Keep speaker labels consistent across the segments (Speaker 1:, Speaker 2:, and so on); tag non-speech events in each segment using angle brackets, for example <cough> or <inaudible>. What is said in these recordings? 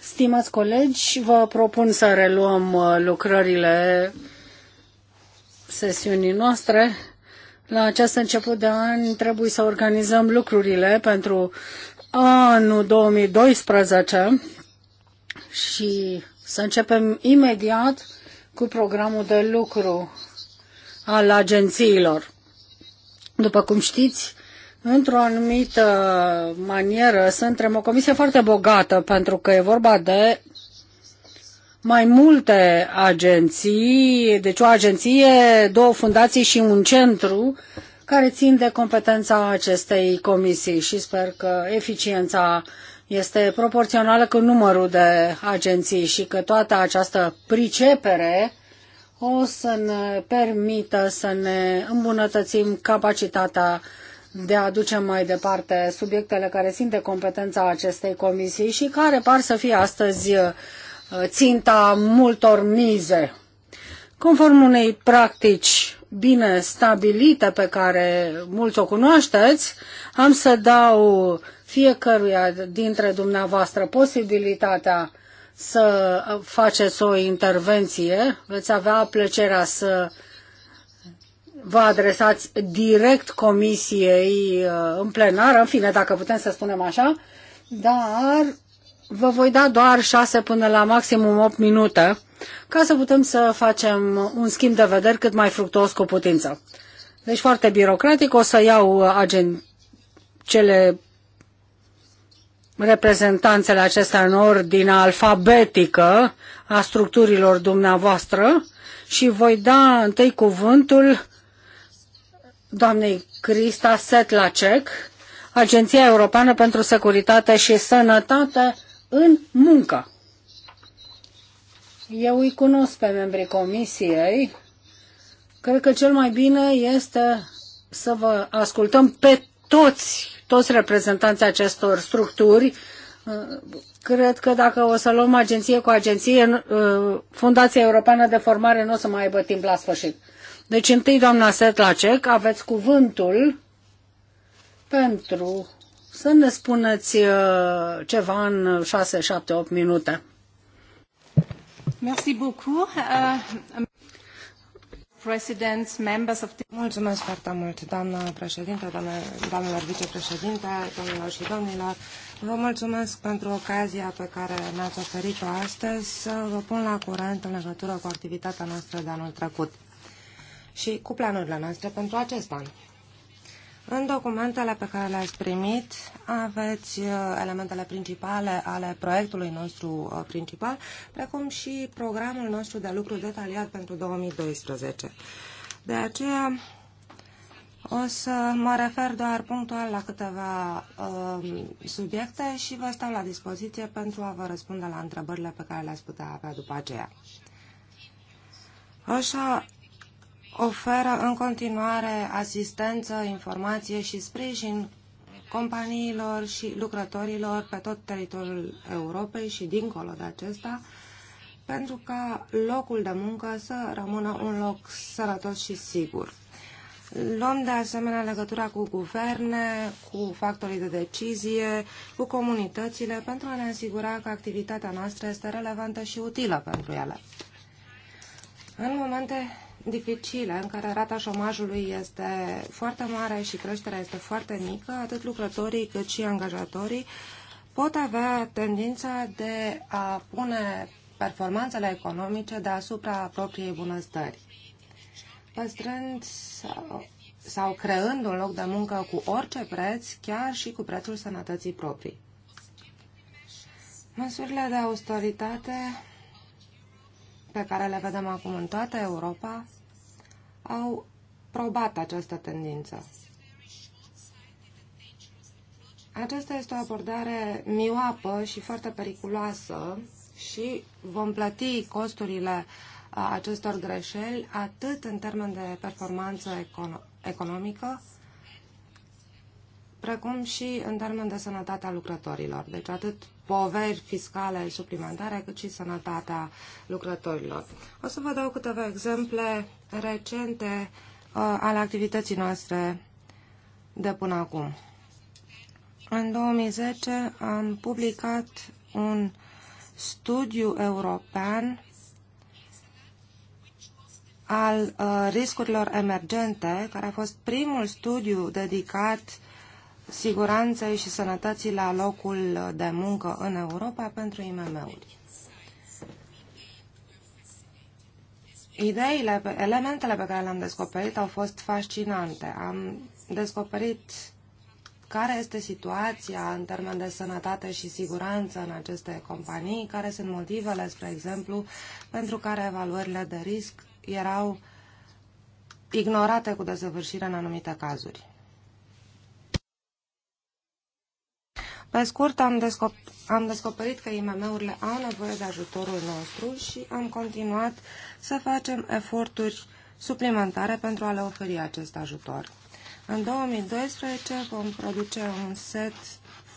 Speaker 1: Stimați colegi, vă propun să reluăm uh, lucrările sesiunii noastre. La acest început de an trebuie să organizăm lucrurile pentru anul 2012 și să începem imediat cu programul de lucru al agențiilor. După cum știți, într-o anumită manieră, suntem o comisie foarte bogată pentru că e vorba de mai multe agenții, deci o agenție, două fundații și un centru care țin de competența acestei comisii și sper că eficiența este proporțională cu numărul de agenții și că toată această pricepere o să ne permită să ne îmbunătățim capacitatea de a aduce mai departe subiectele care țin de competența acestei comisii și care par să fie astăzi uh, ținta multor mize. Conform unei practici bine stabilite pe care mulți o cunoașteți, am să dau fiecăruia dintre dumneavoastră posibilitatea să faceți o intervenție. Veți avea plăcerea să uh, vă adresați direct comisiei uh, în plenară, în fine, dacă putem să spunem așa, dar vă voi da doar șase până la maximum 8 minute ca să putem să facem un schimb de vederi cât mai fructuos cu putință. Deci foarte birocratic, o să iau uh, agen... cele reprezentanțele acestea în ordine alfabetică a structurilor dumneavoastră și voi da întâi cuvântul doamnei Crista Setlacek, Agenția Europeană pentru Securitate și Sănătate în muncă. Eu îi cunosc pe membrii comisiei. Cred că cel mai bine este să vă ascultăm pe toți, toți reprezentanții acestor structuri. Cred că dacă o să luăm agenție cu agenție, uh, Fundația Europeană de Formare nu o să mai aibă timp la sfârșit. Deci întâi, doamna Setlacek, aveți cuvântul pentru să ne spuneți uh, ceva în 6, 7, 8 minute.
Speaker 2: Merci beaucoup. Uh, presidents, members of the... Mulțumesc foarte mult, doamna președinte, doamnelor vicepreședinte, domnilor și domnilor. Vă mulțumesc pentru ocazia pe care ne-ați oferit-o astăzi să vă pun la curent în legătură cu activitatea noastră de anul trecut și cu planurile noastre pentru acest an. În documentele pe care le-ați primit aveți uh, elementele principale ale proiectului nostru uh, principal, precum și programul nostru de lucru detaliat pentru 2012. De aceea o să mă refer doar punctual la câteva uh, subiecte și vă stau la dispoziție pentru a vă răspunde la întrebările pe care le-ați putea avea după aceea. Așa, oferă în continuare asistență, informație și sprijin companiilor și lucrătorilor pe tot teritoriul Europei și dincolo de acesta, pentru ca locul de muncă să rămână un loc sănătos și sigur. Luăm de asemenea legătura cu guverne, cu factorii de decizie, cu comunitățile, pentru a ne asigura că activitatea noastră este relevantă și utilă pentru ele. În momente dificile în care rata șomajului este foarte mare și creșterea este foarte mică, atât lucrătorii cât și angajatorii pot avea tendința de a pune performanțele economice deasupra propriei bunăstări, păstrând sau, sau creând un loc de muncă cu orice preț, chiar și cu prețul sănătății proprii. Măsurile de austeritate pe care le vedem acum în toată Europa au probat această tendință. Aceasta este o abordare mioapă și foarte periculoasă și vom plăti costurile uh, acestor greșeli atât în termen de performanță economică, precum și în termen de sănătatea lucrătorilor. Deci atât poveri fiscale suplimentare, cât și sănătatea lucrătorilor. O să vă dau câteva exemple recente uh, ale activității noastre de până acum. În 2010 am publicat un studiu european al uh, riscurilor emergente, care a fost primul studiu dedicat siguranței și sănătății la locul de muncă în Europa pentru IMM-uri. Ideile, elementele pe care le-am descoperit au fost fascinante. Am descoperit care este situația în termen de sănătate și siguranță în aceste companii, care sunt motivele, spre exemplu, pentru care evaluările de risc erau ignorate cu desăvârșire în anumite cazuri. Pe scurt, am, descop- am descoperit că IMM-urile au nevoie de ajutorul nostru și am continuat să facem eforturi suplimentare pentru a le oferi acest ajutor. În 2012 vom produce un set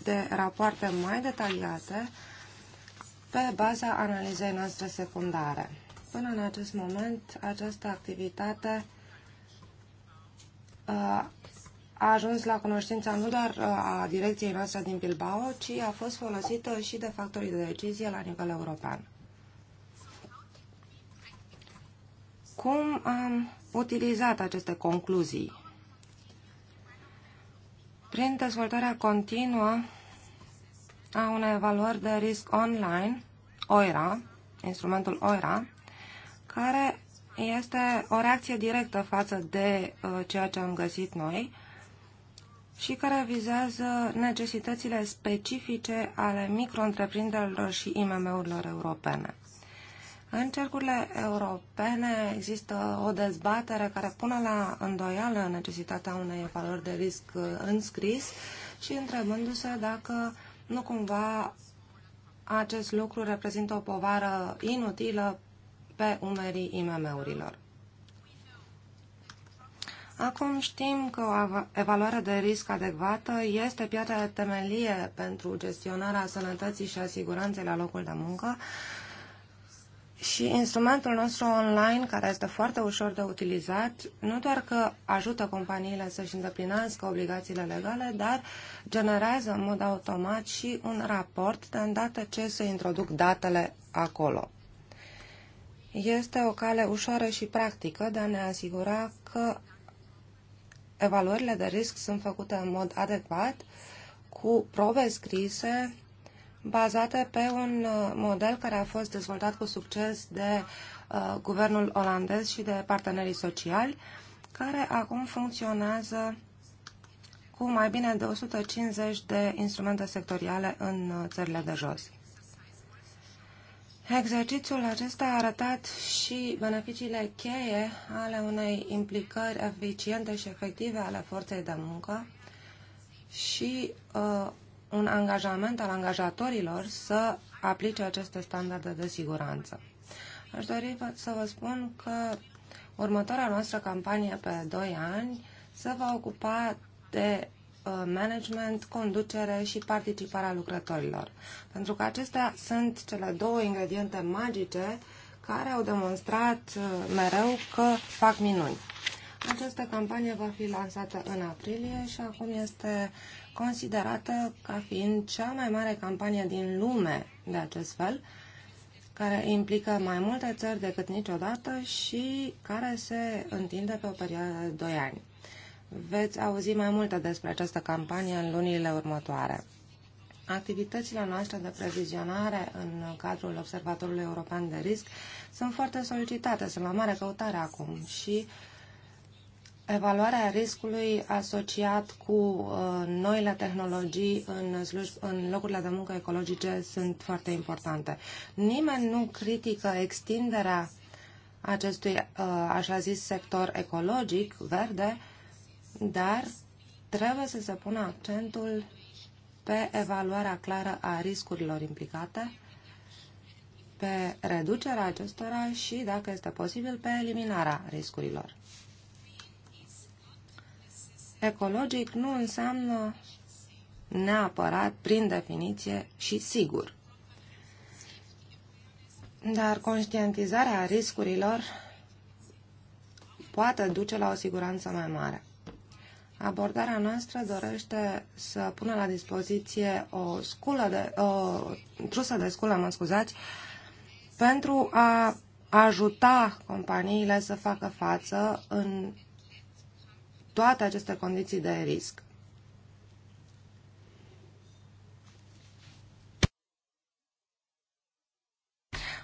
Speaker 2: de rapoarte mai detaliate pe baza analizei noastre secundare. Până în acest moment, această activitate uh, a ajuns la cunoștința nu doar uh, a direcției noastre din Bilbao, ci a fost folosită și de factorii de decizie la nivel european. Cum am utilizat aceste concluzii? Prin dezvoltarea continuă a unei evaluări de risc online, OIRA, instrumentul OIRA, care este o reacție directă față de uh, ceea ce am găsit noi și care vizează necesitățile specifice ale micro-întreprinderilor și IMM-urilor europene. În cercurile europene există o dezbatere care pune la îndoială necesitatea unei valori de risc uh, înscris și întrebându-se dacă nu cumva acest lucru reprezintă o povară inutilă pe umerii IMM-urilor. Acum știm că o evaluare de risc adecvată este piatra de temelie pentru gestionarea sănătății și a siguranței la locul de muncă și instrumentul nostru online, care este foarte ușor de utilizat, nu doar că ajută companiile să-și îndeplinească obligațiile legale, dar generează în mod automat și un raport de îndată ce se introduc datele acolo. Este o cale ușoară și practică de a ne asigura că evaluările de risc sunt făcute în mod adecvat, cu probe scrise, bazate pe un uh, model care a fost dezvoltat cu succes de uh, guvernul olandez și de partenerii sociali, care acum funcționează cu mai bine de 150 de instrumente sectoriale în uh, țările de jos. Exercițiul acesta a arătat și beneficiile cheie ale unei implicări eficiente și efective ale forței de muncă și uh, un angajament al angajatorilor să aplice aceste standarde de siguranță. Aș dori să vă spun că următoarea noastră campanie pe 2 ani se va ocupa de Uh, management, conducere și participarea lucrătorilor. Pentru că acestea sunt cele două ingrediente magice care au demonstrat uh, mereu că fac minuni. Această campanie va fi lansată în aprilie și acum este considerată ca fiind cea mai mare campanie din lume de acest fel, care implică mai multe țări decât niciodată și care se întinde pe o perioadă de 2 ani veți auzi mai multe despre această campanie în lunile următoare. Activitățile noastre de previzionare în cadrul Observatorului European de Risc sunt foarte solicitate, sunt la mare căutare acum și evaluarea riscului asociat cu uh, noile tehnologii în, sluj- în locurile de muncă ecologice sunt foarte importante. Nimeni nu critică extinderea acestui uh, așa zis sector ecologic, verde, dar trebuie să se pună accentul pe evaluarea clară a riscurilor implicate, pe reducerea acestora și, dacă este posibil, pe eliminarea riscurilor. Ecologic nu înseamnă neapărat, prin definiție, și sigur. Dar conștientizarea riscurilor poate duce la o siguranță mai mare. Abordarea noastră dorește să pună la dispoziție o, sculă de, o trusă de sculă, mă scuzați, pentru a ajuta companiile să facă față în toate aceste condiții de risc.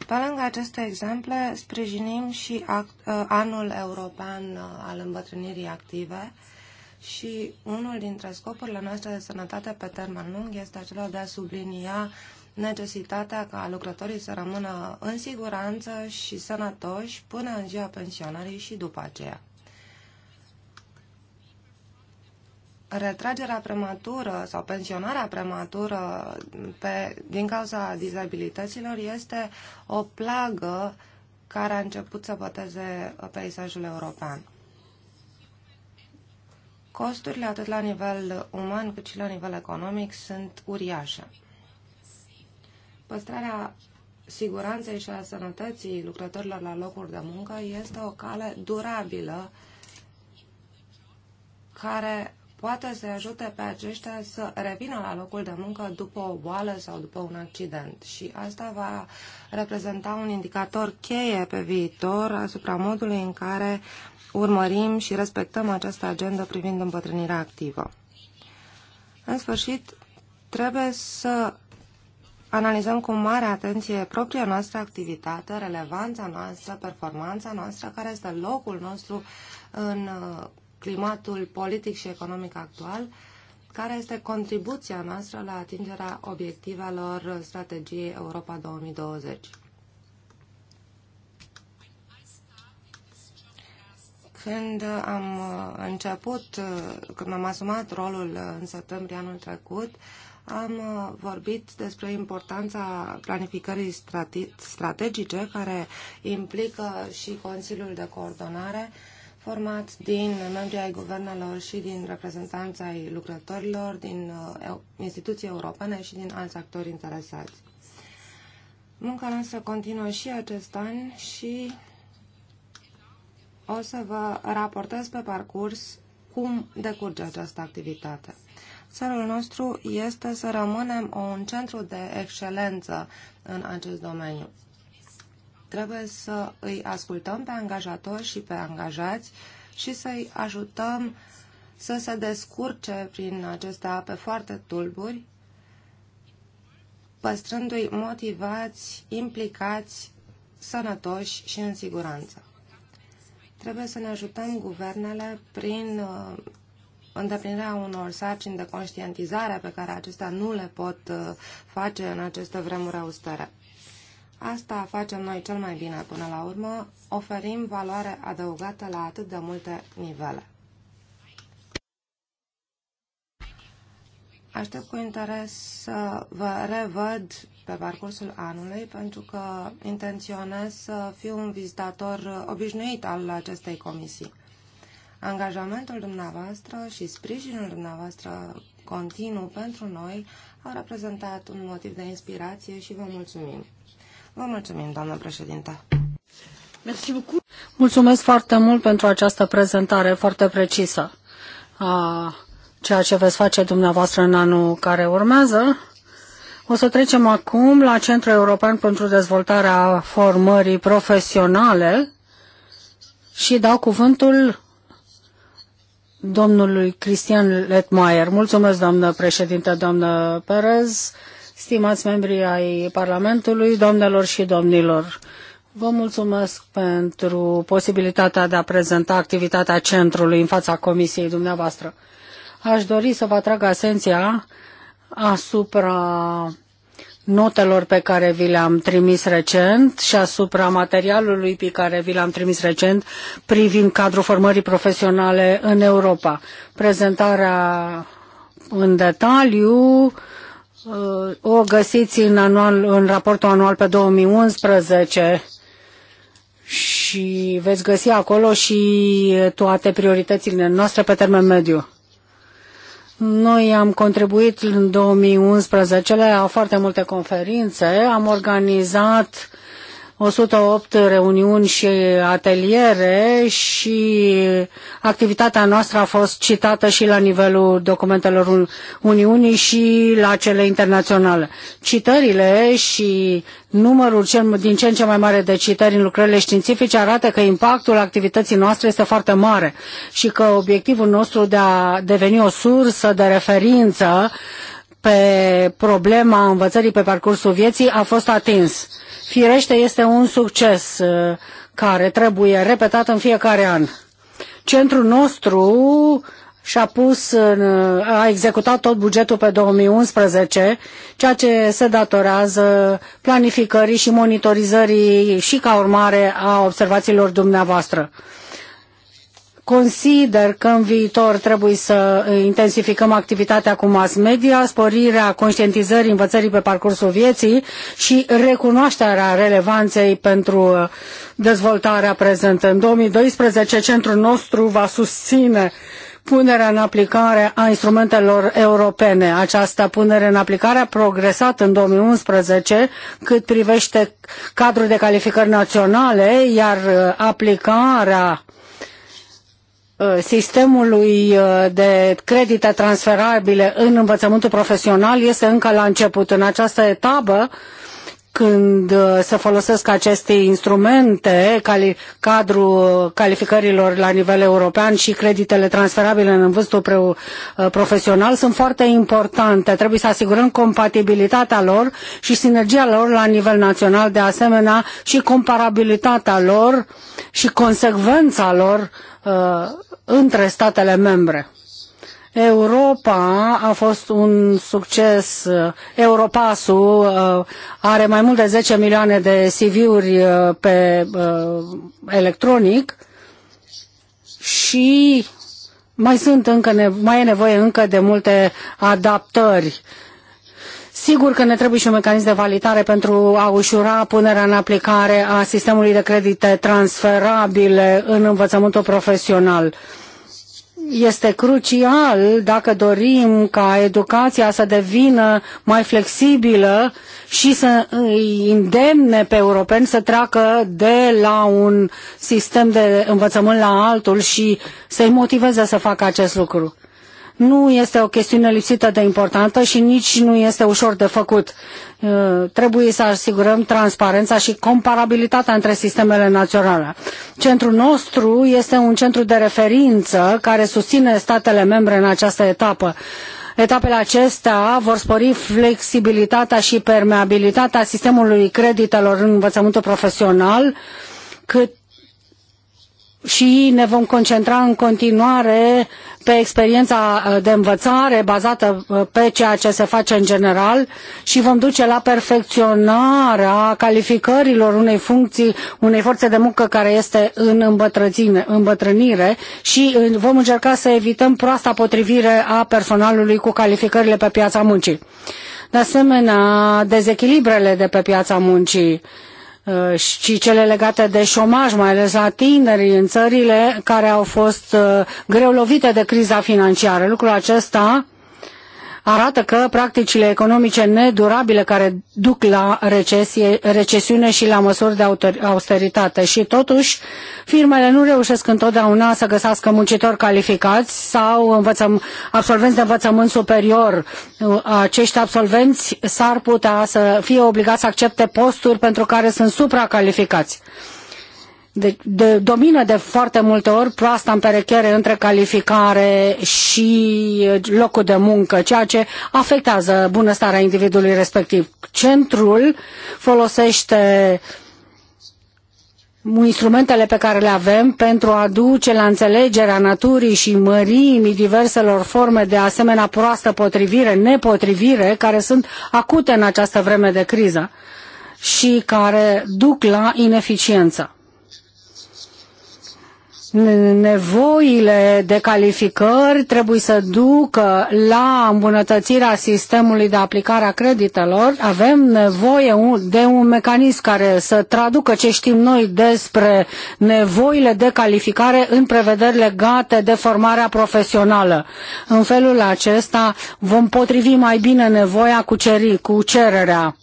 Speaker 2: Pe lângă aceste exemple, sprijinim și act, uh, anul european uh, al îmbătrânirii active, și unul dintre scopurile noastre de sănătate pe termen lung este acela de a sublinia necesitatea ca lucrătorii să rămână în siguranță și sănătoși până în ziua pensionării și după aceea. retragerea prematură sau pensionarea prematură pe, din cauza dizabilităților este o plagă care a început să băteze peisajul european. Costurile, atât la nivel uman cât și la nivel economic, sunt uriașe. Păstrarea siguranței și a sănătății lucrătorilor la locuri de muncă este o cale durabilă care poate să ajute pe aceștia să revină la locul de muncă după o boală sau după un accident. Și asta va reprezenta un indicator cheie pe viitor asupra modului în care urmărim și respectăm această agendă privind îmbătrânirea activă. În sfârșit, trebuie să analizăm cu mare atenție propria noastră activitate, relevanța noastră, performanța noastră, care este locul nostru în uh, climatul politic și economic actual, care este contribuția noastră la atingerea obiectivelor strategiei Europa 2020. Când am uh, început, uh, când am asumat rolul uh, în septembrie anul trecut, am vorbit despre importanța planificării strategice care implică și Consiliul de Coordonare format din membrii ai guvernelor și din reprezentanța ai lucrătorilor, din instituții europene și din alți actori interesați. Munca noastră continuă și acest an și o să vă raportez pe parcurs cum decurge această activitate. Țelul nostru este să rămânem un centru de excelență în acest domeniu. Trebuie să îi ascultăm pe angajatori și pe angajați și să-i ajutăm să se descurce prin aceste ape foarte tulburi, păstrându-i motivați, implicați, sănătoși și în siguranță. Trebuie să ne ajutăm guvernele prin uh, îndeplinirea unor sarcini de conștientizare pe care acestea nu le pot uh, face în aceste vremuri austere. Asta facem noi cel mai bine până la urmă, oferim valoare adăugată la atât de multe nivele. Aștept cu interes să vă revăd pe parcursul anului, pentru că intenționez să fiu un vizitator obișnuit al acestei comisii. Angajamentul dumneavoastră și sprijinul dumneavoastră continuu pentru noi au reprezentat un motiv de inspirație și vă mulțumim. Vă mulțumim, doamnă președinte.
Speaker 1: Mulțumesc foarte mult pentru această prezentare foarte precisă a ceea ce veți face dumneavoastră în anul care urmează. O să trecem acum la Centrul European pentru Dezvoltarea Formării Profesionale și dau cuvântul domnului Cristian Letmaier. Mulțumesc, doamnă președinte, doamnă Perez, stimați membri ai Parlamentului, doamnelor și domnilor. Vă mulțumesc pentru posibilitatea de a prezenta activitatea centrului în fața comisiei dumneavoastră. Aș dori să vă atrag atenția asupra notelor pe care vi le-am trimis recent și asupra materialului pe care vi l-am trimis recent privind cadrul formării profesionale în Europa. Prezentarea în detaliu uh, o găsiți în, anual, în raportul anual pe 2011 și veți găsi acolo și toate prioritățile noastre pe termen mediu. Noi am contribuit în 2011 la foarte multe conferințe, am organizat uh, 108 reuniuni și ateliere și activitatea noastră a fost citată și la nivelul documentelor Uniunii și la cele internaționale. Citările și numărul cel, din ce în ce mai mare de citări în lucrările științifice arată că impactul activității noastre este foarte mare și că obiectivul nostru de a deveni o sursă de referință pe problema învățării pe parcursul vieții a fost atins firește este un succes uh, care trebuie repetat în fiecare an. Centrul nostru și-a pus, în, a executat tot bugetul pe 2011, ceea ce se datorează planificării și monitorizării și ca urmare a observațiilor dumneavoastră. Consider că în viitor trebuie să uh, intensificăm activitatea cu mass media, sporirea conștientizării învățării pe parcursul vieții și recunoașterea relevanței pentru uh, dezvoltarea prezentă. În 2012, centrul nostru va susține punerea în aplicare a instrumentelor europene. Această punere în aplicare a progresat în 2011 cât privește cadrul de calificări naționale, iar uh, aplicarea Uh, sistemului uh, de credite transferabile în învățământul profesional este încă la început. În această etapă, când uh, se folosesc aceste instrumente, cali, cadrul calificărilor la nivel european și creditele transferabile în învățul profesional sunt foarte importante. Trebuie să asigurăm compatibilitatea lor și sinergia lor la nivel național, de asemenea și comparabilitatea lor și consecvența lor Uh, între statele membre. Europa a fost un succes. Uh, Europasul uh, are mai mult de 10 milioane de CV-uri pe electronic și mai sunt încă mai e nevoie încă de multe adaptări Sigur că ne trebuie și un mecanism de validare pentru a ușura punerea în aplicare a sistemului de credite transferabile în învățământul profesional este crucial dacă dorim ca educația să devină mai flexibilă și să îi îndemne pe europeni să treacă de la un sistem de învățământ la altul și să-i motiveze să facă acest lucru nu este o chestiune lipsită de importantă și nici nu este ușor de făcut. Uh, trebuie să asigurăm transparența și comparabilitatea între sistemele naționale. Centrul nostru este un centru de referință care susține statele membre în această etapă. Etapele acestea vor spori flexibilitatea și permeabilitatea sistemului creditelor în învățământul profesional, cât și ne vom concentra în continuare pe experiența uh, de învățare bazată uh, pe ceea ce se face în general și vom duce la perfecționarea calificărilor unei funcții, unei forțe de muncă care este în îmbătrânire și uh, vom încerca să evităm proasta potrivire a personalului cu calificările pe piața muncii. De asemenea, dezechilibrele de pe piața muncii Uh, și cele legate de șomaj, mai ales la tineri în țările care au fost uh, greu lovite de criza financiară. Lucrul acesta arată că practicile economice nedurabile care duc la recesie, recesiune și la măsuri de austeritate și totuși firmele nu reușesc întotdeauna să găsească muncitori calificați sau învățăm, absolvenți de învățământ superior. Acești absolvenți s-ar putea să fie obligați să accepte posturi pentru care sunt supracalificați de, de, domină de foarte multe ori proasta împerechere între calificare și locul de muncă, ceea ce afectează bunăstarea individului respectiv. Centrul folosește instrumentele pe care le avem pentru a duce la înțelegerea naturii și mărimii diverselor forme de asemenea proastă potrivire, nepotrivire, care sunt acute în această vreme de criză și care duc la ineficiență nevoile de calificări trebuie să ducă la îmbunătățirea sistemului de aplicare a creditelor, avem nevoie de un mecanism care să traducă ce știm noi despre nevoile de calificare în prevederi legate de formarea profesională. În felul acesta vom potrivi mai bine nevoia cu, ceri, cu cererea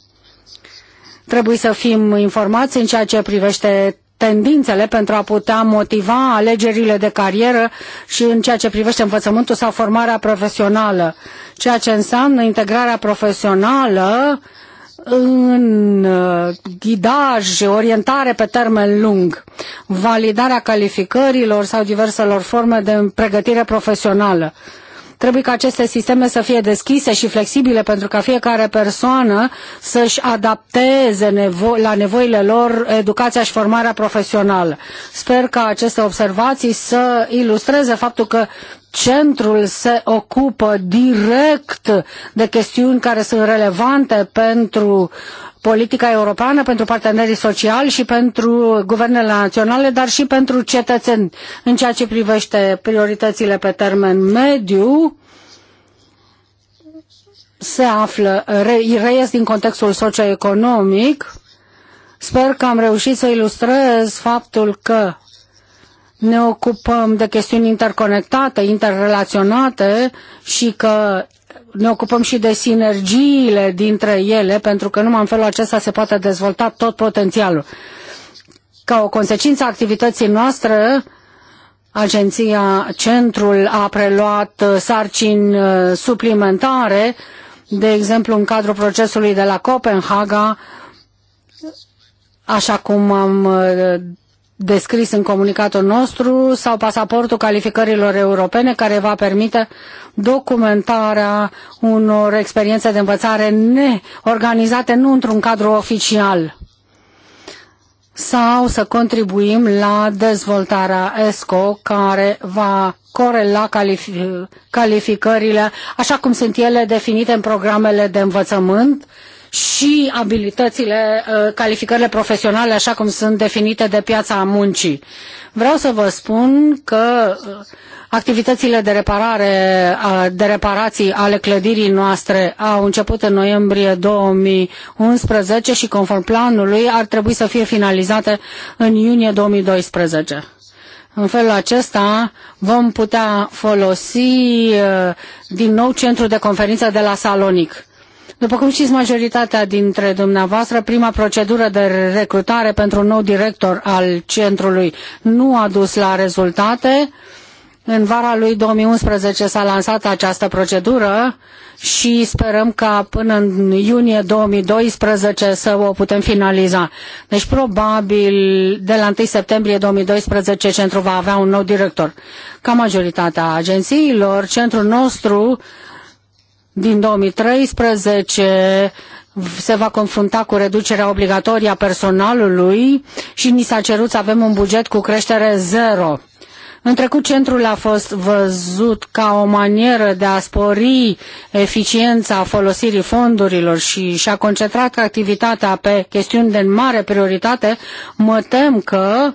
Speaker 1: trebuie să fim informați în ceea ce privește tendințele pentru a putea motiva alegerile de carieră și în ceea ce privește învățământul sau formarea profesională, ceea ce înseamnă integrarea profesională în uh, ghidaj, orientare pe termen lung, validarea calificărilor sau diverselor forme de pregătire profesională. Trebuie ca aceste sisteme să fie deschise și flexibile pentru ca fiecare persoană să-și adapteze nevo- la nevoile lor educația și formarea profesională. Sper ca aceste observații să ilustreze faptul că centrul se ocupă direct de chestiuni care sunt relevante pentru politica europeană pentru partenerii sociali și pentru guvernele naționale, dar și pentru cetățeni în ceea ce privește prioritățile pe termen mediu se află, re, reies din contextul socioeconomic. Sper că am reușit să ilustrez faptul că ne ocupăm de chestiuni interconectate, interrelaționate și că ne ocupăm și de sinergiile dintre ele, pentru că numai în felul acesta se poate dezvolta tot potențialul. Ca o consecință a activității noastre, agenția, centrul a preluat uh, sarcini uh, suplimentare, de exemplu în cadrul procesului de la Copenhaga, așa cum am uh, descris în comunicatul nostru, sau pasaportul calificărilor europene, care va permite documentarea unor experiențe de învățare neorganizate, nu într-un cadru oficial sau să contribuim la dezvoltarea ESCO care va corela calific- calificările așa cum sunt ele definite în programele de învățământ și abilitățile, uh, calificările profesionale așa cum sunt definite de piața muncii. Vreau să vă spun că uh, activitățile de reparare, uh, de reparații ale clădirii noastre au început în noiembrie 2011 și conform planului ar trebui să fie finalizate în iunie 2012. În felul acesta vom putea folosi din nou centrul de conferință de la Salonic. După cum știți, majoritatea dintre dumneavoastră, prima procedură de recrutare pentru un nou director al centrului nu a dus la rezultate. În vara lui 2011 s-a lansat această procedură și sperăm ca până în iunie 2012 să o putem finaliza. Deci probabil de la 1 septembrie 2012 centrul va avea un nou director. Ca majoritatea agențiilor, centrul nostru din 2013 se va confrunta cu reducerea obligatorie a personalului și ni s-a cerut să avem un buget cu creștere zero. În trecut, centrul a fost văzut ca o manieră de a spori eficiența folosirii fondurilor și și-a concentrat activitatea pe chestiuni de mare prioritate. Mă tem că uh,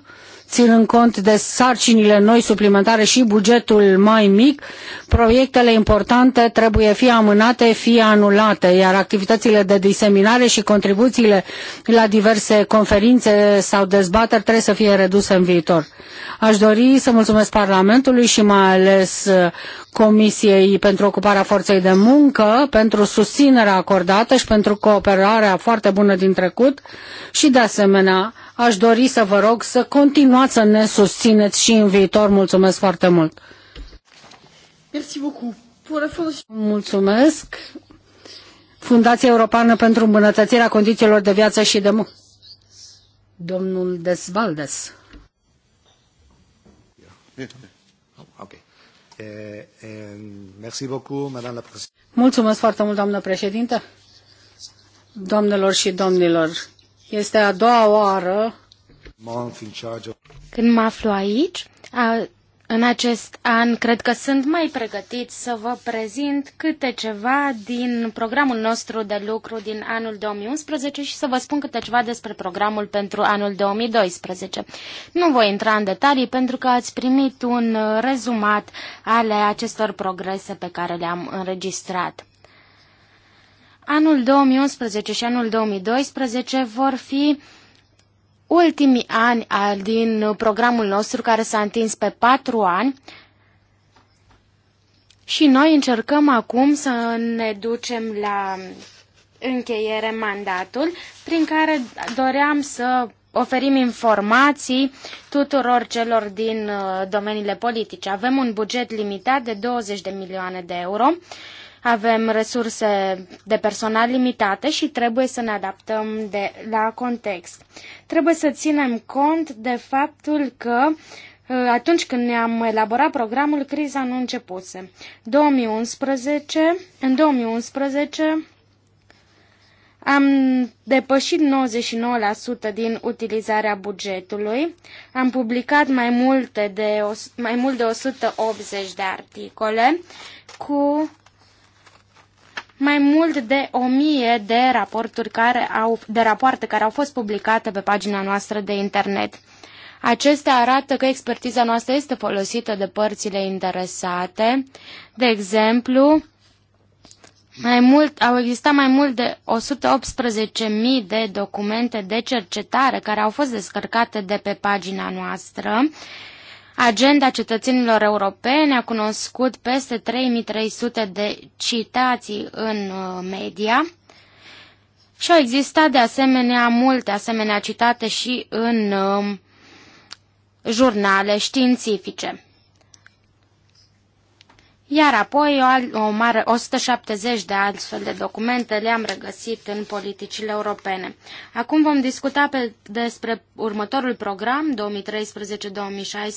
Speaker 1: ținând cont de sarcinile noi suplimentare și bugetul mai mic, proiectele importante trebuie fie amânate, fie anulate, iar activitățile de diseminare și contribuțiile la diverse conferințe sau dezbateri trebuie să fie reduse în viitor. Aș dori să mulțumesc Parlamentului și mai ales uh, Comisiei pentru ocuparea forței de muncă, pentru susținerea acordată și pentru cooperarea foarte bună din trecut și de asemenea aș dori să vă rog să continuați să ne susțineți și în viitor. Mulțumesc foarte mult! Mulțumesc! Fundația Europeană pentru îmbunătățirea condițiilor de viață și de muncă. Domnul Desvaldes.
Speaker 2: <laughs> Eh, eh,
Speaker 1: Mulțumesc foarte mult, doamnă președintă. Doamnelor și domnilor, este a doua oară
Speaker 3: când mă aflu aici. A, în acest an cred că sunt mai pregătit să vă prezint câte ceva din programul nostru de lucru din anul 2011 și să vă spun câte ceva despre programul pentru anul 2012. Nu voi intra în detalii pentru că ați primit un rezumat ale acestor progrese pe care le-am înregistrat. Anul 2011 și anul 2012 vor fi ultimii ani din programul nostru care s-a întins pe patru ani și noi încercăm acum să ne ducem la încheiere mandatul prin care doream să oferim informații tuturor celor din uh, domeniile politice. Avem un buget limitat de 20 de milioane de euro avem resurse de personal limitate și trebuie să ne adaptăm de, la context. Trebuie să ținem cont de faptul că uh, atunci când ne-am elaborat programul, criza nu începuse. 2011, în 2011 am depășit 99% din utilizarea bugetului, am publicat mai, multe de, mai mult de 180 de articole cu mai mult de o mie de, raporturi care au, de rapoarte care au fost publicate pe pagina noastră de internet. Acestea arată că expertiza noastră este folosită de părțile interesate. De exemplu, mai mult, au existat mai mult de 118.000 de documente de cercetare care au fost descărcate de pe pagina noastră. Agenda cetățenilor europene a cunoscut peste 3300 de citații în uh, media și au existat de asemenea multe asemenea citate și în uh, jurnale științifice. Iar apoi o, o mare 170 de astfel de documente le-am regăsit în politicile europene. Acum vom discuta pe, despre următorul program 2013-2016.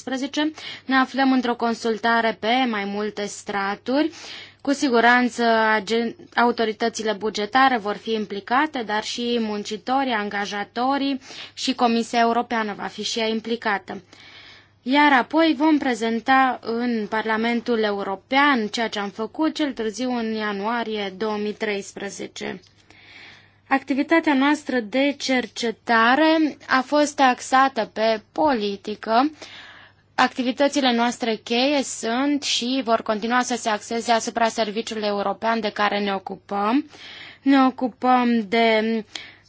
Speaker 3: Ne aflăm într-o consultare pe mai multe straturi. Cu siguranță autoritățile bugetare vor fi implicate, dar și muncitorii, angajatorii și Comisia Europeană va fi și ea implicată. Iar apoi vom prezenta în Parlamentul European ceea ce am făcut cel târziu în ianuarie 2013. Activitatea noastră de cercetare a fost axată pe politică. Activitățile noastre cheie sunt și vor continua să se axeze asupra serviciului european de care ne ocupăm. Ne ocupăm de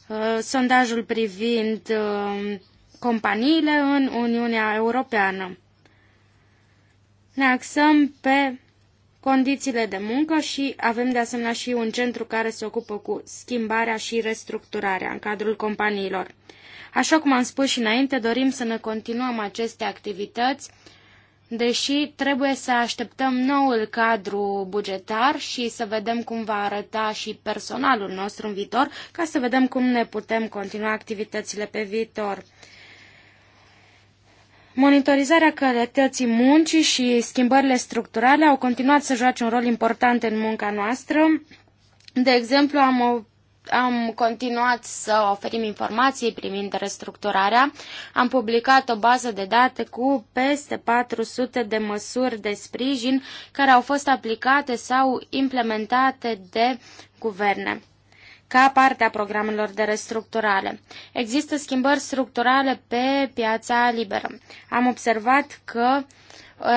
Speaker 3: uh, sondajul privind uh, companiile în Uniunea Europeană. Ne axăm pe condițiile de muncă și avem de asemenea și un centru care se ocupă cu schimbarea și restructurarea în cadrul companiilor. Așa cum am spus și înainte, dorim să ne continuăm aceste activități, deși trebuie să așteptăm noul cadru bugetar și să vedem cum va arăta și personalul nostru în viitor, ca să vedem cum ne putem continua activitățile pe viitor. Monitorizarea calității muncii și schimbările structurale au continuat să joace un rol important în munca noastră. De exemplu, am, am continuat să oferim informații privind restructurarea. Am publicat o bază de date cu peste 400 de măsuri de sprijin care au fost aplicate sau implementate de guverne ca parte a programelor de restructurare. Există schimbări structurale pe piața liberă. Am observat că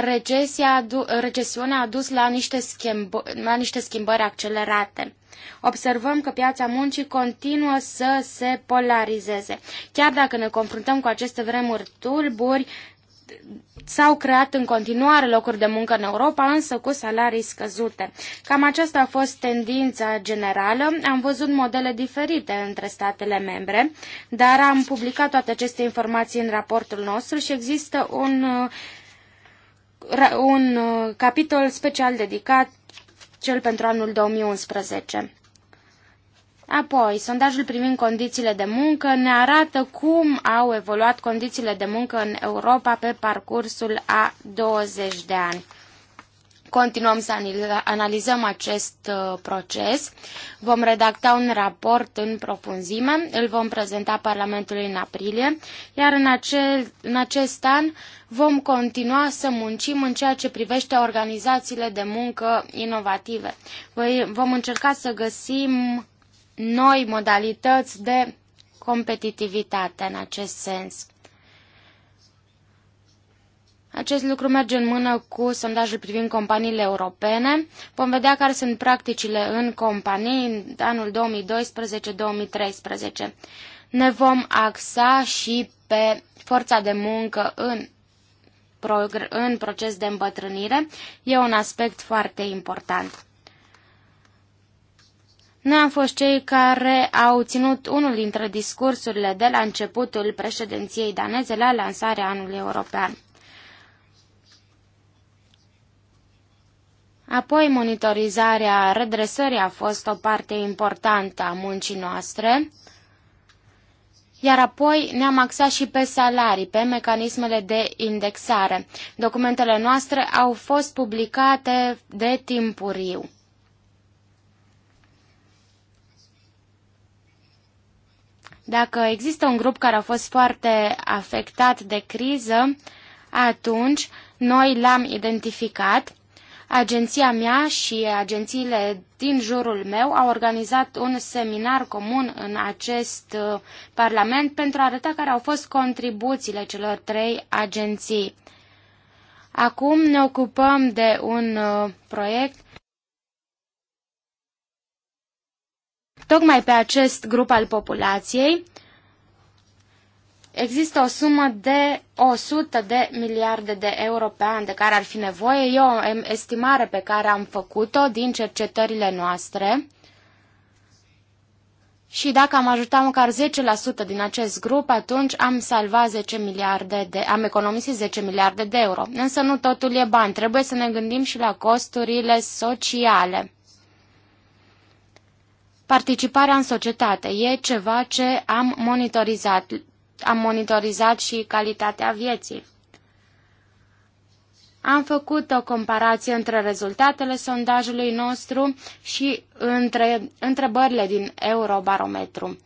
Speaker 3: recesia, recesiunea a dus la niște, schimb- la niște schimbări accelerate. Observăm că piața muncii continuă să se polarizeze. Chiar dacă ne confruntăm cu aceste vremuri tulburi, S-au creat în continuare locuri de muncă în Europa, însă cu salarii scăzute. Cam aceasta a fost tendința generală. Am văzut modele diferite între statele membre, dar am publicat toate aceste informații în raportul nostru și există un, un uh, capitol special dedicat cel pentru anul 2011. Apoi, sondajul privind condițiile de muncă ne arată cum au evoluat condițiile de muncă în Europa pe parcursul a 20 de ani. Continuăm să analizăm acest uh, proces. Vom redacta un raport în profunzime, îl vom prezenta Parlamentului în aprilie, iar în, acel, în acest an vom continua să muncim în ceea ce privește organizațiile de muncă inovative. Vom încerca să găsim noi modalități de competitivitate în acest sens. Acest lucru merge în mână cu sondajul privind companiile europene. Vom vedea care sunt practicile în companii în anul 2012-2013. Ne vom axa și pe forța de muncă în, în proces de îmbătrânire. E un aspect foarte important. Noi am fost cei care au ținut unul dintre discursurile de la începutul președinției daneze la lansarea anului european. Apoi, monitorizarea redresării a fost o parte importantă a muncii noastre, iar apoi ne-am axat și pe salarii, pe mecanismele de indexare. Documentele noastre au fost publicate de timpuriu. Dacă există un grup care a fost foarte afectat de criză, atunci noi l-am identificat. Agenția mea și agențiile din jurul meu au organizat un seminar comun în acest uh, parlament pentru a arăta care au fost contribuțiile celor trei agenții. Acum ne ocupăm de un uh, proiect tocmai pe acest grup al populației, Există o sumă de 100 de miliarde de euro pe an de care ar fi nevoie. E o estimare pe care am făcut-o din cercetările noastre. Și dacă am ajutat măcar 10% din acest grup, atunci am salvat 10 miliarde de, am economisit 10 miliarde de euro. Însă nu totul e bani, trebuie să ne gândim și la costurile sociale. Participarea în societate e ceva ce am monitorizat. Am monitorizat și calitatea vieții. Am făcut o comparație între rezultatele sondajului nostru și între întrebările din Eurobarometru.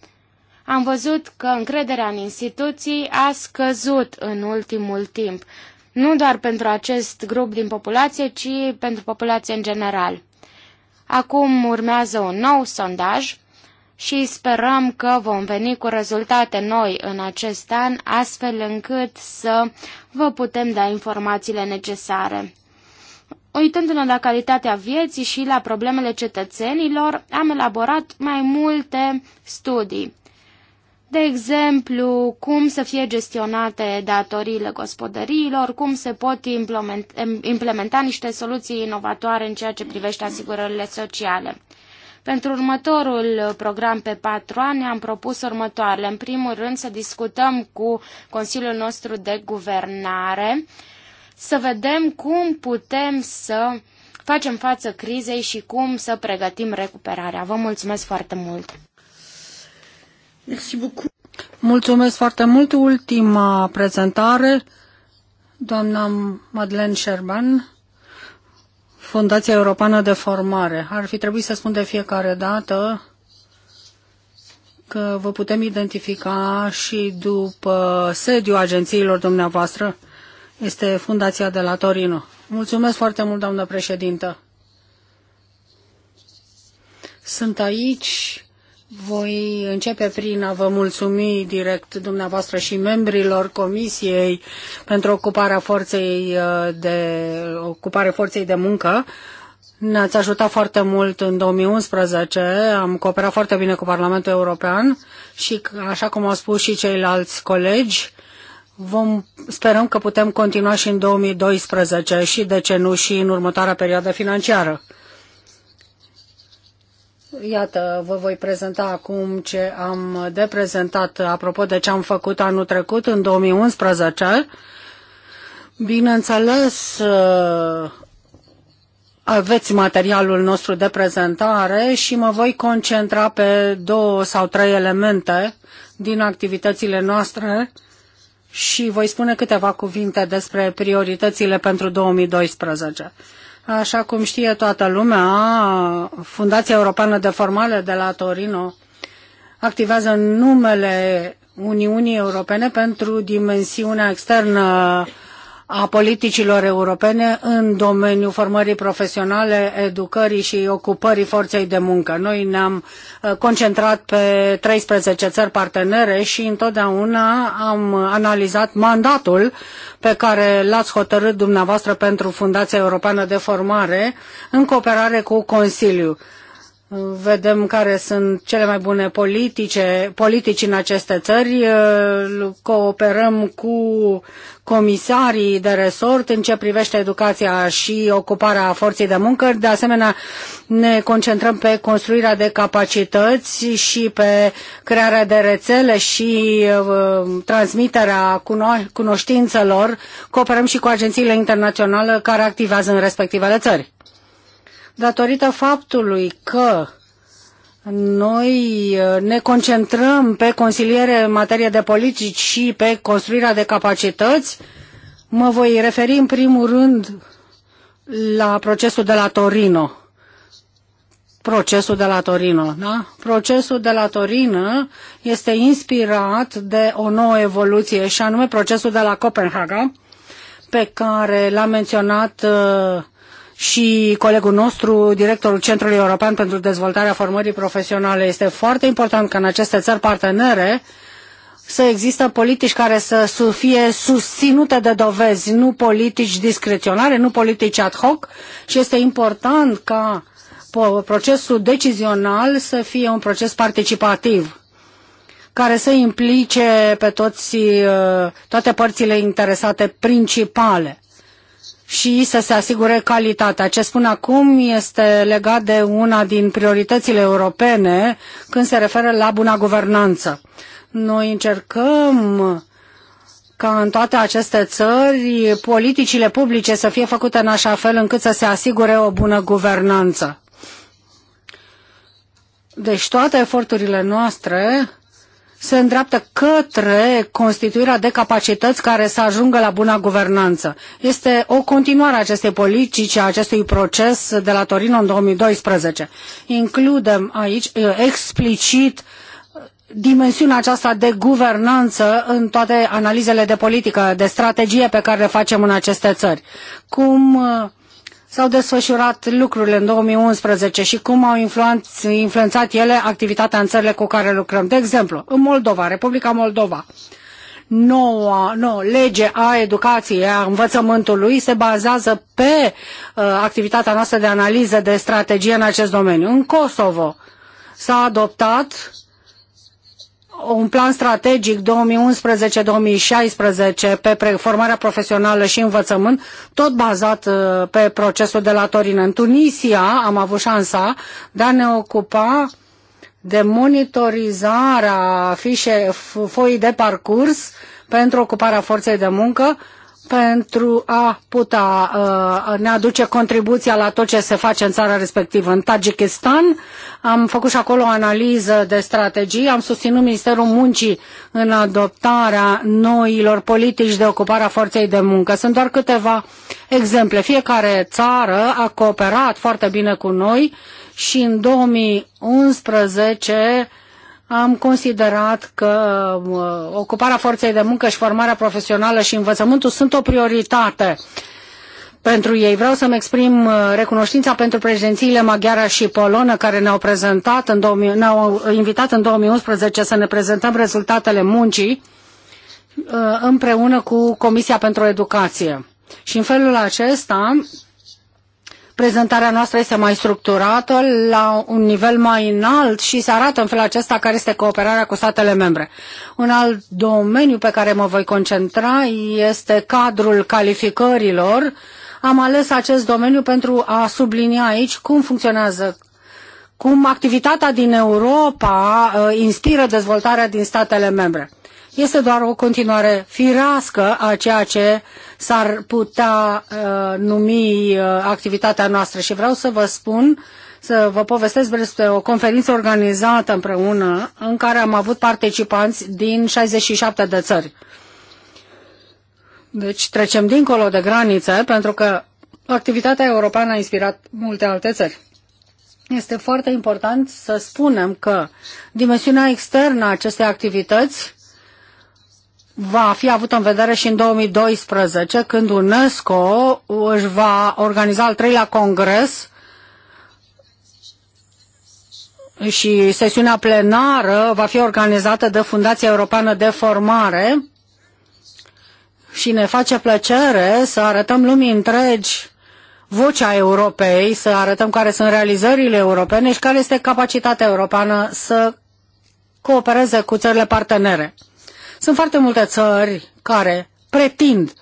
Speaker 3: Am văzut că încrederea în instituții a scăzut în ultimul timp, nu doar pentru acest grup din populație, ci pentru populație în general. Acum urmează un nou sondaj și sperăm că vom veni cu rezultate noi în acest an, astfel încât să vă putem da informațiile necesare. Uitându-ne la calitatea vieții și la problemele cetățenilor, am elaborat mai multe studii. De exemplu, cum să fie gestionate datoriile gospodăriilor, cum se pot implementa, implementa niște soluții inovatoare în ceea ce privește asigurările sociale. Pentru următorul program pe patru ani am propus următoarele. În primul rând să discutăm cu Consiliul nostru de Guvernare, să vedem cum putem să facem față crizei și cum să pregătim recuperarea. Vă mulțumesc foarte mult!
Speaker 1: Mulțumesc foarte mult. Ultima prezentare, doamna Madeleine Sherban, Fundația Europeană de Formare. Ar fi trebuit să spun de fiecare dată că vă putem identifica și după sediu agențiilor dumneavoastră. Este Fundația de la Torino. Mulțumesc foarte mult, doamnă președintă. Sunt aici voi începe prin a vă mulțumi direct dumneavoastră și membrilor Comisiei pentru ocuparea forței uh, de, ocupare forței de muncă. Ne-ați ajutat foarte mult în 2011, am cooperat foarte bine cu Parlamentul European și, așa cum au spus și ceilalți colegi, vom, sperăm că putem continua și în 2012 și, de ce nu, și în următoarea perioadă financiară. Iată, vă voi prezenta acum ce am de prezentat apropo de ce am făcut anul trecut, în 2011. Bineînțeles, uh, aveți materialul nostru de prezentare și mă voi concentra pe două sau trei elemente din activitățile noastre și voi spune câteva cuvinte despre prioritățile pentru 2012. Așa cum știe toată lumea, Fundația Europeană de Formale de la Torino activează numele Uniunii Europene pentru dimensiunea externă a politicilor europene în domeniul formării profesionale, educării și ocupării forței de muncă. Noi ne-am uh, concentrat pe 13 țări partenere și întotdeauna am analizat mandatul pe care l-ați hotărât dumneavoastră pentru Fundația Europeană de Formare în cooperare cu Consiliul vedem care sunt cele mai bune politice, politici în aceste țări, cooperăm cu comisarii de resort în ce privește educația și ocuparea forței de muncă. De asemenea, ne concentrăm pe construirea de capacități și pe crearea de rețele și uh, transmiterea cuno- cunoștințelor. Cooperăm și cu agențiile internaționale care activează în respectivele țări datorită faptului că noi uh, ne concentrăm pe consiliere în materie de politici și pe construirea de capacități. Mă voi referi în primul rând la procesul de la Torino. Procesul de la Torino, da? Procesul de la Torino este inspirat de o nouă evoluție și anume procesul de la Copenhaga, pe care l-a menționat uh, și colegul nostru, directorul Centrului European pentru Dezvoltarea Formării Profesionale. Este foarte important ca în aceste țări partenere să există politici care să fie susținute de dovezi, nu politici discreționare, nu politici ad hoc și este important ca procesul decizional să fie un proces participativ care să implice pe toți, uh, toate părțile interesate principale și să se asigure calitatea. Ce spun acum este legat de una din prioritățile europene când se referă la buna guvernanță. Noi încercăm ca în toate aceste țări politicile publice să fie făcute în așa fel încât să se asigure o bună guvernanță. Deci toate eforturile noastre se îndreaptă către constituirea de capacități care să ajungă la buna guvernanță. Este o continuare a acestei politici, a acestui proces de la Torino în 2012. Includem aici explicit uh, dimensiunea aceasta de guvernanță în toate analizele de politică, de strategie pe care le facem în aceste țări. Cum uh, s-au desfășurat lucrurile în 2011 și cum au influențat ele activitatea în țările cu care lucrăm. De exemplu, în Moldova, Republica Moldova, noua, noua lege a educației, a învățământului, se bazează pe uh, activitatea noastră de analiză de strategie în acest domeniu. În Kosovo s-a adoptat un plan strategic 2011-2016 pe formarea profesională și învățământ, tot bazat uh, pe procesul de la Torino. În Tunisia am avut șansa de a ne ocupa de monitorizarea fișe, foii de parcurs pentru ocuparea forței de muncă pentru a putea uh, ne aduce contribuția la tot ce se face în țara respectivă. În Tajikistan am făcut și acolo o analiză de strategie, am susținut Ministerul Muncii în adoptarea noilor politici de ocupare a forței de muncă. Sunt doar câteva exemple. Fiecare țară a cooperat foarte bine cu noi și în 2011 am considerat că uh, ocuparea forței de muncă și formarea profesională și învățământul sunt o prioritate pentru ei. Vreau să-mi exprim uh, recunoștința pentru președințiile maghiară și polonă care ne-au prezentat în 2000, ne-au invitat în 2011 să ne prezentăm rezultatele muncii uh, împreună cu Comisia pentru Educație. Și în felul acesta prezentarea noastră este mai structurată, la un nivel mai înalt și se arată în felul acesta care este cooperarea cu statele membre. Un alt domeniu pe care mă voi concentra este cadrul calificărilor. Am ales acest domeniu pentru a sublinia aici cum funcționează cum activitatea din Europa uh, inspiră dezvoltarea din statele membre. Este doar o continuare firească a ceea ce uh, s-ar putea uh, numi uh, activitatea noastră. Și vreau să vă spun, să vă povestesc despre o conferință organizată împreună în care am avut participanți din 67 de țări. Deci trecem dincolo de granițe pentru că activitatea europeană a inspirat multe alte țări. Este foarte important să spunem că dimensiunea externă a acestei activități va fi avut în vedere și în 2012, când UNESCO își va organiza al treilea congres și sesiunea plenară va fi organizată de Fundația Europeană de Formare și ne face plăcere să arătăm lumii întregi vocea Europei, să arătăm care sunt realizările europene și care este capacitatea europeană să coopereze cu țările partenere. Sunt foarte multe țări care pretind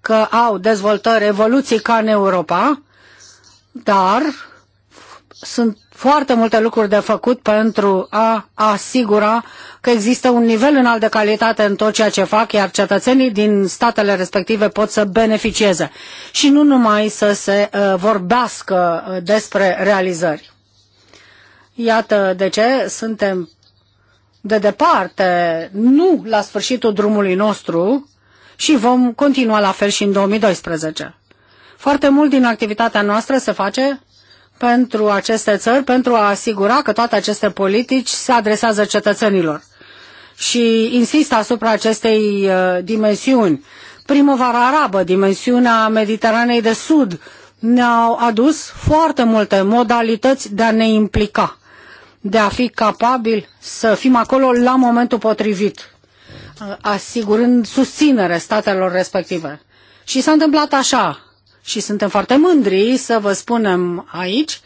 Speaker 1: că au dezvoltări, evoluții ca în Europa, dar sunt foarte multe lucruri de făcut pentru a asigura că există un nivel înalt de calitate în tot ceea ce fac, iar cetățenii din statele respective pot să beneficieze și nu numai să se uh, vorbească uh, despre realizări. Iată de ce suntem de departe, nu la sfârșitul drumului nostru și vom continua la fel și în 2012. Foarte mult din activitatea noastră se face pentru aceste țări, pentru a asigura că toate aceste politici se adresează cetățenilor. Și insist asupra acestei uh, dimensiuni. Primăvara arabă, dimensiunea Mediteranei de Sud, ne-au adus foarte multe modalități de a ne implica de a fi capabil să fim acolo la momentul potrivit, uh, asigurând susținere statelor respective. Și s-a întâmplat așa. Și suntem foarte mândri să vă spunem aici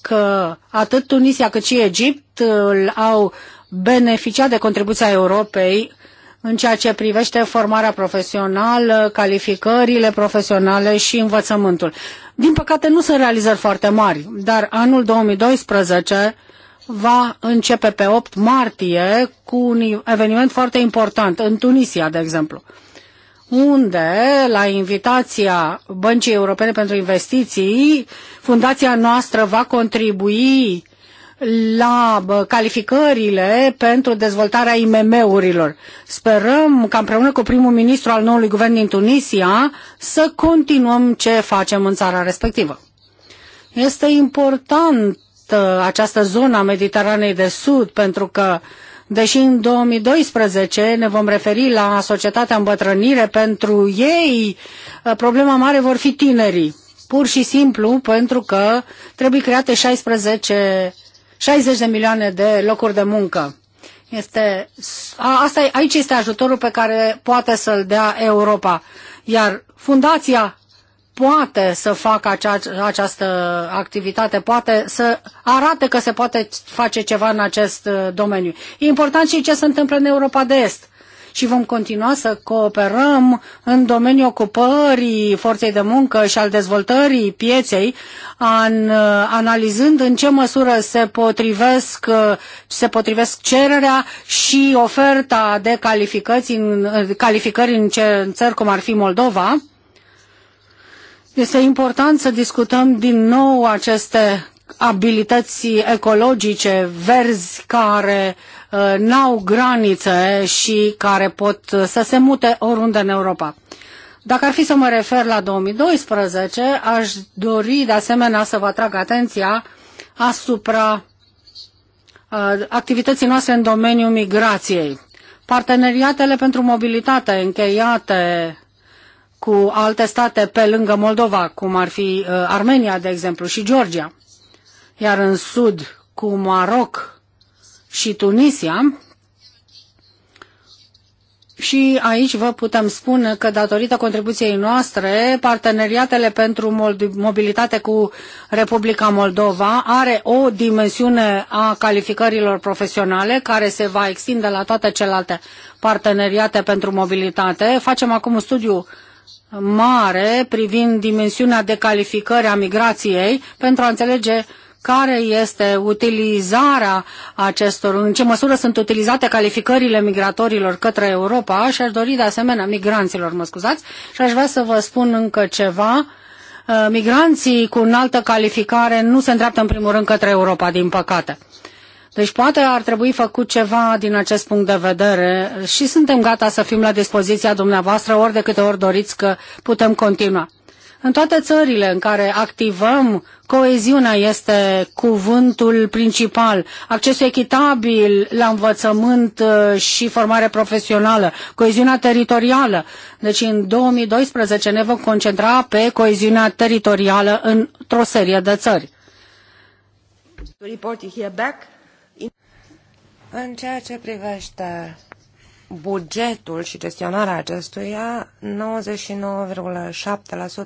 Speaker 1: că atât Tunisia cât și Egipt uh, au beneficiat de contribuția Europei în ceea ce privește formarea profesională, calificările profesionale și învățământul. Din păcate nu sunt realizări foarte mari, dar anul 2012 va începe pe 8 martie cu un eveniment foarte important, în Tunisia, de exemplu, unde, la invitația Băncii Europene pentru Investiții, fundația noastră va contribui la calificările pentru dezvoltarea IMM-urilor. Sperăm ca împreună cu primul ministru al noului guvern din Tunisia să continuăm ce facem în țara respectivă. Este important Uh, această zonă a Mediteranei de Sud, pentru că deși în 2012 ne vom referi la societatea îmbătrânire, pentru ei uh, problema mare vor fi tinerii. Pur și simplu pentru că trebuie create 16, 60 de milioane de locuri de muncă. Este, a, asta, aici este ajutorul pe care poate să-l dea Europa. Iar fundația poate să facă acea, această activitate, poate să arate că se poate face ceva în acest uh, domeniu. E important și ce se întâmplă în Europa de Est. Și vom continua să cooperăm în domeniul ocupării forței de muncă și al dezvoltării pieței, an, uh, analizând în ce măsură se potrivesc, uh, se potrivesc cererea și oferta de calificări în, calificări în, ce, în țări cum ar fi Moldova este important să discutăm din nou aceste abilități ecologice verzi care uh, n-au granițe și care pot uh, să se mute oriunde în Europa. Dacă ar fi să mă refer la 2012, aș dori de asemenea să vă atrag atenția asupra uh, activității noastre în domeniul migrației. Parteneriatele pentru mobilitate încheiate cu alte state pe lângă Moldova, cum ar fi uh, Armenia, de exemplu, și Georgia, iar în sud cu Maroc și Tunisia. Și aici vă putem spune că datorită contribuției noastre, parteneriatele pentru mobilitate cu Republica Moldova are o dimensiune a calificărilor profesionale care se va extinde la toate celelalte parteneriate pentru mobilitate. Facem acum un studiu uh, mare privind dimensiunea de calificări a migrației pentru a înțelege care este utilizarea acestor, în ce măsură sunt utilizate calificările migratorilor către Europa și aș dori de asemenea migranților, mă scuzați, și aș vrea să vă spun încă ceva. Uh, migranții cu înaltă calificare nu se îndreaptă în primul rând către Europa, din păcate. Deci poate ar trebui făcut ceva din acest punct de vedere și suntem gata să fim la dispoziția dumneavoastră ori de câte ori doriți că putem continua. În toate țările în care activăm, coeziunea este cuvântul principal. Accesul echitabil la învățământ uh, și formare profesională, coeziunea teritorială. Deci în 2012 ne vom concentra pe coeziunea teritorială într-o serie de țări.
Speaker 2: here back în ceea ce privește bugetul și gestionarea acestuia, 99,7%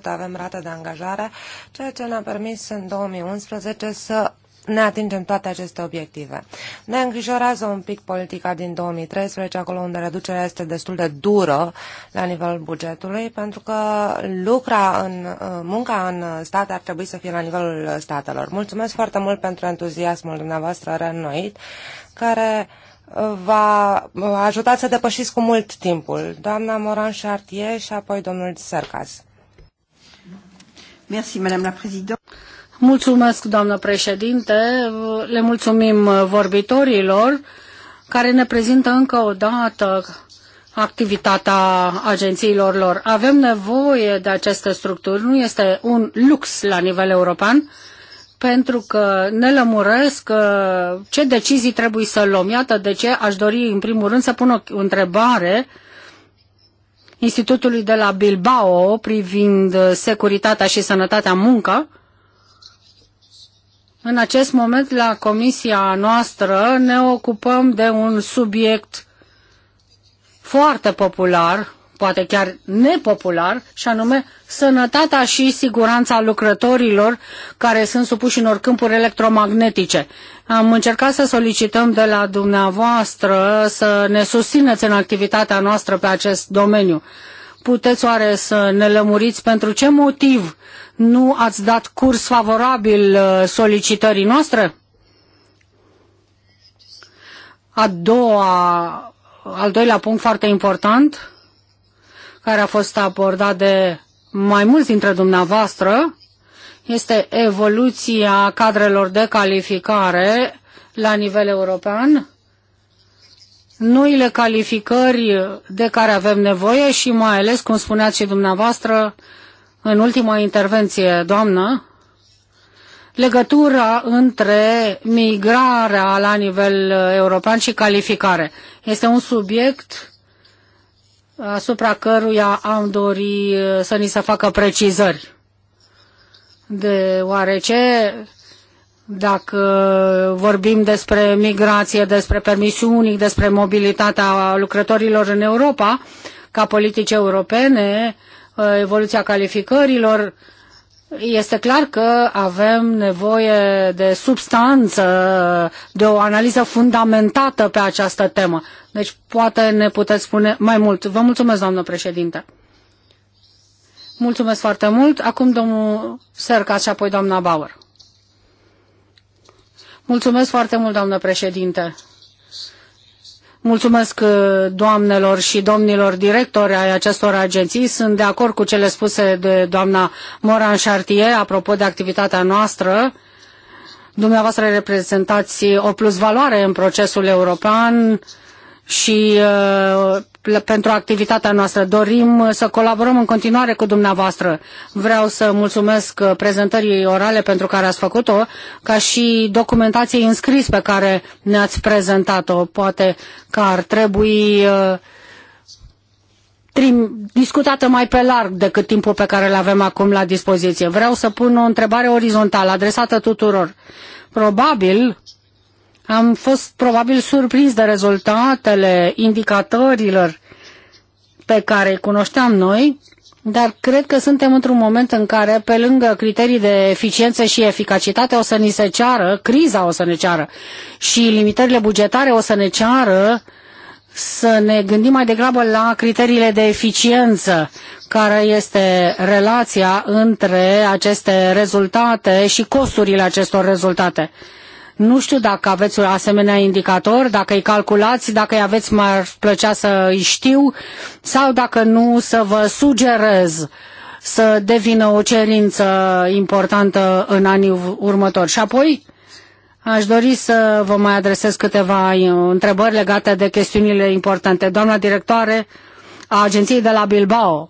Speaker 2: avem rată de angajare, ceea ce ne-a permis în 2011 să ne atingem toate aceste obiective. Ne îngrijorează un pic politica din 2013, acolo unde reducerea este destul de dură la nivelul bugetului, pentru că lucra în, munca în state ar trebui să fie la nivelul statelor. Mulțumesc foarte mult pentru entuziasmul dumneavoastră reînnoit care uh, va uh, ajuta să depășiți cu mult timpul. Doamna Moran Chartier și apoi domnul Sercas. Merci, Madame la
Speaker 1: Présidente. Mulțumesc, doamnă președinte. Le mulțumim vorbitorilor care ne prezintă încă o dată activitatea agențiilor lor. Avem nevoie de aceste structuri, nu este un lux la nivel european, pentru că ne lămuresc ce decizii trebuie să luăm. Iată de ce aș dori, în primul rând, să pun o întrebare Institutului de la Bilbao privind securitatea și sănătatea muncă. În acest moment, la comisia noastră, ne ocupăm de un subiect foarte popular, poate chiar nepopular, și anume sănătatea și siguranța lucrătorilor care sunt supuși unor câmpuri electromagnetice. Am încercat să solicităm de la dumneavoastră să ne susțineți în activitatea noastră pe acest domeniu. Puteți oare să ne lămuriți pentru ce motiv nu ați dat curs favorabil uh, solicitării noastre? A doua, al doilea punct foarte important care a fost abordat de mai mulți dintre dumneavoastră, este evoluția cadrelor de calificare la nivel european, noile calificări de care avem nevoie și mai ales, cum spuneați și dumneavoastră în ultima intervenție, doamnă, legătura între migrarea la nivel european și calificare. Este un subiect asupra căruia am dori uh, să ni se facă precizări. Deoarece dacă vorbim despre migrație, despre permisiuni, despre mobilitatea lucrătorilor în Europa, ca politici europene, uh, evoluția calificărilor, este clar că avem nevoie de substanță, de o analiză fundamentată pe această temă. Deci poate ne puteți spune mai mult. Vă mulțumesc, doamnă președinte. Mulțumesc foarte mult. Acum domnul Serca și apoi doamna Bauer. Mulțumesc foarte mult, doamnă președinte. Mulțumesc uh, doamnelor și domnilor directori ai acestor agenții. Sunt de acord cu cele spuse de doamna Moran Chartier apropo de activitatea noastră. Dumneavoastră reprezentați o plusvaloare în procesul european și uh, pentru activitatea noastră. Dorim uh, să colaborăm în continuare cu dumneavoastră. Vreau să mulțumesc uh, prezentării orale pentru care ați făcut-o, ca și documentației înscris pe care ne-ați prezentat-o. Poate că ar trebui discutată mai pe larg decât timpul pe care îl avem acum la dispoziție. Vreau să pun o întrebare orizontală adresată tuturor. Probabil am fost probabil surprins de rezultatele indicatorilor pe care îi cunoșteam noi, dar cred că suntem într-un moment în care, pe lângă criterii de eficiență și eficacitate, o să ni se ceară, criza o să ne ceară și limitările bugetare o să ne ceară să ne gândim mai degrabă la criteriile de eficiență, care este relația între aceste rezultate și costurile acestor rezultate. Nu știu dacă aveți un asemenea indicator, dacă îi calculați, dacă îi aveți, m-ar plăcea să îi știu, sau dacă nu, să vă sugerez să devină o cerință importantă în anii următori. Și apoi, Aș dori să vă mai adresez câteva întrebări legate de chestiunile importante. Doamna directoare a agenției de la Bilbao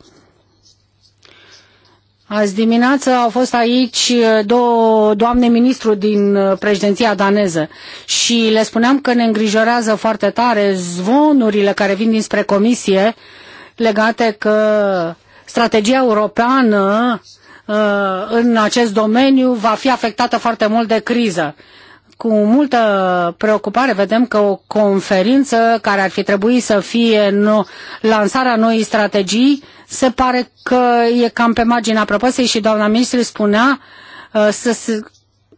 Speaker 1: Azi dimineață au fost aici uh, două doamne ministru din uh, președinția daneză și le spuneam că ne îngrijorează foarte tare zvonurile care vin dinspre comisie legate că strategia europeană uh, în acest domeniu va fi afectată foarte mult de criză cu multă preocupare vedem că o conferință care ar fi trebuit să fie no, lansarea noii strategii se pare că e cam pe marginea prăpăsei și doamna ministru spunea uh, să,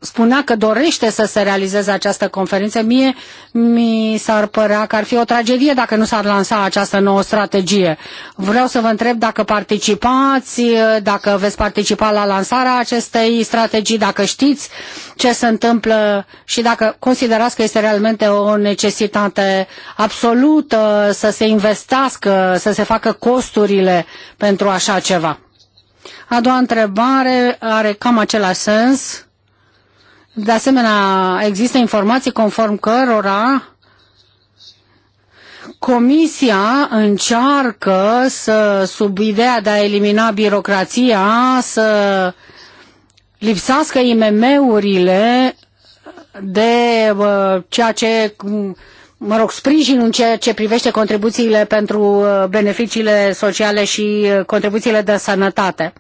Speaker 1: spunea că dorește să se realizeze această conferință, mie mi s-ar părea că ar fi o tragedie dacă nu s-ar lansa această nouă strategie. Vreau să vă întreb dacă participați, dacă veți participa la lansarea acestei strategii, dacă știți ce se întâmplă și dacă considerați că este realmente o necesitate absolută să se investească, să se facă costurile pentru așa ceva. A doua întrebare are cam același sens de asemenea, există informații conform cărora Comisia încearcă să, sub ideea de a elimina birocrația, să lipsească IMM-urile de uh, ceea ce, mă rog, sprijin în ceea ce privește contribuțiile pentru uh, beneficiile sociale și uh, contribuțiile de sănătate.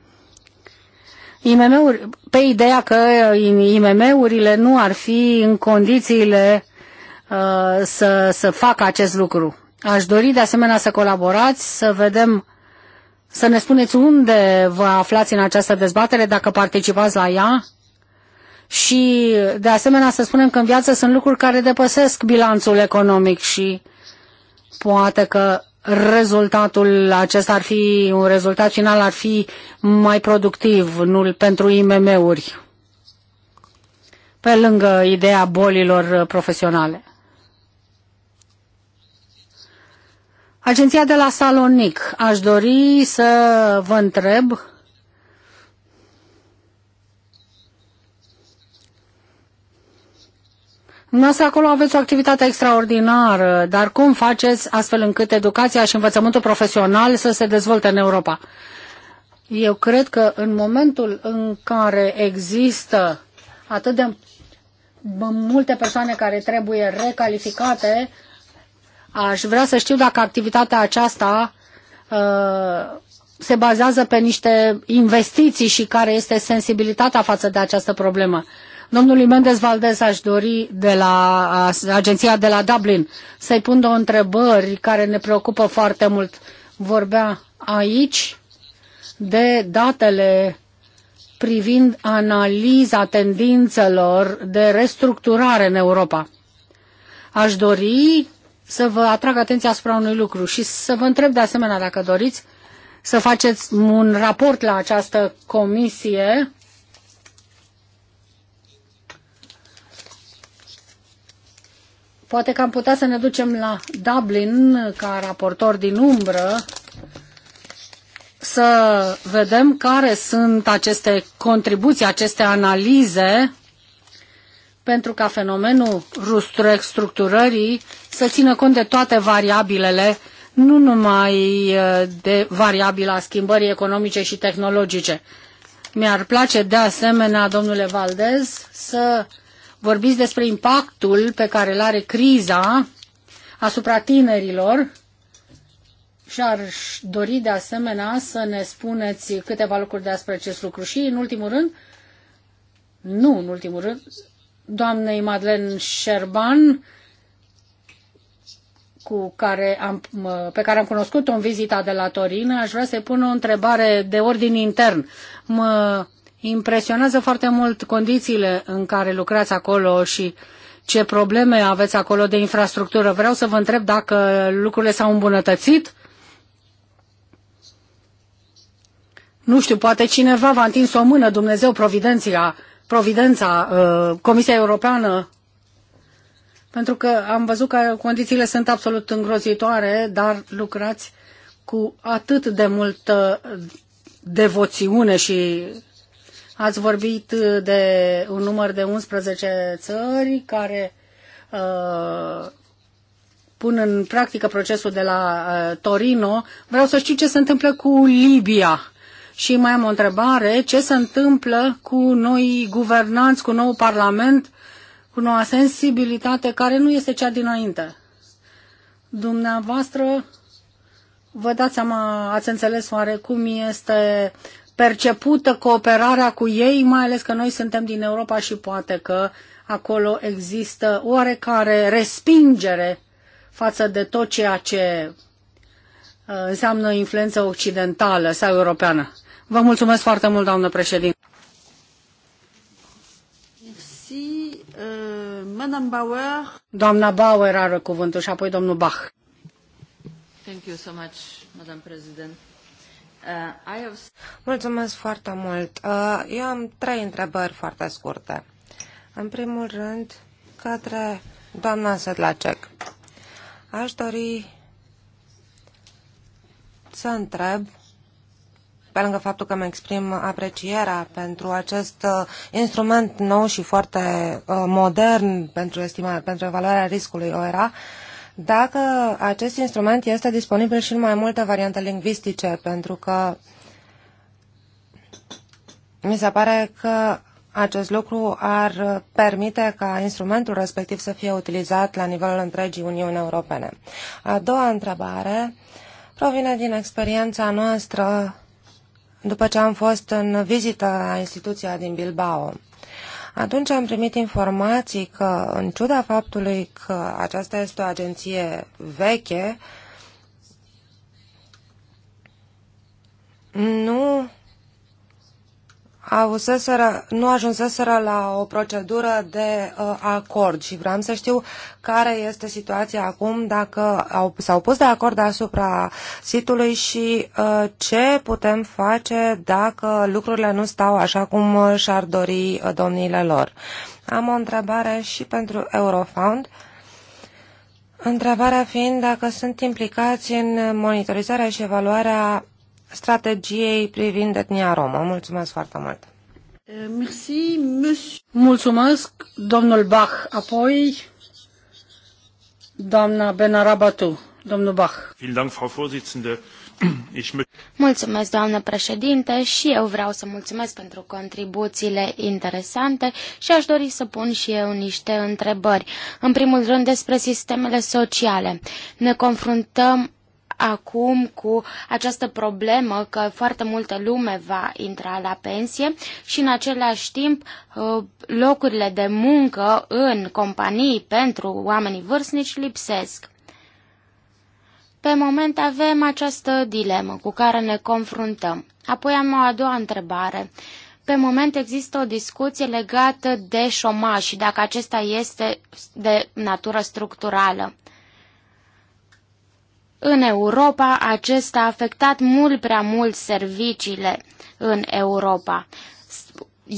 Speaker 1: IMM-uri, pe ideea că IMM-urile nu ar fi în condițiile uh, să, să facă acest lucru. Aș dori de asemenea să colaborați, să vedem, să ne spuneți unde vă aflați în această dezbatere, dacă participați la ea. Și de asemenea să spunem că în viață sunt lucruri care depăsesc bilanțul economic și poate că rezultatul acesta ar fi, un rezultat final ar fi mai productiv nu, pentru IMM-uri, pe lângă ideea bolilor profesionale. Agenția de la Salonic, aș dori să vă întreb Dumneavoastră acolo aveți o activitate extraordinară, dar cum faceți astfel încât educația și învățământul profesional să se dezvolte în Europa? Eu cred că în momentul în care există atât de multe persoane care trebuie recalificate, aș vrea să știu dacă activitatea aceasta uh, se bazează pe niște investiții și care este sensibilitatea față de această problemă. Uh, Domnului Mendes Valdez aș dori de la agenția de la Dublin să-i pun două întrebări care ne preocupă foarte mult. Vorbea aici de datele privind analiza tendințelor de restructurare în Europa. Aș dori să vă atrag atenția asupra unui lucru și să vă întreb de asemenea, dacă doriți, să faceți un raport la această comisie Poate că am putea să ne ducem la Dublin ca raportor din umbră să vedem care sunt aceste contribuții, aceste analize pentru ca fenomenul restructurării să țină cont de toate variabilele, nu numai uh, de variabila schimbării economice și tehnologice. Mi-ar place de asemenea, domnule Valdez, să vorbiți despre impactul pe care îl are criza asupra tinerilor și ar dori de asemenea să ne spuneți câteva lucruri despre acest lucru. Și, în ultimul rând, nu în ultimul rând, doamnei Madeleine Șerban, cu care am, pe care am cunoscut-o în vizita de la Torino, aș vrea să-i pun o întrebare de ordin intern. Mă impresionează foarte mult condițiile în care lucrați acolo și ce probleme aveți acolo de infrastructură. Vreau să vă întreb dacă lucrurile s-au îmbunătățit. Nu știu, poate cineva v-a întins o mână, Dumnezeu, Providenția, Providența, uh, Comisia Europeană, pentru că am văzut că condițiile sunt absolut îngrozitoare, dar lucrați cu atât de multă devoțiune și Ați vorbit uh, de un număr de 11 țări care uh, pun în practică procesul de la uh, Torino. Vreau să știu ce se întâmplă cu Libia. Și mai am o întrebare, ce se întâmplă cu noi guvernanți, cu nou parlament, cu noua sensibilitate care nu este cea dinainte? Dumneavoastră, vă dați seama, ați înțeles oare cum este percepută cooperarea cu ei, mai ales că noi suntem din Europa și poate că acolo există oarecare respingere față de tot ceea ce uh, înseamnă influență occidentală sau europeană. Vă mulțumesc foarte mult, doamnă președinte. Uh, Bauer. Doamna Bauer are
Speaker 2: cuvântul și apoi domnul Bach.
Speaker 1: Thank you so much, Madam President.
Speaker 2: Uh, Mulțumesc foarte mult. Uh, eu am trei întrebări foarte scurte. În primul rând, către doamna Sedlacek. Aș dori să întreb pe lângă faptul că îmi exprim aprecierea pentru acest uh, instrument nou și foarte modern pentru, estima, pentru evaluarea riscului OERA, dacă acest instrument este disponibil și în mai multe variante lingvistice, pentru că mi se pare că acest lucru ar permite ca instrumentul respectiv să fie utilizat la nivelul întregii Uniuni Europene. A doua întrebare provine din experiența noastră după ce am fost în vizită la instituția din Bilbao. Atunci am primit informații că, în ciuda faptului că aceasta este o agenție veche, nu auseseră, nu ajunseseră la o procedură de uh, acord și vreau să știu care este situația acum, dacă au, s-au pus de acord asupra sitului și uh, ce putem face dacă lucrurile nu stau așa cum și-ar dori uh, domniile lor. Am o întrebare și pentru Eurofound. Întrebarea fiind dacă sunt implicați în monitorizarea și evaluarea strategiei privind etnia romă. Mulțumesc foarte mult!
Speaker 1: Mulțumesc, domnul Bach. Apoi, doamna Benarabatu. Domnul Bach.
Speaker 3: Mulțumesc, doamnă președinte, și eu vreau să mulțumesc pentru contribuțiile interesante și aș dori să pun și eu niște întrebări. În primul rând despre sistemele sociale. Ne confruntăm acum cu această problemă că foarte multă lume va intra la pensie și în același timp uh, locurile de muncă în companii pentru oamenii vârstnici lipsesc. Pe moment avem această dilemă cu care ne confruntăm. Apoi am o a doua întrebare. Pe moment există o discuție legată de șomaj și dacă acesta este de natură structurală. În Europa, acesta a afectat mult prea mult serviciile în Europa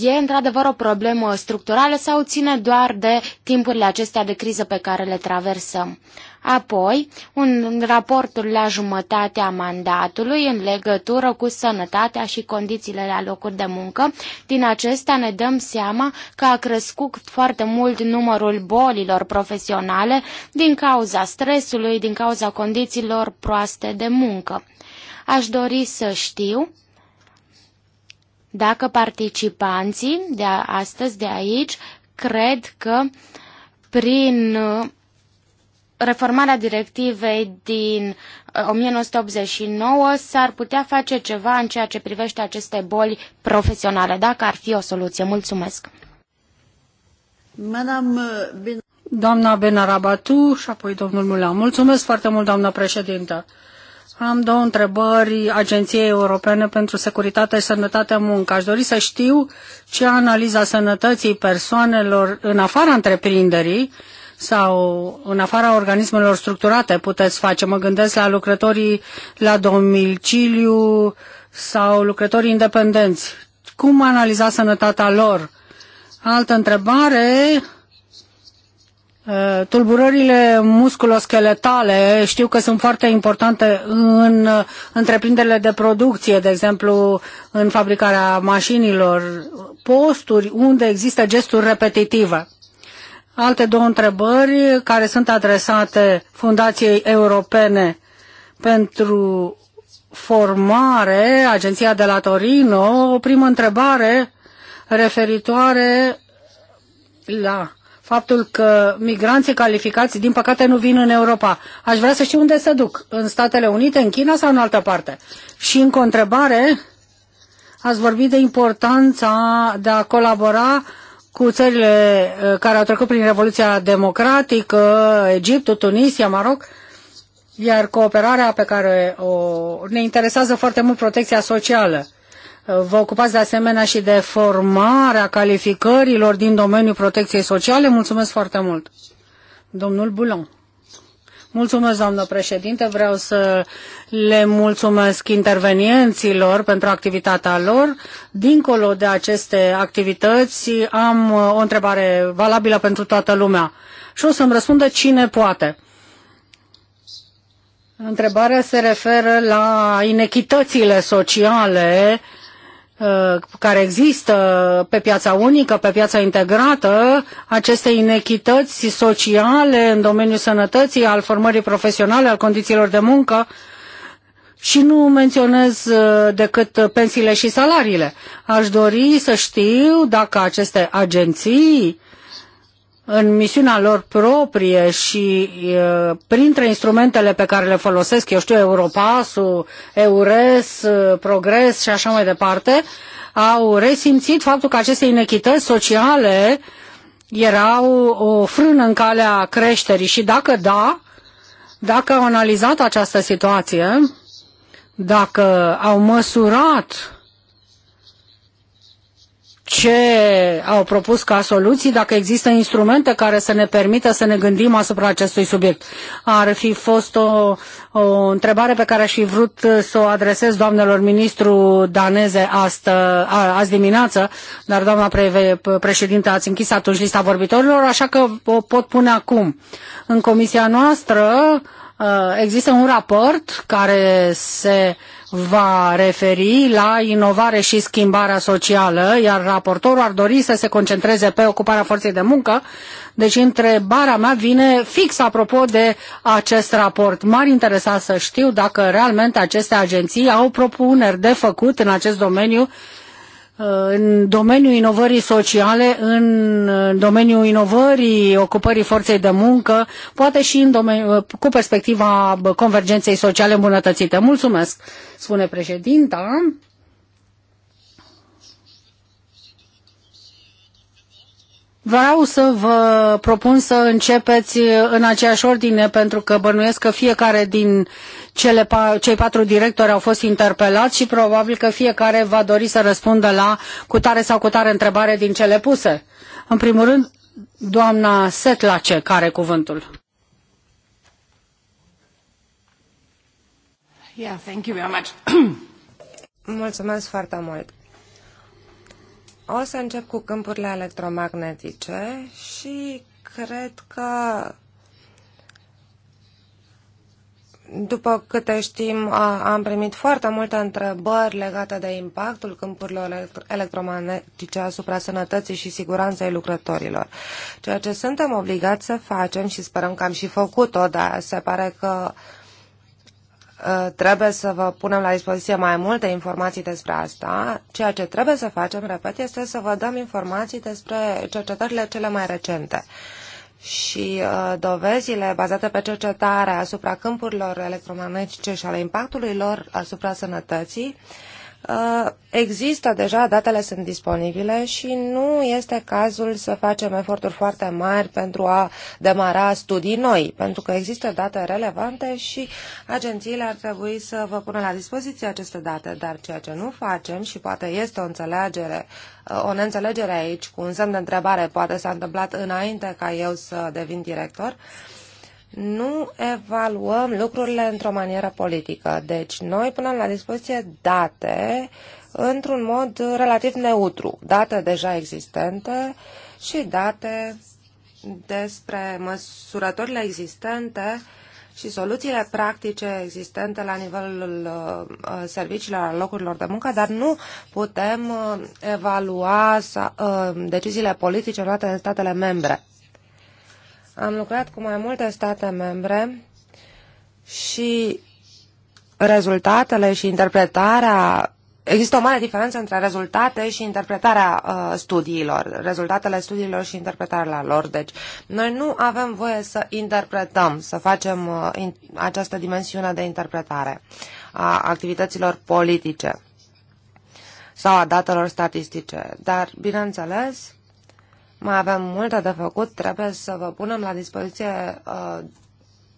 Speaker 3: e într-adevăr o problemă structurală sau ține doar de timpurile acestea de criză pe care le traversăm. Apoi, un raportul la jumătatea mandatului în legătură cu sănătatea și condițiile la locuri de muncă. Din acestea ne dăm seama că a crescut foarte mult numărul bolilor profesionale din cauza stresului, din cauza condițiilor proaste de muncă. Aș dori să știu dacă participanții de astăzi, de aici, cred că prin uh, reformarea directivei din 1989 uh, s-ar putea face ceva în ceea ce privește aceste boli profesionale, dacă ar fi o soluție. Mulțumesc!
Speaker 1: Uh, doamna Benarabatu și apoi domnul Mulea. Mulțumesc foarte mult, doamna președintă. Am două întrebări Agenției Europene pentru Securitate și Sănătatea Muncă. Aș dori să știu ce analiza sănătății persoanelor în afara întreprinderii sau în afara organismelor structurate puteți face. Mă gândesc la lucrătorii la domiciliu sau lucrătorii independenți. Cum analiza sănătatea lor? Altă întrebare, Uh, tulburările musculoscheletale știu că sunt foarte importante în uh, întreprinderile de producție, de exemplu în fabricarea mașinilor, posturi unde există gesturi repetitive. Alte două întrebări care sunt adresate Fundației Europene pentru Formare, Agenția de la Torino. O primă întrebare referitoare la faptul că migranții calificați, din păcate, nu vin în Europa. Aș vrea să știu unde se duc, în Statele Unite, în China sau în altă parte. Și în întrebare, ați vorbit de importanța de a colabora cu țările eh, care au trecut prin Revoluția Democratică, Egiptul, Tunisia, Maroc, iar cooperarea pe care o ne interesează foarte mult protecția socială. Vă ocupați de asemenea și de formarea calificărilor din domeniul protecției sociale. Mulțumesc foarte mult. Domnul Bulon. Mulțumesc, doamnă președinte. Vreau să le mulțumesc intervenienților pentru activitatea lor. Dincolo de aceste activități, am uh, o întrebare valabilă pentru toată lumea și o să-mi răspundă cine poate. Întrebarea se referă la inechitățile sociale uh, Uh, care există pe piața unică, pe piața integrată, aceste inechități sociale în domeniul sănătății, al formării profesionale, al condițiilor de muncă și nu menționez uh, decât pensiile și salariile. Aș dori să știu dacă aceste agenții în misiunea lor proprie și printre instrumentele pe care le folosesc, eu știu, Europasul, EURES, Progres și așa mai departe, au resimțit faptul că aceste inechități sociale erau o frână în calea creșterii și dacă da, dacă au analizat această situație, dacă au măsurat ce au propus ca soluții, dacă există instrumente care să ne permită să ne gândim asupra acestui subiect. Ar fi fost o, o întrebare pe care aș fi vrut să o adresez doamnelor ministru daneze astă, a, azi dimineață, dar doamna pre, președinte ați închis atunci lista vorbitorilor, așa că o pot pune acum. În comisia noastră există un raport care se uh, va referi la inovare și schimbarea socială, iar raportorul ar dori să se concentreze pe ocuparea forței de muncă. Deci întrebarea mea vine fix apropo de acest raport. M-ar interesa să știu dacă realmente aceste agenții au propuneri de făcut în acest domeniu Uh, în domeniul inovării sociale, în domeniul inovării ocupării forței de muncă, poate și în domeniu, uh, cu perspectiva convergenței sociale îmbunătățite. Mulțumesc, spune președinta. Vreau să vă propun să începeți în aceeași ordine, pentru că bănuiesc că fiecare din cele pa, cei patru directori au fost interpelați și probabil că fiecare va dori să răspundă la cutare sau cutare întrebare din cele puse. În primul rând, doamna Setlace, care cuvântul.
Speaker 2: Yeah, thank you very much. Mulțumesc foarte mult. O să încep cu câmpurile electromagnetice și cred că după câte știm, am primit foarte multe întrebări legate de impactul câmpurilor electromagnetice asupra sănătății și siguranței lucrătorilor. Ceea ce suntem obligați să facem și sperăm că am și făcut-o, dar se pare că uh, Uh, trebuie să vă punem la dispoziție mai multe informații despre asta. Ceea ce trebuie să facem, repet, este să vă dăm informații despre cercetările cele mai recente și uh, dovezile bazate pe cercetare asupra câmpurilor electromagnetice și ale impactului lor asupra sănătății uh, Uh, există deja, datele sunt disponibile și nu este cazul să facem eforturi foarte mari pentru a demara studii noi, pentru că există date relevante și agențiile ar trebui să vă pună la dispoziție aceste date, dar ceea ce nu facem și poate este o înțelegere, uh, o neînțelegere aici cu un semn de întrebare, poate s-a întâmplat înainte ca eu să devin director, uh, nu evaluăm lucrurile într-o manieră politică. Deci noi punem la dispoziție date într-un mod relativ neutru, date deja existente și date despre măsurătorile existente și soluțiile practice existente la nivelul uh, serviciilor, al locurilor de muncă, dar nu putem uh, evalua uh, deciziile politice luate de statele membre. Am lucrat cu mai multe state membre și rezultatele și interpretarea Există o mare diferență între rezultate și interpretarea uh, studiilor, rezultatele studiilor și interpretarea lor. Deci, noi nu avem voie să interpretăm, să facem uh, in, această dimensiune de interpretare a activităților politice sau a datelor statistice. Dar, bineînțeles, mai avem multe de făcut, trebuie să vă punem la dispoziție uh,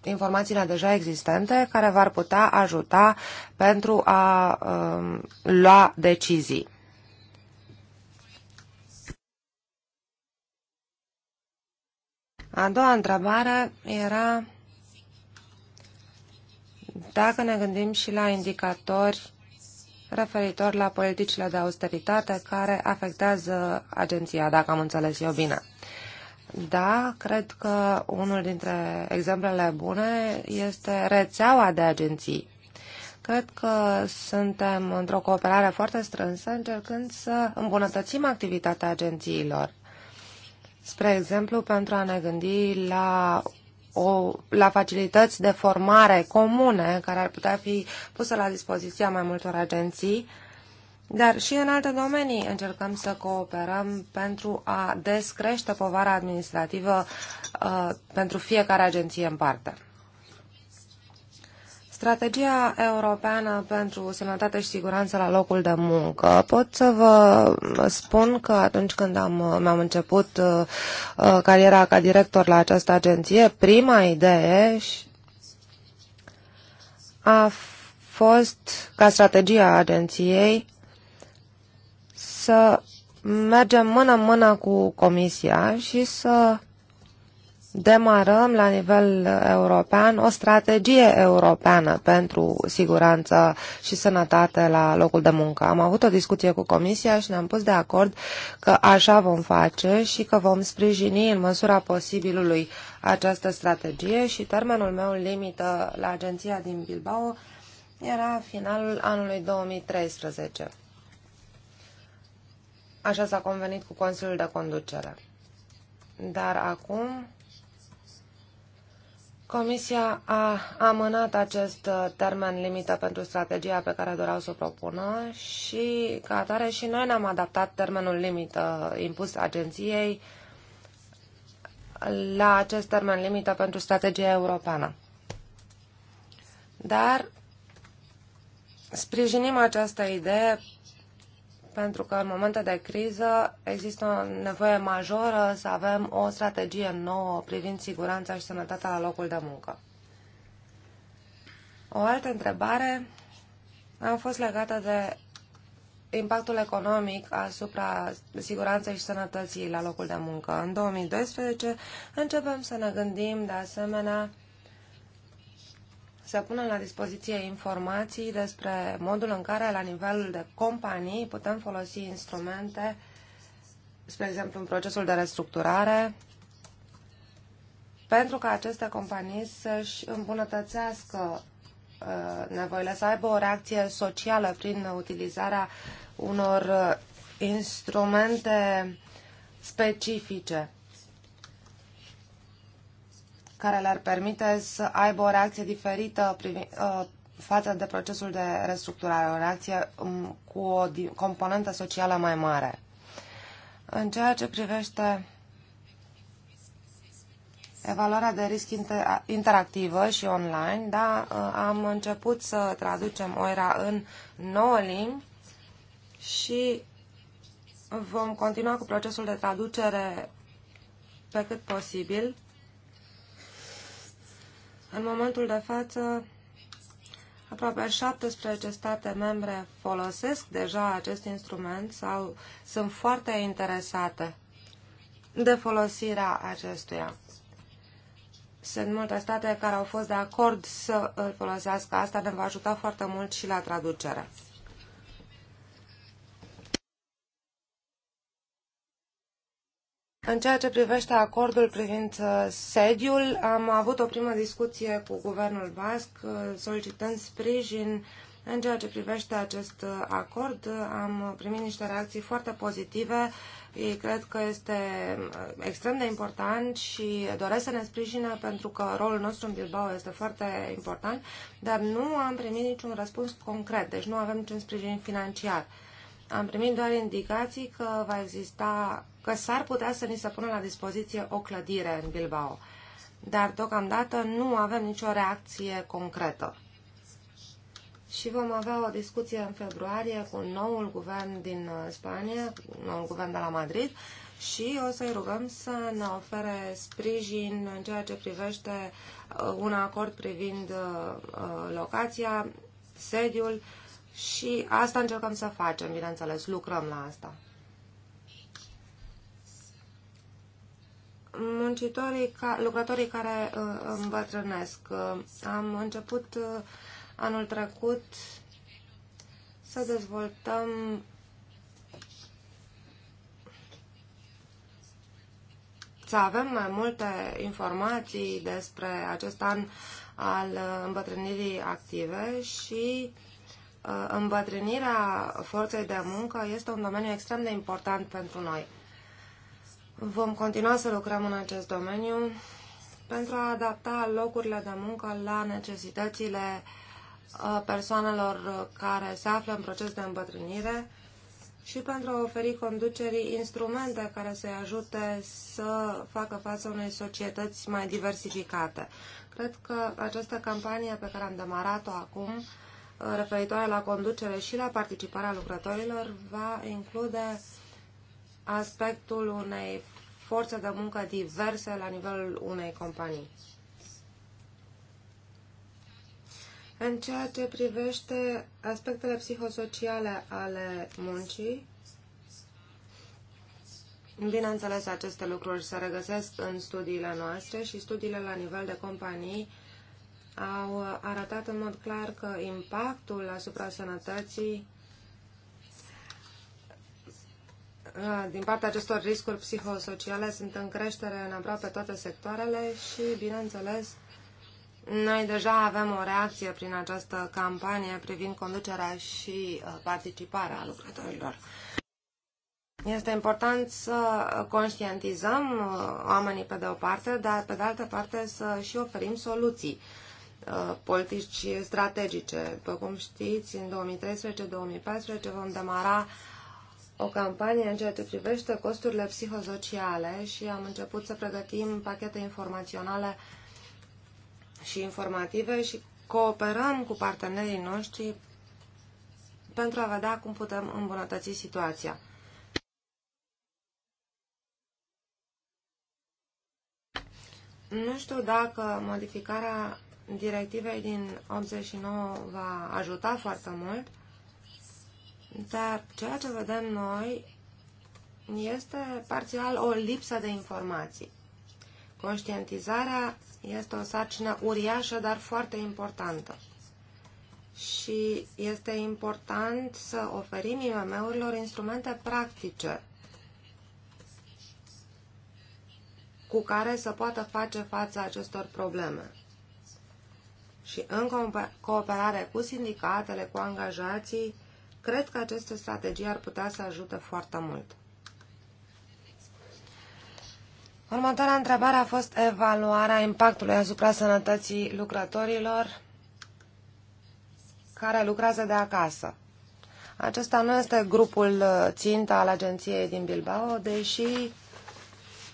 Speaker 2: informațiile deja existente care v-ar putea ajuta pentru a uh, lua decizii. A doua întrebare era dacă ne gândim și la indicatori referitor la politicile de austeritate care afectează agenția, dacă am înțeles eu bine. Da, cred că unul dintre exemplele bune este rețeaua de agenții. Cred că suntem într-o cooperare foarte strânsă încercând să îmbunătățim activitatea agențiilor. Spre exemplu, pentru a ne gândi la o, la facilități de formare comune care ar putea fi pusă la dispoziția mai multor agenții, dar și în alte domenii încercăm să cooperăm pentru a descrește povara administrativă uh, pentru fiecare agenție în parte. Strategia europeană pentru sănătate și siguranță la locul de muncă. Pot să vă spun că atunci când am, mi-am început uh, uh cariera ca director la această agenție, prima idee a fost ca strategia agenției să mergem mână-mână cu comisia și să demarăm la nivel european o strategie europeană pentru siguranță și sănătate la locul de muncă. Am avut o discuție cu Comisia și ne-am pus de acord că așa vom face și că vom sprijini în măsura posibilului această strategie și termenul meu limită la agenția din Bilbao era finalul anului 2013. Așa s-a convenit cu Consiliul de Conducere. Dar acum Comisia a amânat acest uh, termen limită pentru strategia pe care doreau să o propună și, ca atare, și noi ne-am adaptat termenul limită impus agenției la acest termen limită pentru strategia europeană. Dar sprijinim această idee pentru că în momente de criză există o nevoie majoră să avem o strategie nouă privind siguranța și sănătatea la locul de muncă. O altă întrebare a fost legată de impactul economic asupra siguranței și sănătății la locul de muncă. În 2012 începem să ne gândim de asemenea să pună la dispoziție informații despre modul în care, la nivelul de companii, putem folosi instrumente, spre exemplu, în procesul de restructurare, pentru ca aceste companii să-și îmbunătățească uh, nevoile, să aibă o reacție socială prin utilizarea unor uh, instrumente specifice care le-ar permite să aibă o reacție diferită privi, uh, față de procesul de restructurare, o reacție um, cu o componentă socială mai mare. În ceea ce privește evaluarea de risc inter interactivă și online, da, uh, am început să traducem OIRA în nouă limbi și vom continua cu procesul de traducere pe cât posibil în momentul de față, aproape 17 state membre folosesc deja acest instrument sau sunt foarte interesate de folosirea acestuia. Sunt multe state care au fost de acord să îl folosească. Asta ne va ajuta foarte mult și la traducere. În ceea ce privește acordul privind uh, sediul, am avut o primă discuție cu guvernul basc, uh, solicitând sprijin în ceea ce privește acest uh, acord. Am primit niște reacții foarte pozitive. Ei cred că este extrem de important și doresc să ne sprijină pentru că rolul nostru în Bilbao este foarte important, dar nu am primit niciun răspuns concret, deci nu avem niciun sprijin financiar. Am primit doar indicații că va exista că s-ar putea să ni se pună la dispoziție o clădire în Bilbao. Dar deocamdată nu avem nicio reacție concretă. Și vom avea o discuție în februarie cu noul guvern din uh, Spania, noul guvern de la Madrid, și o să-i rugăm să ne ofere sprijin în ceea ce privește uh, un acord privind uh, locația, sediul și asta încercăm să facem, bineînțeles, lucrăm la asta. muncitorii, ca, lucrătorii care uh, îmbătrânesc. Uh, am început uh, anul trecut să dezvoltăm să avem mai multe informații despre acest an al uh, îmbătrânirii active și uh, îmbătrânirea forței de muncă este un domeniu extrem de important pentru noi. Vom continua să lucrăm în acest domeniu pentru a adapta locurile de muncă la necesitățile persoanelor care se află în proces de îmbătrânire și pentru a oferi conducerii instrumente care să-i ajute să facă față unei societăți mai diversificate. Cred că această campanie pe care am demarat-o acum, referitoare la conducere și la participarea lucrătorilor, va include aspectul unei forțe de muncă diverse la nivelul unei companii. În ceea ce privește aspectele psihosociale ale muncii, bineînțeles, aceste lucruri se regăsesc în studiile noastre și studiile la nivel de companii au arătat în mod clar că impactul asupra sănătății din partea acestor riscuri psihosociale sunt în creștere în aproape toate sectoarele și, bineînțeles, noi deja avem o reacție prin această campanie privind conducerea și participarea lucrătorilor. Este important să conștientizăm oamenii pe de o parte, dar pe de altă parte să și oferim soluții politici strategice. După cum știți, în 2013-2014 vom demara o campanie în ceea ce privește costurile psihosociale și am început să pregătim pachete informaționale și informative și cooperăm cu partenerii noștri pentru a vedea cum putem îmbunătăți situația. Nu știu dacă modificarea directivei din 89 va ajuta foarte mult, dar ceea ce vedem noi este parțial o lipsă de informații. Conștientizarea este o sarcină uriașă, dar foarte importantă. Și este important să oferim IMM-urilor instrumente practice cu care să poată face față acestor probleme. Și în cooperare cu sindicatele, cu angajații, Cred că aceste strategii ar putea să ajute foarte mult. Următoarea întrebare a fost evaluarea impactului asupra sănătății lucrătorilor care lucrează de acasă. Acesta nu este grupul uh, țintă al agenției din Bilbao, deși,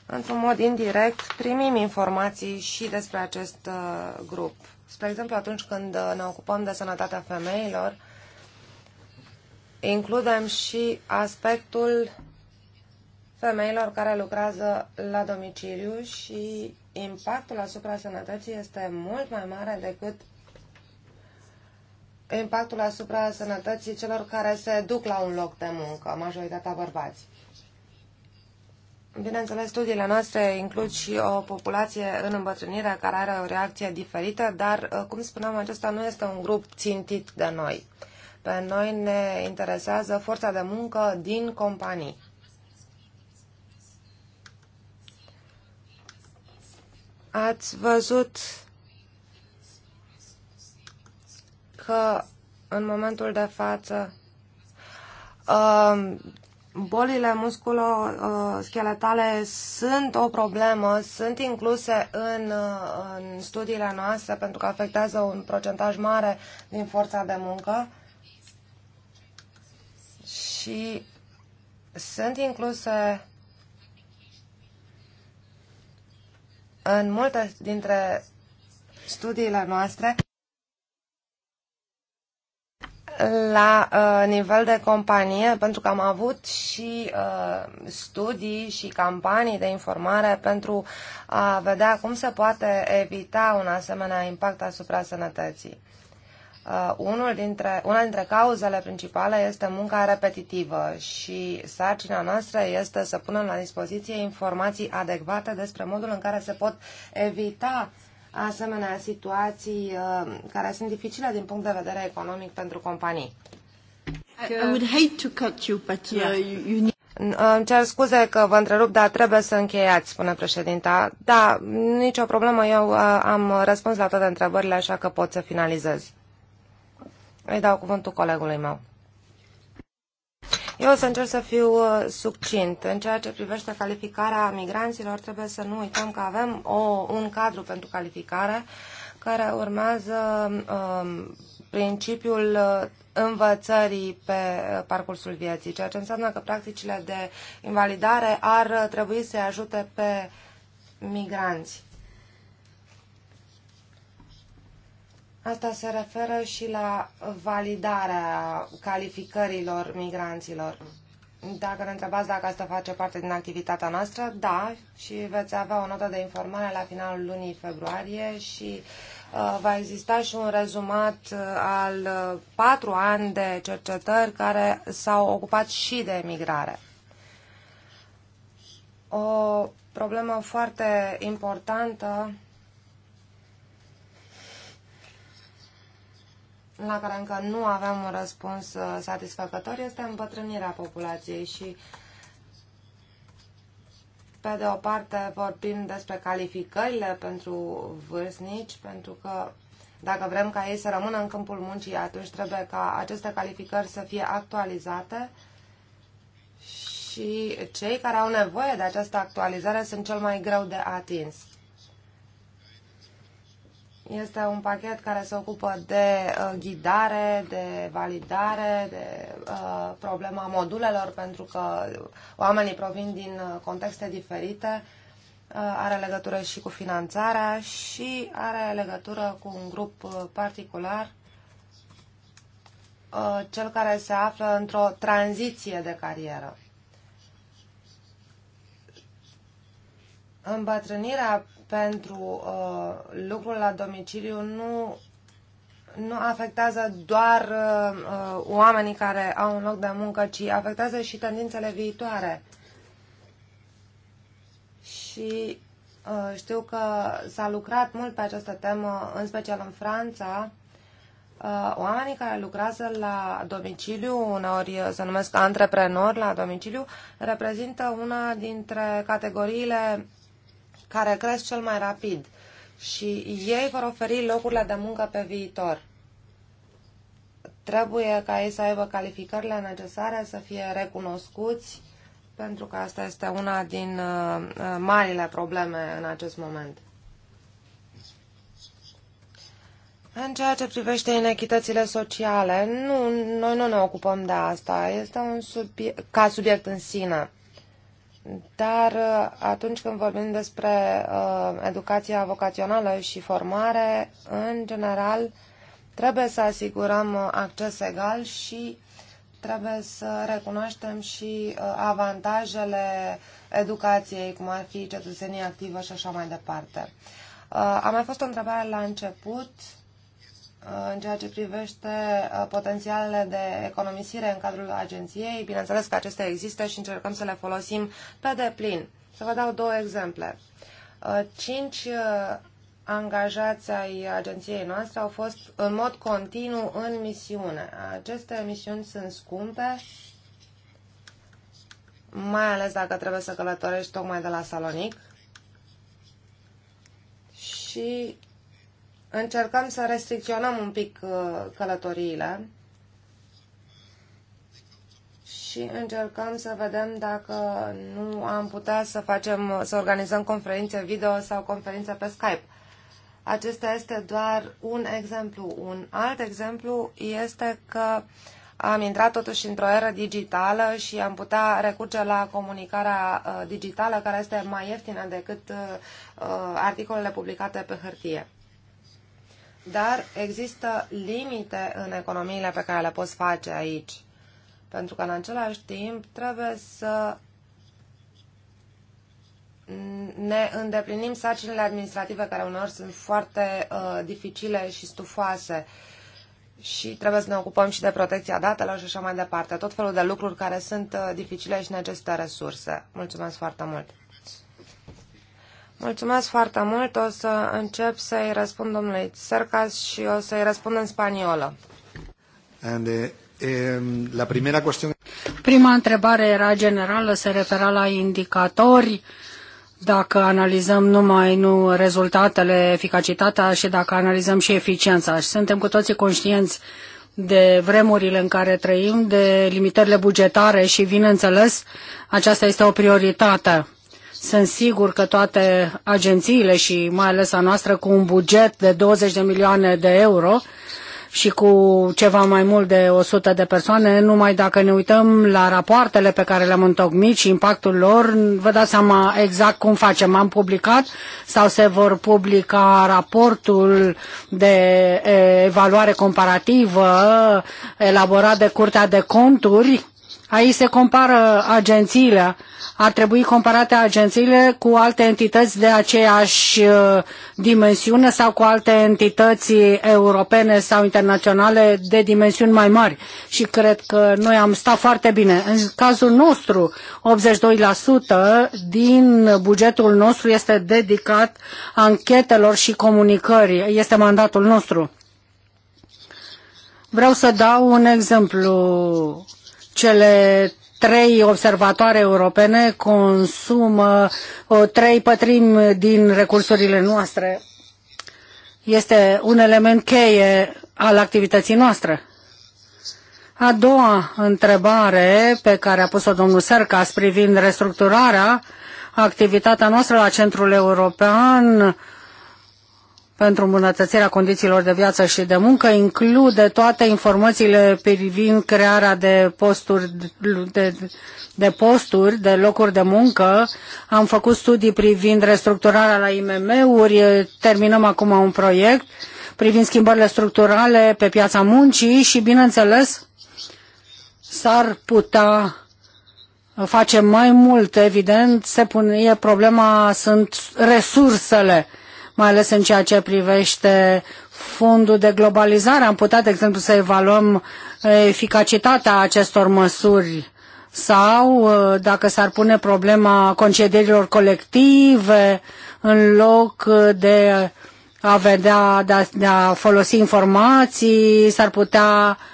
Speaker 2: într-un mod indirect, primim informații și despre acest uh, grup. Spre exemplu, atunci când uh, ne ocupăm de sănătatea femeilor, includem și aspectul femeilor care lucrează la domiciliu și impactul asupra sănătății este mult mai mare decât impactul asupra sănătății celor care se duc la un loc de muncă, majoritatea bărbați. Bineînțeles, studiile noastre includ și o populație în îmbătrânire care are o reacție diferită, dar, cum spuneam, acesta nu este un grup țintit de noi. Pe noi ne interesează forța de muncă din companii. Ați văzut că în momentul de față um, bolile musculoscheletale sunt o problemă, sunt incluse în, în studiile noastre pentru că afectează un procentaj mare din forța de muncă și sunt incluse în multe dintre studiile noastre la uh, nivel de companie, pentru că am avut și uh, studii și campanii de informare pentru a vedea cum se poate evita un asemenea impact asupra sănătății. Uh, unul dintre, una dintre cauzele principale este munca repetitivă și sarcina noastră este să punem la dispoziție informații adecvate despre modul în care se pot evita asemenea situații uh, care sunt dificile din punct de vedere economic pentru companii. Îmi cer scuze că vă întrerup, dar trebuie să încheiați, spune președinta. Da, nicio problemă, eu uh, am răspuns la toate întrebările, așa că pot să finalizez. Îi dau cuvântul colegului meu. Eu o să încerc să fiu uh, succint. În ceea ce privește calificarea migranților, trebuie să nu uităm că avem o, un cadru pentru calificare care urmează um, uh, principiul învățării pe uh, parcursul vieții, ceea ce înseamnă că practicile de invalidare ar uh, trebui să ajute pe migranți Asta se referă și la validarea calificărilor migranților. Dacă ne întrebați dacă asta face parte din activitatea noastră, da, și veți avea o notă de informare la finalul lunii februarie și uh, va exista și un rezumat uh, al uh, patru ani de cercetări care s-au ocupat și de migrare. O problemă foarte importantă la care încă nu avem un răspuns uh, satisfăcător este îmbătrânirea populației și pe de o parte vorbim despre calificările pentru vârstnici, pentru că dacă vrem ca ei să rămână în câmpul muncii, atunci trebuie ca aceste calificări să fie actualizate și cei care au nevoie de această actualizare sunt cel mai greu de atins. Este un pachet care se ocupă de uh, ghidare, de validare, de uh, problema modulelor, pentru că oamenii provin din uh, contexte diferite, uh, are legătură și cu finanțarea și are legătură cu un grup uh, particular, uh, cel care se află într-o tranziție de carieră. Îmbătrânirea pentru uh, lucrul la domiciliu nu, nu afectează doar uh, oamenii care au un loc de muncă, ci afectează și tendințele viitoare. Și uh, știu că s-a lucrat mult pe această temă, în special în Franța. Uh, oamenii care lucrează la domiciliu, uneori se numesc antreprenori la domiciliu, reprezintă una dintre categoriile care cresc cel mai rapid și ei vor oferi locurile de muncă pe viitor. Trebuie ca ei să aibă calificările necesare, să fie recunoscuți, pentru că asta este una din uh, uh marile probleme în acest moment. În ceea ce privește inechitățile sociale, nu, noi nu ne ocupăm de asta. Este un subiect, ca subiect în sine. Dar uh, atunci când vorbim despre uh, educația vocațională și formare, în general, trebuie să asigurăm uh, acces egal și trebuie să recunoaștem și uh, avantajele educației, cum ar fi cetățenie activă și așa mai departe. A mai fost o întrebare la început în ceea ce privește uh, potențialele de economisire în cadrul agenției. Bineînțeles că acestea există și încercăm să le folosim pe deplin. Să vă dau două exemple. Uh, cinci uh, angajați ai agenției noastre au fost în mod continuu în misiune. Aceste misiuni sunt scumpe, mai ales dacă trebuie să călătorești tocmai de la Salonic. Și încercăm să restricționăm un pic uh, călătoriile și încercăm să vedem dacă nu am putea să facem, să organizăm conferințe video sau conferințe pe Skype. Acesta este doar un exemplu. Un alt exemplu este că am intrat totuși într-o eră digitală și am putea recurge la comunicarea uh, digitală care este mai ieftină decât uh, articolele publicate pe hârtie dar există limite în economiile pe care le poți face aici. Pentru că în același timp trebuie să ne îndeplinim sarcinile administrative care uneori sunt foarte uh, dificile și stufoase și trebuie să ne ocupăm și de protecția datelor și așa mai departe. Tot felul de lucruri care sunt uh, dificile și necesită resurse. Mulțumesc foarte mult! Mulțumesc foarte mult. O să încep să-i răspund domnului Sercas și o să-i răspund în spaniolă.
Speaker 3: And, uh, um, la primera cuestión...
Speaker 1: Prima întrebare era generală, se refera la indicatori. Dacă analizăm numai nu rezultatele, eficacitatea și dacă analizăm și eficiența. Și suntem cu toții conștienți de vremurile în care trăim, de limitările bugetare și, bineînțeles, aceasta este o prioritate sunt sigur că toate agențiile și mai ales a noastră cu un buget de 20 de milioane de euro și cu ceva mai mult de 100 de persoane, numai dacă ne uităm la rapoartele pe care le-am întocmit și impactul lor, vă dați seama exact cum facem. Am publicat sau se vor publica raportul de evaluare comparativă elaborat de Curtea de Conturi Aici se compară agențiile, ar trebui comparate agențiile cu alte entități de aceeași uh, dimensiune sau cu alte entități europene sau internaționale de dimensiuni mai mari. Și cred că noi am stat foarte bine. În cazul nostru, 82% din bugetul nostru este dedicat anchetelor și comunicării. Este mandatul nostru. Vreau să dau un exemplu cele trei observatoare europene consumă o uh, trei pătrimi din recursurile noastre. Este un element cheie al activității noastre. A doua întrebare pe care a pus-o domnul Sercas privind restructurarea, activitatea noastră la Centrul European pentru îmbunătățirea condițiilor de viață și de muncă include toate informațiile privind crearea de posturi de, de posturi, de locuri de muncă. Am făcut studii privind restructurarea la IMM-uri, terminăm acum un proiect privind schimbările structurale pe piața muncii și, bineînțeles, s-ar putea face mai mult, evident, se pune problema, sunt resursele mai ales în ceea ce privește fondul de globalizare. Am putea, de exemplu, să evaluăm uh, eficacitatea acestor măsuri sau uh, dacă s-ar pune problema concedierilor colective în loc de a vedea, de a, de a folosi informații, s-ar putea uh,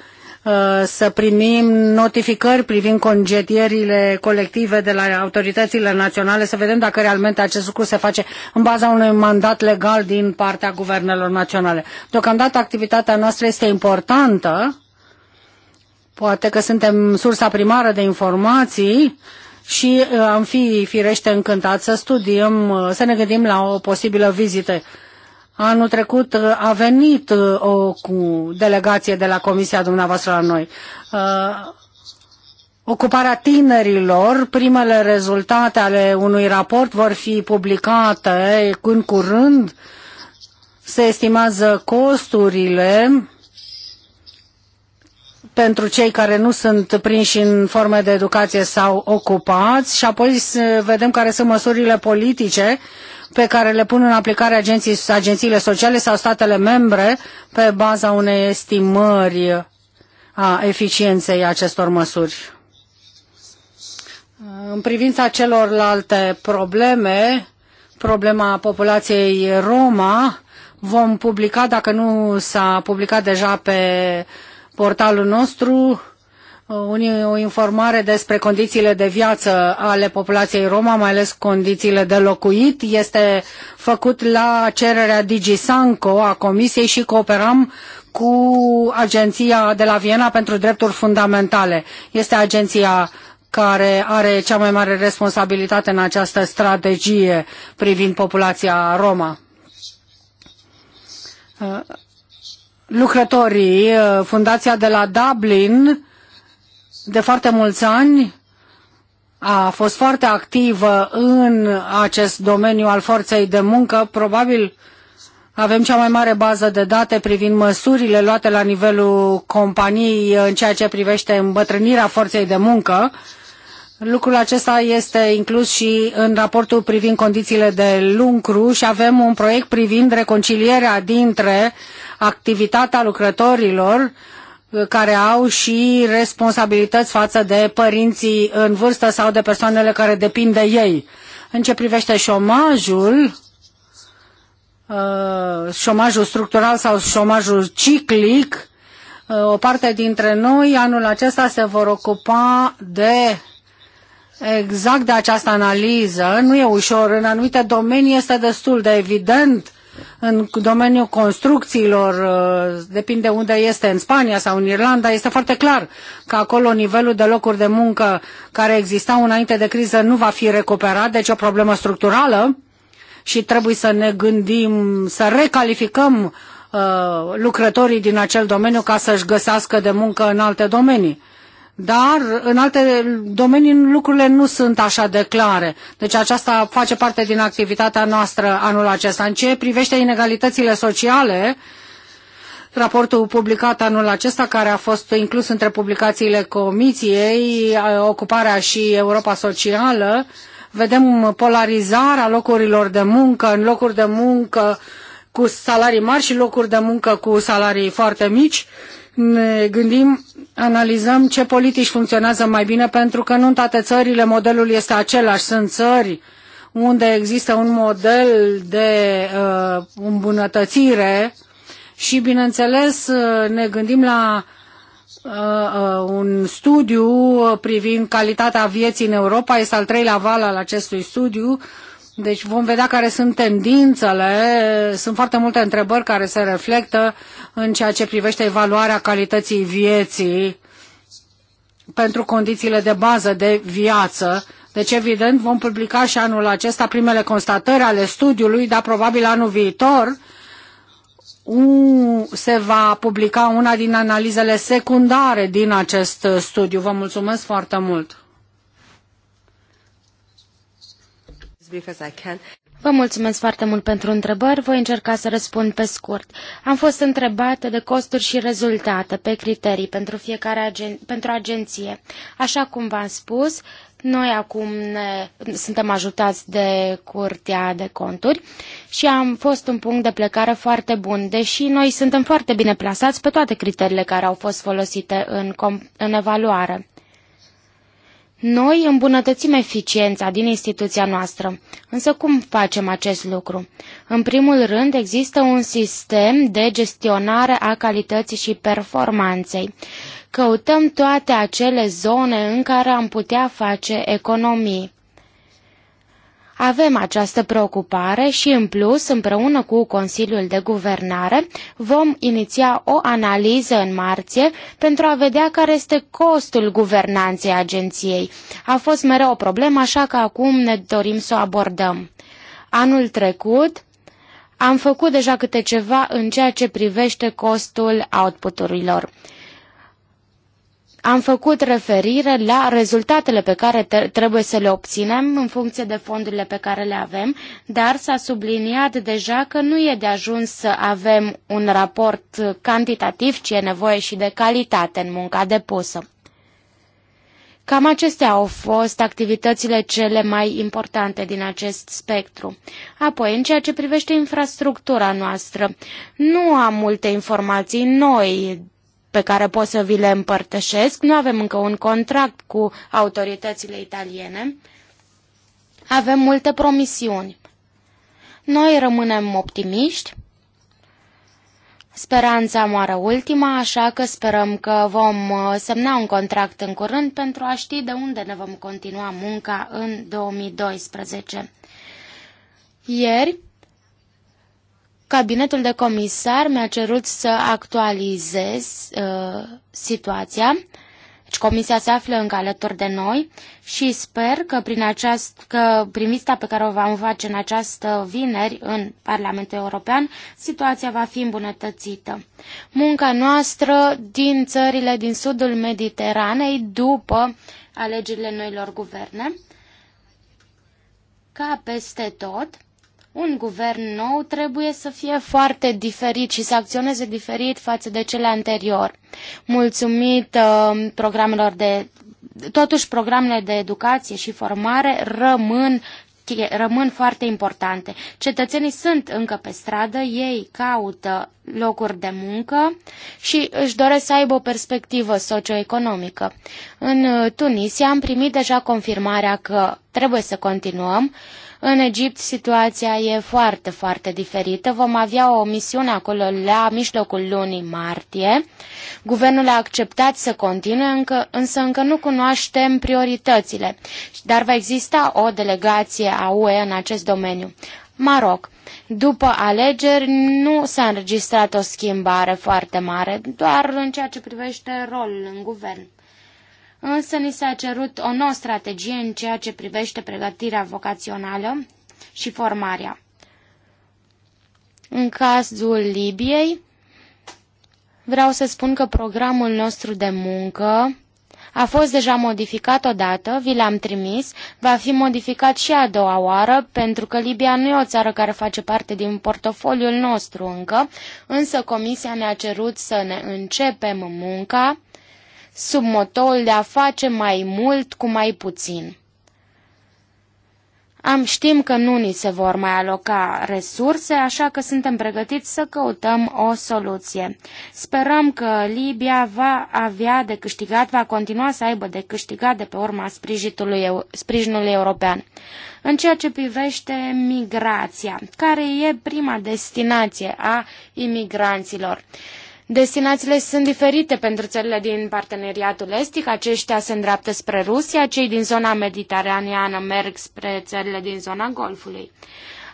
Speaker 1: Uh, să primim notificări privind concedierile colective de la autoritățile naționale, să vedem dacă realmente acest lucru se face în baza unui mandat legal din partea guvernelor naționale. Deocamdată activitatea noastră este importantă, poate că suntem sursa primară de informații, și uh, am fi firește încântat să studiem, uh, să ne gândim la o posibilă vizită Anul trecut uh, a venit uh, o delegație de la Comisia dumneavoastră la noi. Uh, ocuparea tinerilor, primele rezultate ale unui raport vor fi publicate în curând. Se estimează costurile pentru cei care nu sunt prinși în forme de educație sau ocupați și apoi vedem care sunt măsurile politice pe care le pun în aplicare agenții, agențiile sociale sau statele membre pe baza unei estimări a eficienței acestor măsuri. În privința celorlalte probleme, problema populației Roma, vom publica, dacă nu s-a publicat deja pe portalul nostru, Uh, o informare despre condițiile de viață ale populației Roma, mai ales condițiile de locuit. Este făcut la cererea DigiSanco a Comisiei și cooperăm cu agenția de la Viena pentru drepturi fundamentale. Este agenția care are cea mai mare responsabilitate în această strategie privind populația Roma uh, lucrătorii, uh, fundația de la Dublin de foarte mulți ani a fost foarte activă în acest domeniu al forței de muncă. Probabil avem cea mai mare bază de date privind măsurile luate la nivelul companiei în ceea ce privește îmbătrânirea forței de muncă. Lucrul acesta este inclus și în raportul privind condițiile de lucru și avem un proiect privind reconcilierea dintre activitatea lucrătorilor care au și responsabilități față de părinții în vârstă sau de persoanele care depind de ei. În ce privește șomajul, uh, șomajul structural sau șomajul ciclic, uh, o parte dintre noi anul acesta se vor ocupa de exact de această analiză. Nu e ușor, în anumite domenii este destul de evident în domeniul construcțiilor, uh, depinde unde este, în Spania sau în Irlanda, este foarte clar că acolo nivelul de locuri de muncă care existau înainte de criză nu va fi recuperat, deci o problemă structurală și trebuie să ne gândim, să recalificăm uh, lucrătorii din acel domeniu ca să-și găsească de muncă în alte domenii dar în alte domenii lucrurile nu sunt așa de clare. Deci aceasta face parte din activitatea noastră anul acesta. În ce privește inegalitățile sociale, Raportul publicat anul acesta, care a fost inclus între publicațiile Comisiei, Ocuparea și Europa Socială, vedem polarizarea locurilor de muncă în locuri de muncă cu salarii mari și locuri de muncă cu salarii foarte mici ne gândim, analizăm ce politici funcționează mai bine, pentru că nu în toate țările modelul este același. Sunt țări unde există un model de uh, îmbunătățire și, bineînțeles, uh, ne gândim la uh, uh, un studiu privind calitatea vieții în Europa. Este al treilea val al acestui studiu deci vom vedea care sunt tendințele. Sunt foarte multe întrebări care se reflectă în ceea ce privește evaluarea calității vieții pentru condițiile de bază de viață. Deci, evident, vom publica și anul acesta primele constatări ale studiului, dar probabil anul viitor se va publica una din analizele secundare din acest studiu. Vă mulțumesc foarte mult!
Speaker 3: Vă mulțumesc foarte mult pentru întrebări, voi încerca să răspund pe scurt. Am fost întrebată de costuri și rezultate pe criterii pentru fiecare agen pentru agenție. Așa cum v-am spus, noi acum ne, suntem ajutați de Curtea de Conturi și am fost un punct de plecare foarte bun, deși noi suntem foarte bine plasați pe toate criteriile care au fost folosite în, în evaluare. Noi îmbunătățim eficiența din instituția noastră. Însă cum facem acest lucru? În primul rând, există un sistem de gestionare a calității și performanței. Căutăm toate acele zone în care am putea face economii. Avem această preocupare și, în plus, împreună cu Consiliul de Guvernare, vom iniția o analiză în marție pentru a vedea care este costul guvernanței agenției. A fost mereu o problemă, așa că acum ne dorim să o abordăm. Anul trecut am făcut deja câte ceva în ceea ce privește costul outputurilor. Am făcut referire la rezultatele pe care trebuie să le obținem în funcție de fondurile pe care le avem, dar s-a subliniat deja că nu e de ajuns să avem un raport cantitativ, ci e nevoie și de calitate în munca depusă. Cam acestea au fost activitățile cele mai importante din acest spectru. Apoi, în ceea ce privește infrastructura noastră, nu am multe informații noi pe care pot să vi le împărtășesc. Nu avem încă un contract cu autoritățile italiene. Avem multe promisiuni. Noi rămânem optimiști. Speranța moară ultima, așa că sperăm că vom uh, semna un contract în curând pentru a ști de unde ne vom continua munca în 2012. Ieri Cabinetul de comisar mi-a cerut să actualizez uh, situația, deci comisia se află încă alături de noi și sper că prin, aceast, că prin vizita pe care o vom face în această vineri în Parlamentul European, situația va fi îmbunătățită. Munca noastră din țările din sudul Mediteranei după alegerile noilor guverne, ca peste tot, un guvern nou trebuie să fie foarte diferit și să acționeze diferit față de cele anterior. Mulțumit uh, programelor de totuși programele de educație și formare rămân rămân foarte importante. Cetățenii sunt încă pe stradă, ei caută locuri de muncă și își doresc să aibă o perspectivă socioeconomică. În Tunisia am primit deja confirmarea că trebuie să continuăm. Uh, în Egipt situația e foarte, foarte diferită. Vom avea o misiune acolo la mijlocul lunii martie. Guvernul a acceptat să continue, încă, însă încă nu cunoaștem prioritățile, dar va exista o delegație a UE în acest domeniu. Maroc. După alegeri nu s-a înregistrat o schimbare foarte mare, doar în ceea ce privește rolul în guvern însă ni s-a cerut o nouă strategie în ceea ce privește pregătirea vocațională și formarea. În cazul Libiei, vreau să spun că programul nostru de muncă a fost deja modificat odată, vi l-am trimis, va fi modificat și a doua oară, pentru că Libia nu e o țară care face parte din portofoliul nostru încă, însă Comisia ne-a cerut să ne începem munca sub motoul de a face mai mult cu mai puțin. Am știm că nu ni se vor mai aloca resurse, așa că suntem pregătiți să căutăm o soluție. Sperăm că Libia va avea de câștigat, va continua să aibă de câștigat de pe urma sprijinului european. În ceea ce privește migrația, care e prima destinație a imigranților. Destinațiile sunt diferite pentru țările din parteneriatul estic, aceștia se îndreaptă spre Rusia, cei din zona mediteraneană merg spre țările din zona Golfului.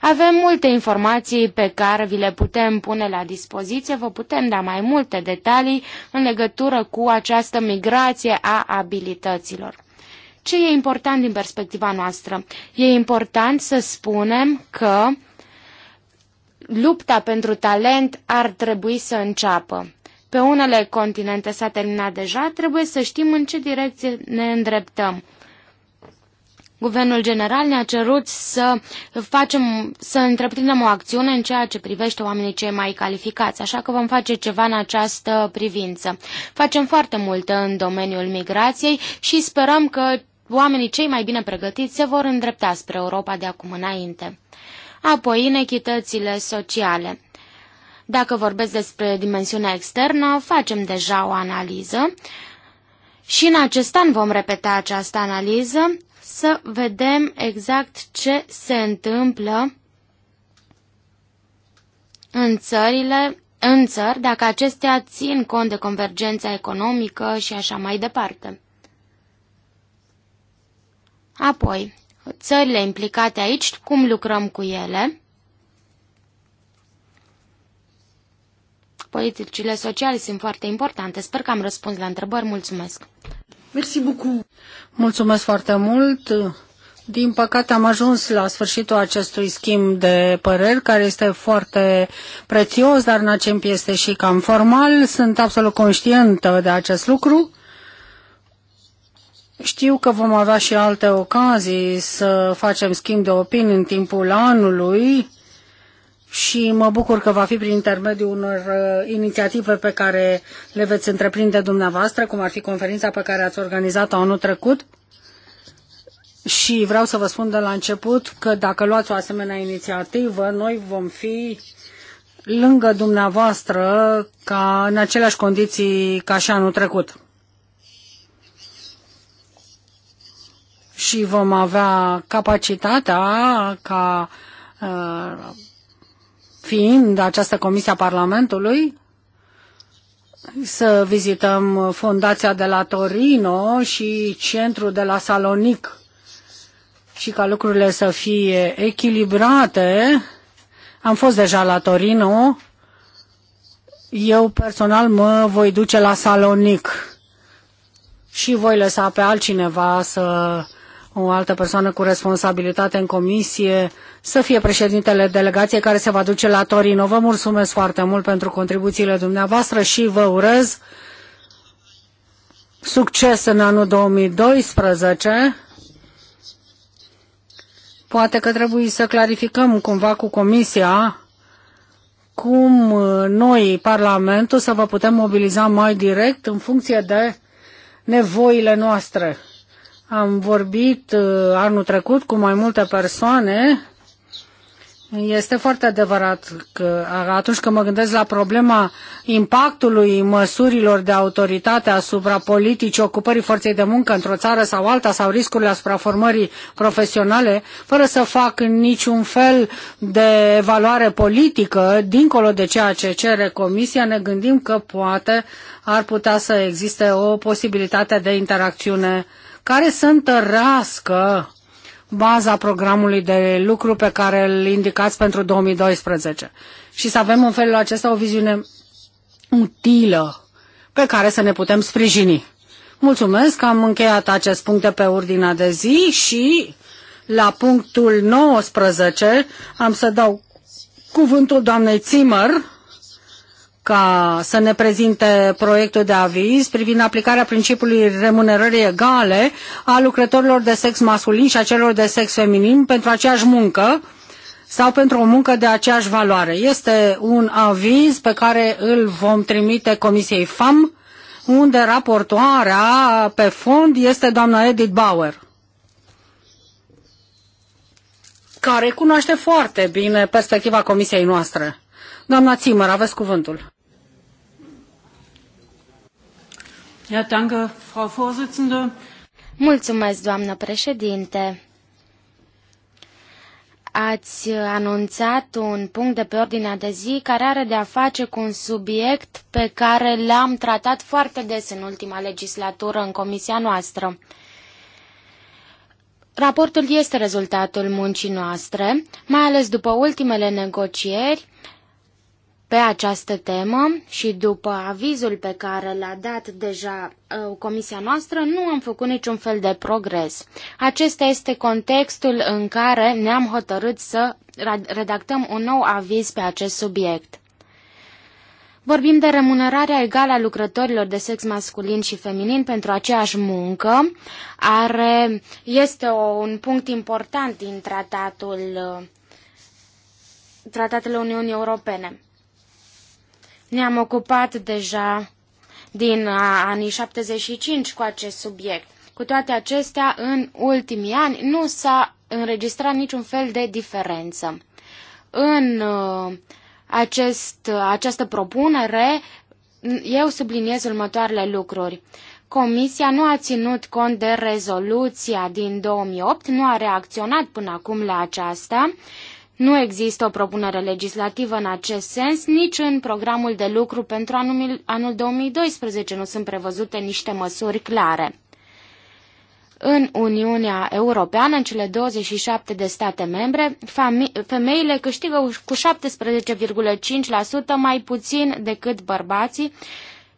Speaker 3: Avem multe informații pe care vi le putem pune la dispoziție, vă putem da mai multe detalii în legătură cu această migrație a abilităților. Ce e important din perspectiva noastră? E important să spunem că uh, lupta pentru talent ar trebui să înceapă. Pe unele continente s-a terminat deja, trebuie să știm în ce direcție ne îndreptăm. Guvernul general ne-a cerut să facem, să întreprindem o acțiune în ceea ce privește oamenii cei mai calificați, așa că vom face ceva în această privință. Facem foarte multe în domeniul migrației și sperăm că oamenii cei mai bine pregătiți se vor îndrepta spre Europa de acum înainte. Apoi, inechitățile sociale. Dacă vorbesc despre dimensiunea externă, facem deja o analiză și în acest an vom repeta această analiză să vedem exact ce se întâmplă în țările, în țări, dacă acestea țin cont de convergența economică și așa mai departe. Apoi, țările implicate aici, cum lucrăm cu ele. Politicile sociale sunt foarte importante. Sper că am răspuns la întrebări. Mulțumesc! Merci beaucoup.
Speaker 1: Mulțumesc foarte mult! Din păcate am ajuns la sfârșitul acestui schimb de păreri, care este foarte prețios, dar în acest este și cam formal. Sunt absolut conștientă de acest lucru. Știu că vom avea și alte ocazii să facem schimb de opinii în timpul anului și mă bucur că va fi prin intermediul unor uh, inițiative pe care le veți întreprinde dumneavoastră, cum ar fi conferința pe care ați organizat-o anul trecut. Și vreau să vă spun de la început că dacă luați o asemenea inițiativă, noi vom fi lângă dumneavoastră ca în aceleași condiții ca și anul trecut. și vom avea capacitatea ca uh, fiind această comisie a Parlamentului să vizităm fundația de la Torino și centrul de la Salonic și ca lucrurile să fie echilibrate. Am fost deja la Torino. Eu personal mă voi duce la Salonic și voi lăsa pe altcineva să o altă persoană cu responsabilitate în comisie să fie președintele delegației care se va duce la Torino. Vă mulțumesc foarte mult pentru contribuțiile dumneavoastră și vă urez succes în anul 2012. Poate că trebuie să clarificăm cumva cu Comisia cum noi, Parlamentul, să vă putem mobiliza mai direct în funcție de nevoile noastre. Am vorbit uh, anul trecut cu mai multe persoane. Este foarte adevărat că atunci când mă gândesc la problema impactului măsurilor de autoritate asupra politicii ocupării forței de muncă într-o țară sau alta sau riscurile asupra formării profesionale, fără să fac niciun fel de evaluare politică, dincolo de ceea ce cere Comisia, ne gândim că poate ar putea să existe o posibilitate de interacțiune uh, care să întărească baza programului de lucru pe care îl indicați pentru 2012 și să avem în felul acesta o viziune utilă pe care să ne putem sprijini. Mulțumesc că am încheiat acest punct de pe ordinea de zi și la punctul 19 am să dau cuvântul doamnei Zimmer ca să ne prezinte proiectul de aviz privind aplicarea principiului remunerării egale a lucrătorilor de sex masculin și a celor de sex feminin pentru aceeași muncă sau pentru o muncă de aceeași valoare. Este un aviz pe care îl vom trimite Comisiei FAM, unde raportoarea pe fond este doamna Edith Bauer care cunoaște foarte bine perspectiva comisiei noastre. Doamna Țimăr, aveți cuvântul. Ja, danke, Frau Vorsitzende.
Speaker 3: Mulțumesc, doamnă președinte. Ați anunțat un punct de pe ordinea de zi care are de a face cu un subiect pe care l-am tratat foarte des în ultima legislatură în comisia noastră. Raportul este rezultatul muncii noastre, mai ales după ultimele negocieri pe această temă și după avizul pe care l-a dat deja uh, comisia noastră, nu am făcut niciun fel de progres. Acesta este contextul în care ne-am hotărât să redactăm un nou aviz pe acest subiect. Vorbim de remunerarea egală a lucrătorilor de sex masculin și feminin pentru aceeași muncă. Are, este o, un punct important din tratatul, uh, tratatele Uniunii Europene. Ne-am ocupat deja din anii 75 cu acest subiect. Cu toate acestea, în ultimii ani nu s-a înregistrat niciun fel de diferență. În acest, această propunere, eu subliniez următoarele lucruri. Comisia nu a ținut cont de rezoluția din 2008, nu a reacționat până acum la aceasta nu există o propunere legislativă în acest sens, nici în programul de lucru pentru anul, anul 2012 nu sunt prevăzute niște măsuri clare. În Uniunea Europeană, în cele 27 de state membre, femeile câștigă cu 17,5% mai puțin decât bărbații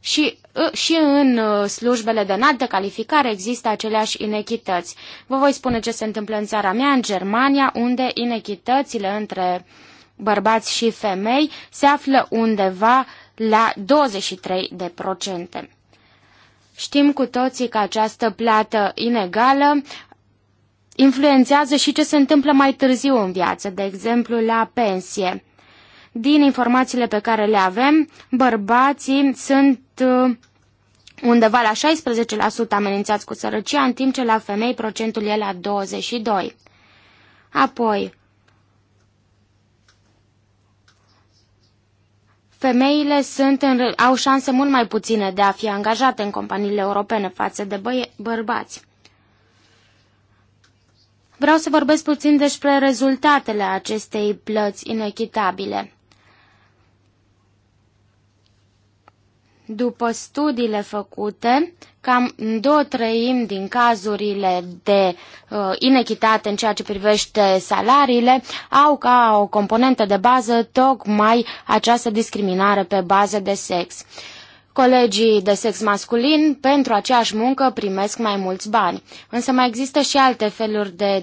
Speaker 3: și Ă, și în ă, slujbele de înaltă calificare există aceleași inechități. Vă voi spune ce se întâmplă în țara mea, în Germania, unde inechitățile între bărbați și femei se află undeva la 23%. Știm cu toții că această plată inegală influențează și ce se întâmplă mai târziu în viață, de exemplu la pensie. Din informațiile pe care le avem, bărbații sunt uh, undeva la 16% amenințați cu sărăcia, în timp ce la femei procentul e la 22%. Apoi, femeile sunt în, au șanse mult mai puține de a fi angajate în companiile europene față de băie, bărbați. Vreau să vorbesc puțin despre rezultatele acestei plăți inechitabile. După studiile făcute, cam două treimi din cazurile de uh, inechitate în ceea ce privește salariile au ca o componentă de bază tocmai această discriminare pe bază de sex. Colegii de sex masculin pentru aceeași muncă primesc mai mulți bani, însă mai există și alte feluri de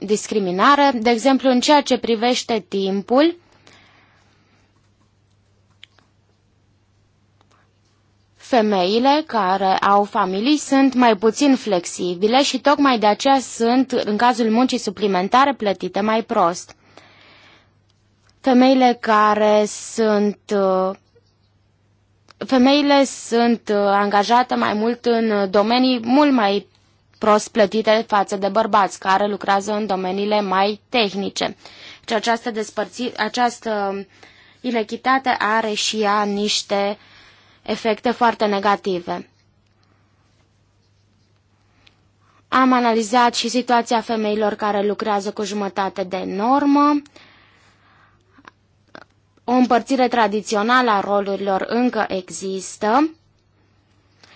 Speaker 3: discriminare, de exemplu în ceea ce privește timpul, Femeile care au familii sunt mai puțin flexibile și tocmai de aceea sunt, în cazul muncii suplimentare, plătite mai prost. Femeile care sunt femeile sunt uh, angajate mai mult în domenii mult mai prost plătite față de bărbați care lucrează în domeniile mai tehnice. Deci această, despărți, această inechitate are și ea niște uh, efecte foarte negative. Am analizat și situația femeilor care lucrează cu jumătate de normă, o împărțire tradițională a rolurilor încă există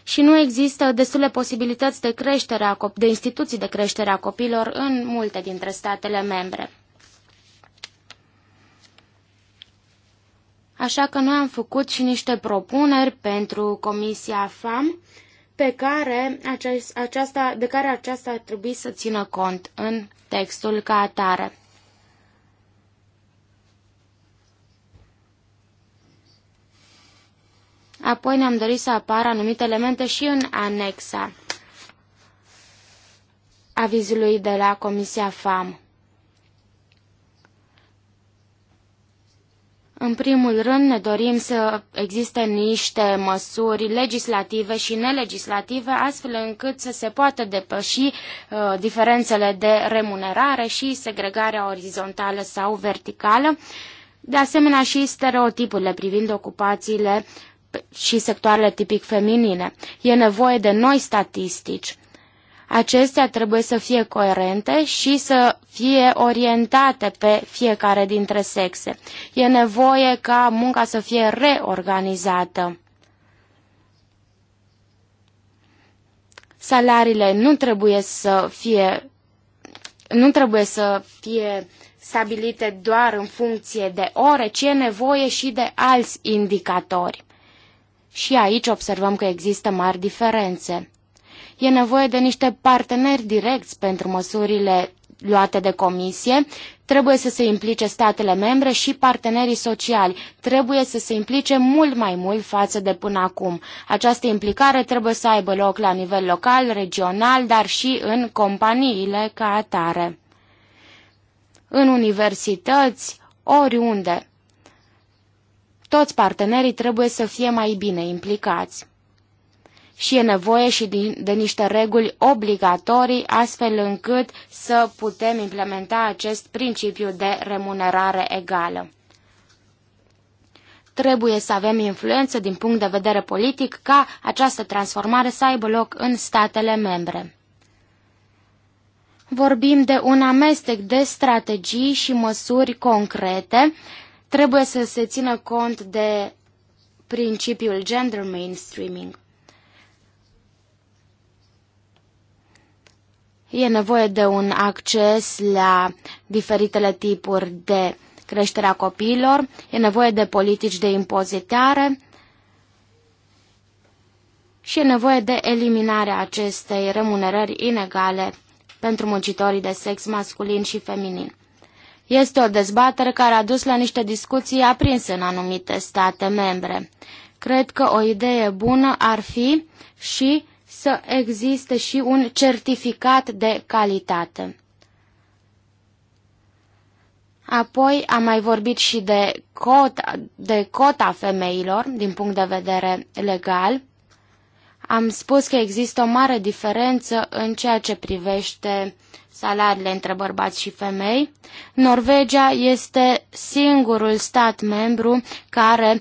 Speaker 3: și nu există destule posibilități de, creștere a de instituții de creștere a copilor în multe dintre statele membre. Așa că noi am făcut și niște propuneri pentru Comisia FAM pe care aceasta, de care aceasta ar trebui să țină cont în textul ca atare. Apoi ne-am dorit să apară anumite elemente și în anexa avizului de la Comisia FAM. În primul rând ne dorim să existe niște măsuri legislative și nelegislative astfel încât să se poată depăși uh, diferențele de remunerare și segregarea orizontală sau verticală, de asemenea și stereotipurile privind ocupațiile și sectoarele tipic feminine. E nevoie de noi statistici Acestea trebuie să fie coerente și să fie orientate pe fiecare dintre sexe. E nevoie ca munca să fie reorganizată. Salariile nu trebuie să fie nu trebuie să fie stabilite doar în funcție de ore, ci e nevoie și de alți indicatori. Și aici observăm că există mari diferențe. E nevoie de niște parteneri direcți pentru măsurile luate de comisie, trebuie să se implice statele membre și partenerii sociali. Trebuie să se implice mult mai mult față de până acum. Această implicare trebuie să aibă loc la nivel local, regional, dar și în companiile ca atare. În universități, oriunde. Toți partenerii trebuie să fie mai bine implicați și e nevoie și de niște reguli obligatorii, astfel încât să putem implementa acest principiu de remunerare egală. Trebuie să avem influență din punct de vedere politic ca această transformare să aibă loc în statele membre. Vorbim de un amestec de strategii și măsuri concrete. Trebuie să se țină cont de principiul gender mainstreaming. E nevoie de un acces la diferitele tipuri de creștere a copiilor, e nevoie de politici de impozitare și e nevoie de eliminarea acestei remunerări inegale pentru muncitorii de sex masculin și feminin. Este o dezbatere care a dus la niște discuții aprinse în anumite state membre. Cred că o idee bună ar fi și să existe și un certificat de calitate. Apoi am mai vorbit și de cota, de cota femeilor din punct de vedere legal. Am spus că există o mare diferență în ceea ce privește salariile între bărbați și femei. Norvegia este singurul stat membru care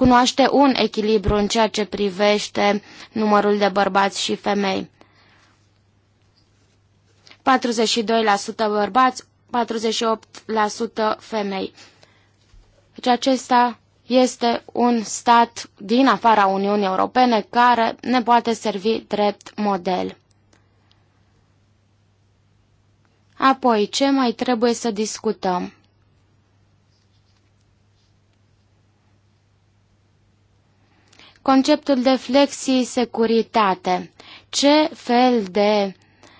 Speaker 3: cunoaște un echilibru în ceea ce privește numărul de bărbați și femei. 42% bărbați, 48% femei. Deci acesta este un stat din afara Uniunii Europene care ne poate servi drept model. Apoi, ce mai trebuie să discutăm? Conceptul de flexi-securitate. Ce fel de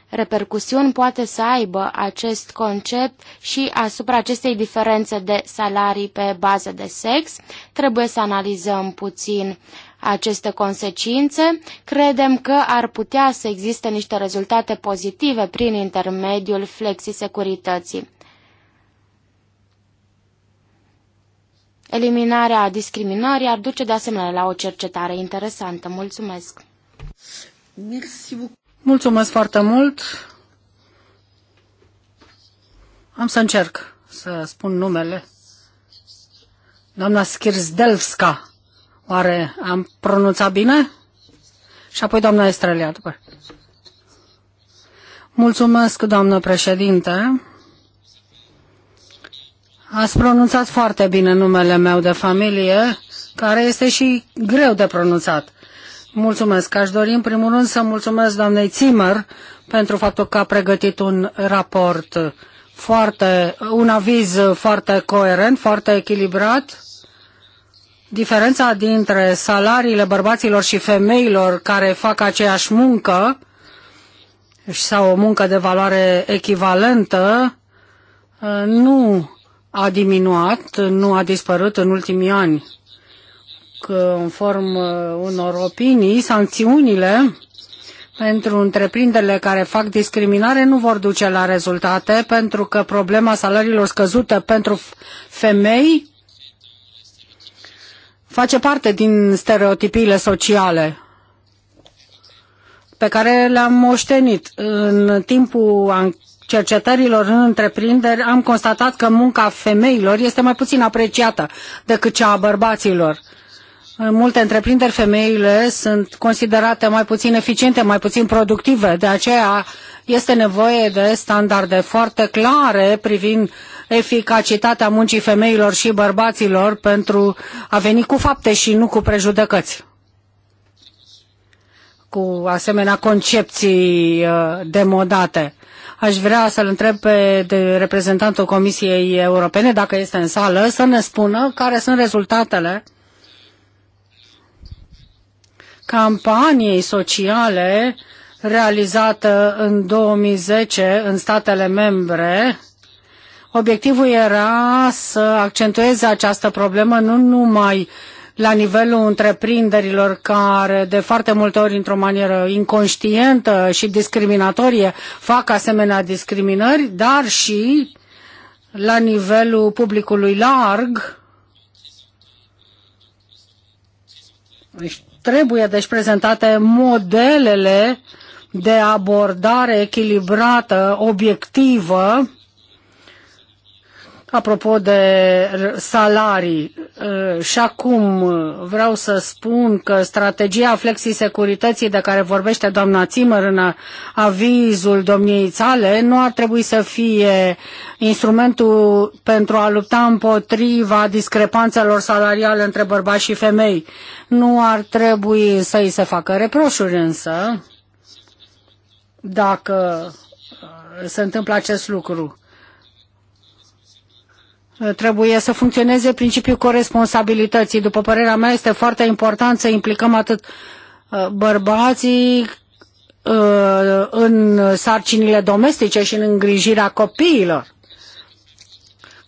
Speaker 3: repercusiuni poate să aibă acest concept și asupra acestei diferențe de salarii pe bază de sex. Trebuie să analizăm puțin aceste consecințe. Credem că ar putea să existe niște rezultate pozitive prin intermediul flexi flexi-securității. Eliminarea discriminării ar duce de asemenea la o cercetare interesantă. Mulțumesc!
Speaker 1: Mulțumesc foarte mult! Am să încerc să spun numele. Doamna Skirzdelska, oare am pronunțat bine? Și apoi doamna Estrelia, după. Mulțumesc, doamnă președinte. Ați pronunțat foarte bine numele meu de familie, care este și greu de pronunțat. Mulțumesc. Aș dori în primul rând să mulțumesc doamnei Zimmer pentru faptul că a pregătit un raport foarte, un aviz foarte coerent, foarte echilibrat. Diferența dintre salariile bărbaților și femeilor care fac aceeași muncă sau o muncă de valoare echivalentă nu a diminuat, nu a dispărut în ultimii ani. Că în formă uh, unor opinii, sancțiunile pentru întreprinderile care fac discriminare nu vor duce la rezultate, pentru că problema salariilor scăzute pentru femei face parte din stereotipiile sociale pe care le-am moștenit. În timpul cercetărilor în întreprinderi, am constatat că munca femeilor este mai puțin apreciată decât cea a bărbaților. În multe întreprinderi, femeile sunt considerate mai puțin eficiente, mai puțin productive. De aceea este nevoie de standarde foarte clare privind eficacitatea muncii femeilor și bărbaților pentru a veni cu fapte și nu cu prejudecăți cu asemenea concepții uh, demodate. Aș vrea să-l întreb pe de reprezentantul Comisiei Europene, dacă este în sală, să ne spună care sunt rezultatele campaniei sociale realizată în 2010 în statele membre. Obiectivul era să accentueze această problemă nu numai la nivelul întreprinderilor care de foarte multe ori într-o manieră inconștientă și discriminatorie fac asemenea discriminări, dar și la nivelul publicului larg. Deci trebuie deci prezentate modelele de abordare echilibrată, obiectivă, Apropo de salarii, ă, și acum vreau să spun că strategia flexii securității de care vorbește doamna Țimăr în avizul domniei sale nu ar trebui să fie instrumentul pentru a lupta împotriva discrepanțelor salariale între bărbați și femei. Nu ar trebui să îi se facă reproșuri însă dacă se întâmplă acest lucru trebuie să funcționeze principiul corresponsabilității. După părerea mea, este foarte important să implicăm atât uh, bărbații uh, în sarcinile domestice și în îngrijirea copiilor.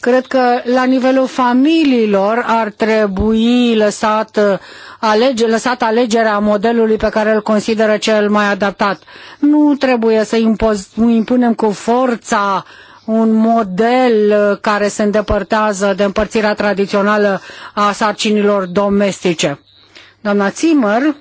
Speaker 1: Cred că la nivelul familiilor ar trebui lăsat, uh, alege, lăsat alegerea modelului pe care îl consideră cel mai adaptat. Nu trebuie să impunem cu forța uh, un model uh, care se îndepărtează de împărțirea tradițională a sarcinilor domestice. Doamna Zimmer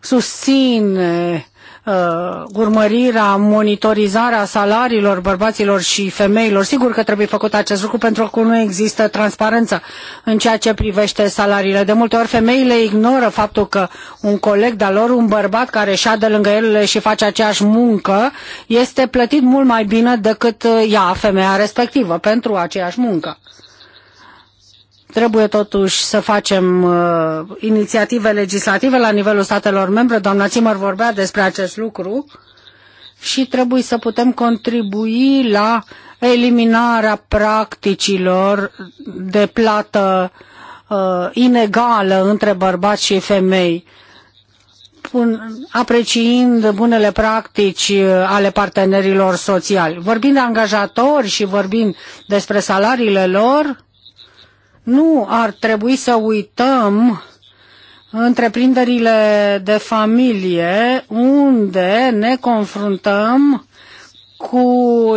Speaker 1: susține uh, urmărirea, monitorizarea salariilor bărbaților și femeilor. Sigur că trebuie făcut acest lucru pentru că nu există transparență în ceea ce privește salariile. De multe ori femeile ignoră faptul că un coleg de-al lor, un bărbat care șade lângă ele și face aceeași muncă, este plătit mult mai bine decât uh, ea, femeia respectivă, pentru aceeași muncă. Trebuie totuși să facem uh, inițiative legislative la nivelul statelor membre. Doamna Țimăr vorbea despre acest lucru și trebuie să putem contribui la eliminarea practicilor de plată uh, inegală între bărbați și femei, pun, apreciind bunele practici uh, ale partenerilor sociali. Vorbind de angajatori și vorbind despre salariile lor, nu ar trebui să uităm întreprinderile de familie unde ne confruntăm cu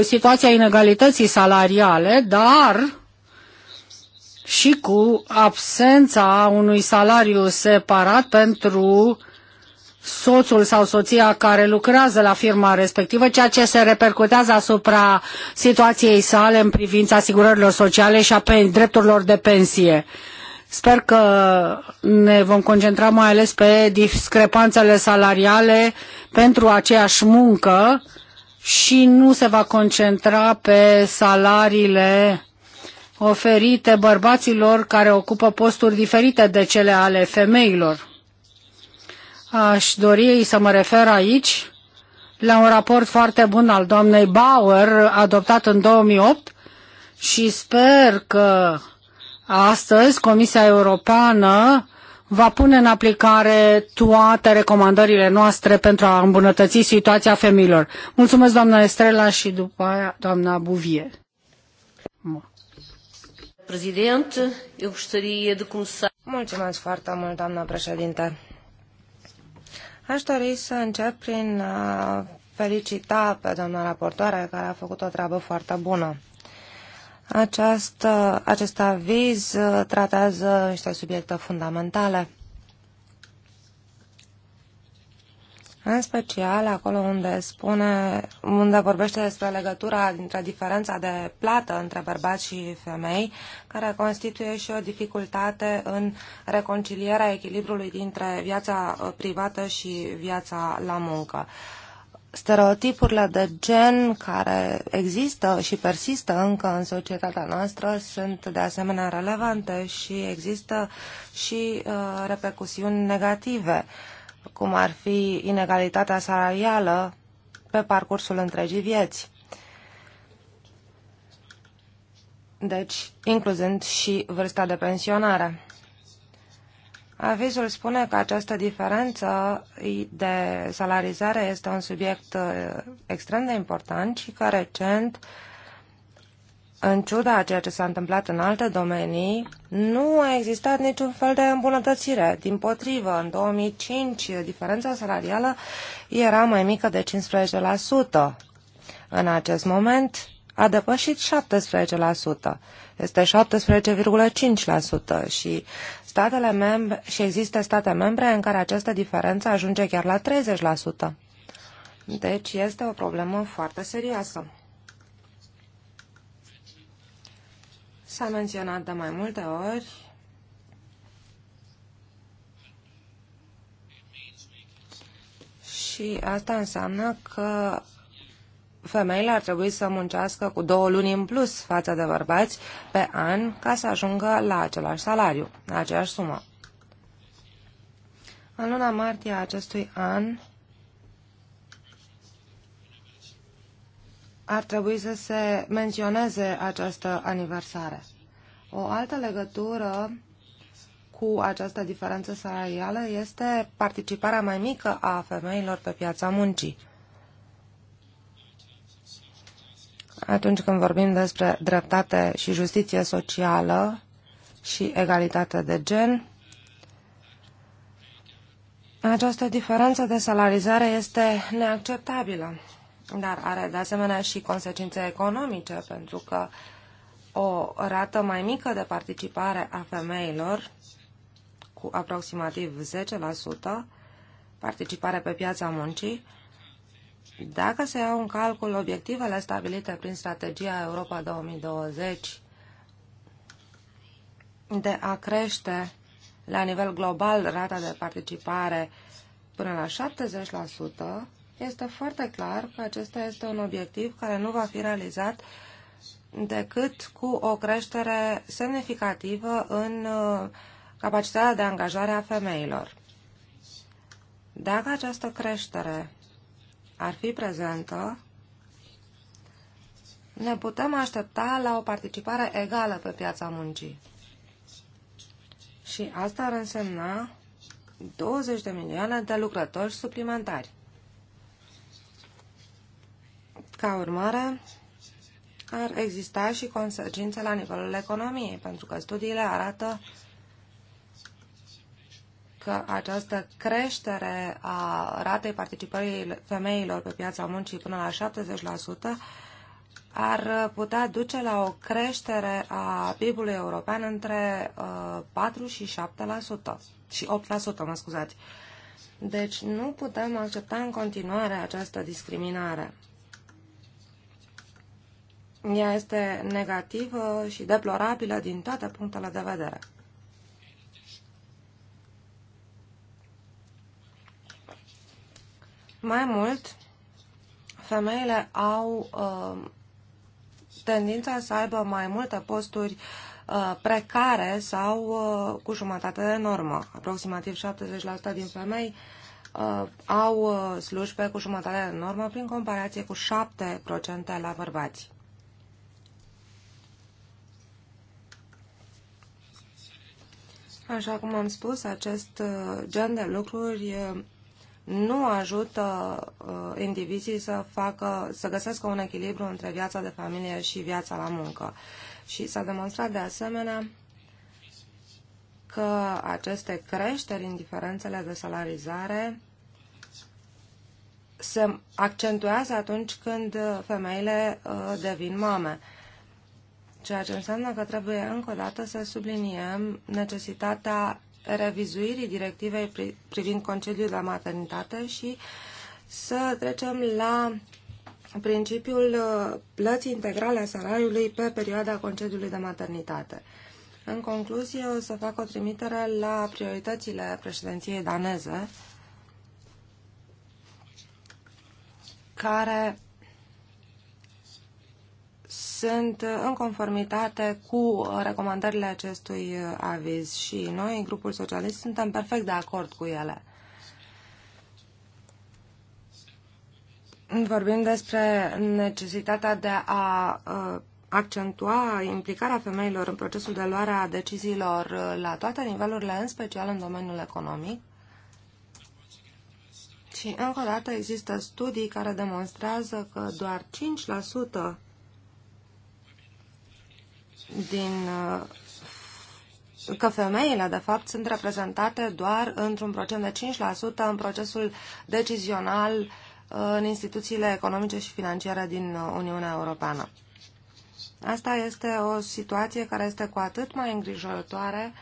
Speaker 1: situația inegalității salariale, dar și cu absența unui salariu separat pentru soțul sau soția care lucrează la firma respectivă, ceea ce se repercutează asupra situației sale în privința asigurărilor sociale și a drepturilor de pensie. Sper că ne vom concentra mai ales pe discrepanțele salariale pentru aceeași muncă și nu se va concentra pe salariile oferite bărbaților care ocupă posturi diferite de cele ale femeilor. Aș dori să mă refer aici la un raport foarte bun al doamnei Bauer, adoptat în 2008 și sper că astăzi Comisia Europeană va pune în aplicare toate recomandările noastre pentru a îmbunătăți situația femeilor. Mulțumesc, doamna Estrela, și după aia, doamna Buvie.
Speaker 2: Președinte, eu Mulțumesc foarte mult, doamna președinte. Aș dori să încep prin a felicita pe doamna raportoare care a făcut o treabă foarte bună. Această, acest aviz uh, tratează niște subiecte fundamentale în special acolo unde spune, unde vorbește despre legătura dintre diferența de plată între bărbați și femei, care constituie și o dificultate în reconcilierea echilibrului dintre viața uh, privată și viața la muncă stereotipurile de gen care există și persistă încă în societatea noastră sunt de asemenea relevante și există și uh, repercusiuni negative. Uh, cum ar fi inegalitatea salarială pe parcursul întregii vieți. Deci, incluzând și vârsta de pensionare. Avizul spune că această diferență de salarizare este un subiect eh, extrem de important și că recent uh, în ciuda a ceea ce s-a întâmplat în alte domenii, nu a existat niciun fel de îmbunătățire. Din potrivă, în 2005 diferența salarială era mai mică de 15%. În acest moment a depășit 17%. Este 17,5% și statele membre și există state membre în care această diferență ajunge chiar la 30%. Deci este o problemă foarte serioasă. S-a menționat de mai multe ori și asta înseamnă că femeile ar trebui să muncească cu două luni în plus față de bărbați pe an ca să ajungă la același salariu, la aceeași sumă. În luna martie a acestui an, ar trebui să se menționeze această aniversare. O altă legătură cu această diferență salarială este participarea mai mică a femeilor pe piața muncii. Atunci când vorbim despre dreptate și justiție socială și egalitate de gen, această diferență de salarizare este neacceptabilă dar are de asemenea și consecințe economice, pentru că o rată mai mică de participare a femeilor, cu aproximativ 10% participare pe piața muncii, dacă se iau în calcul obiectivele stabilite prin strategia Europa 2020 de a crește la nivel global rata de participare până la este foarte clar că acesta este un obiectiv care nu va fi realizat decât cu o creștere semnificativă în uh, capacitatea de angajare a femeilor. Dacă această creștere ar fi prezentă, ne putem aștepta la o participare egală pe piața muncii. Și asta ar însemna 20 de milioane de lucrători suplimentari. Ca urmare, ar exista și consecințe la nivelul economiei, pentru că studiile arată că această creștere a ratei participării femeilor pe piața muncii până la 70% ar putea duce la o creștere a PIB-ului european între 4 uh, și 7% și 8%, mă scuzați. Deci nu putem accepta în continuare această discriminare. Ea este negativă și deplorabilă din toate punctele de vedere. Mai mult, femeile au uh, tendința să aibă mai multe posturi uh, precare sau uh, cu jumătate de normă. Aproximativ 70% din femei uh, au uh, slujbe cu jumătate de normă prin comparație cu 7% la bărbați. Așa cum am spus, acest uh, gen de lucruri uh, nu ajută uh, indivizii să, facă, să găsească un echilibru între viața de familie și viața la muncă. Și s-a demonstrat de asemenea că aceste creșteri în diferențele de salarizare se accentuează atunci când femeile devin mame. Ceea ce înseamnă că trebuie încă o dată să subliniem necesitatea revizuirii directivei privind concediul la maternitate și să trecem la principiul uh, plății integrale a salariului pe perioada concediului de maternitate. În concluzie, o să fac o trimitere la prioritățile președinției daneze, care sunt în conformitate cu recomandările acestui aviz și noi, în grupul socialist, suntem perfect de acord cu ele. Vorbim despre necesitatea de a uh, accentua implicarea femeilor în procesul de luare a deciziilor uh, la toate nivelurile, în special în domeniul economic. Și încă o dată există studii care demonstrează că doar 5% din uh, că femeile, de fapt, sunt reprezentate doar într-un procent de 5% în procesul decizional uh, în instituțiile economice și financiare din uh, Uniunea Europeană. Asta este o situație care este cu atât mai îngrijorătoare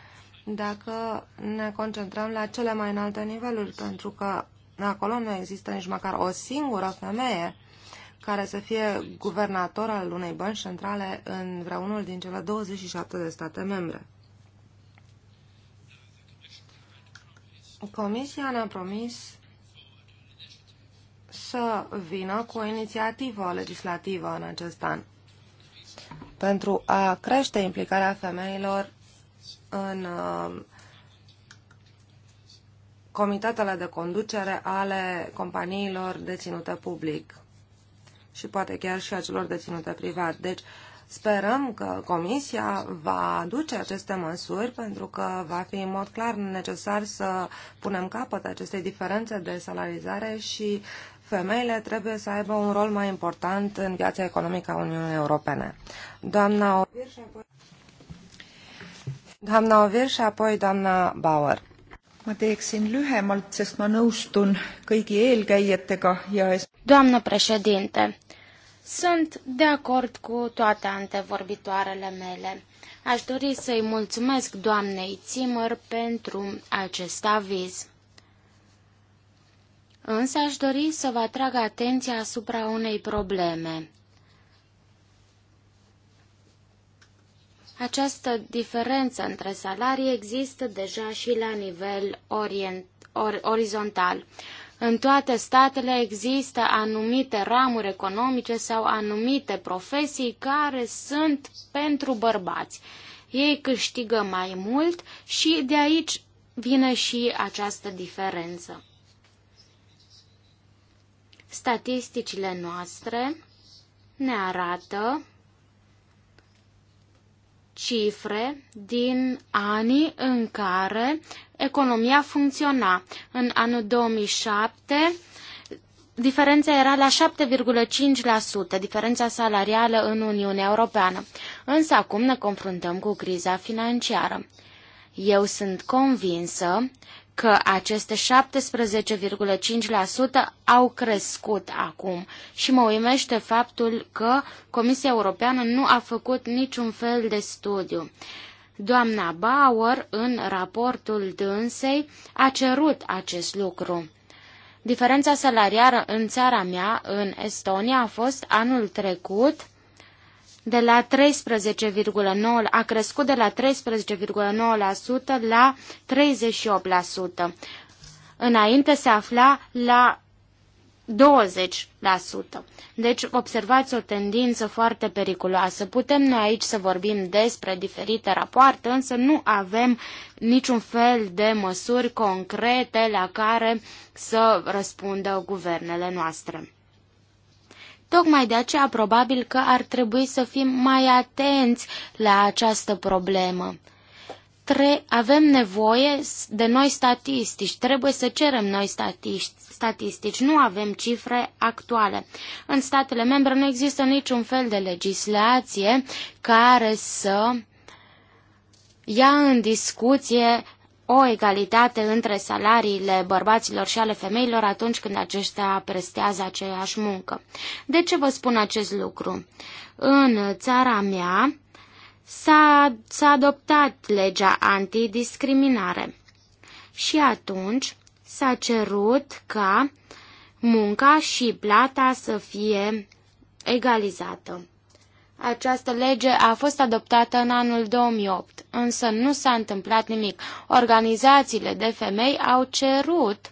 Speaker 2: dacă ne concentrăm la cele mai înalte niveluri, pentru că acolo nu există nici măcar o singură femeie care să fie guvernator al unei bănci centrale în vreunul din cele 27 de state membre. Comisia ne-a promis să vină cu o inițiativă legislativă în acest an pentru a crește implicarea femeilor în uh, comitatele de conducere ale companiilor deținute public și poate chiar și a celor deținute privat. Deci sperăm că Comisia va aduce aceste măsuri pentru că va fi în mod clar necesar să punem capăt acestei diferențe de salarizare și femeile trebuie să aibă un rol mai important în viața economică a Uniunii Europene. Doamna Ovir și apoi, doamna, Ovir și apoi doamna Bauer. Ma teeksin lühemalt, sest ma
Speaker 3: nõustun kõigi eelkäijatega ja... Doamnă președinte, sunt de acord cu toate antevorbitoarele mele. Aș dori să-i mulțumesc doamnei Zimmer pentru acest aviz. Însă aș dori să vă atrag atenția asupra unei probleme. Această diferență între salarii există deja și la nivel orient, or, orizontal. În toate statele există anumite ramuri economice sau anumite profesii care sunt pentru bărbați. Ei câștigă mai mult și de aici vine și această diferență. Statisticile noastre ne arată cifre din anii în care economia funcționa. În anul 2007, diferența era la 7,5%, diferența salarială în Uniunea Europeană. Însă acum ne confruntăm cu criza financiară. Eu sunt convinsă că aceste 17,5% au crescut acum și mă uimește faptul că Comisia Europeană nu a făcut niciun fel de studiu. Doamna Bauer, în raportul dânsei, a cerut acest lucru. Diferența salariară în țara mea, în Estonia, a fost anul trecut de la 13,9 a crescut de la 13,9% la 38%. Înainte se afla la 20%. Deci observați o tendință foarte periculoasă. Putem noi aici să vorbim despre diferite rapoarte, însă nu avem niciun fel de măsuri concrete la care să răspundă guvernele noastre. Tocmai de aceea probabil că ar trebui să fim mai atenți la această problemă avem nevoie de noi statistici, trebuie să cerem noi statistici, statistici, nu avem cifre actuale. În statele membre nu există niciun fel de legislație care să ia în discuție o egalitate între salariile bărbaților și ale femeilor atunci când aceștia prestează aceeași muncă. De ce vă spun acest lucru? În țara mea, s-a, s-a adoptat legea antidiscriminare. Și atunci s-a cerut ca munca și plata să fie egalizată. Această lege a fost adoptată în anul 2008, însă nu s-a întâmplat nimic. Organizațiile de femei au cerut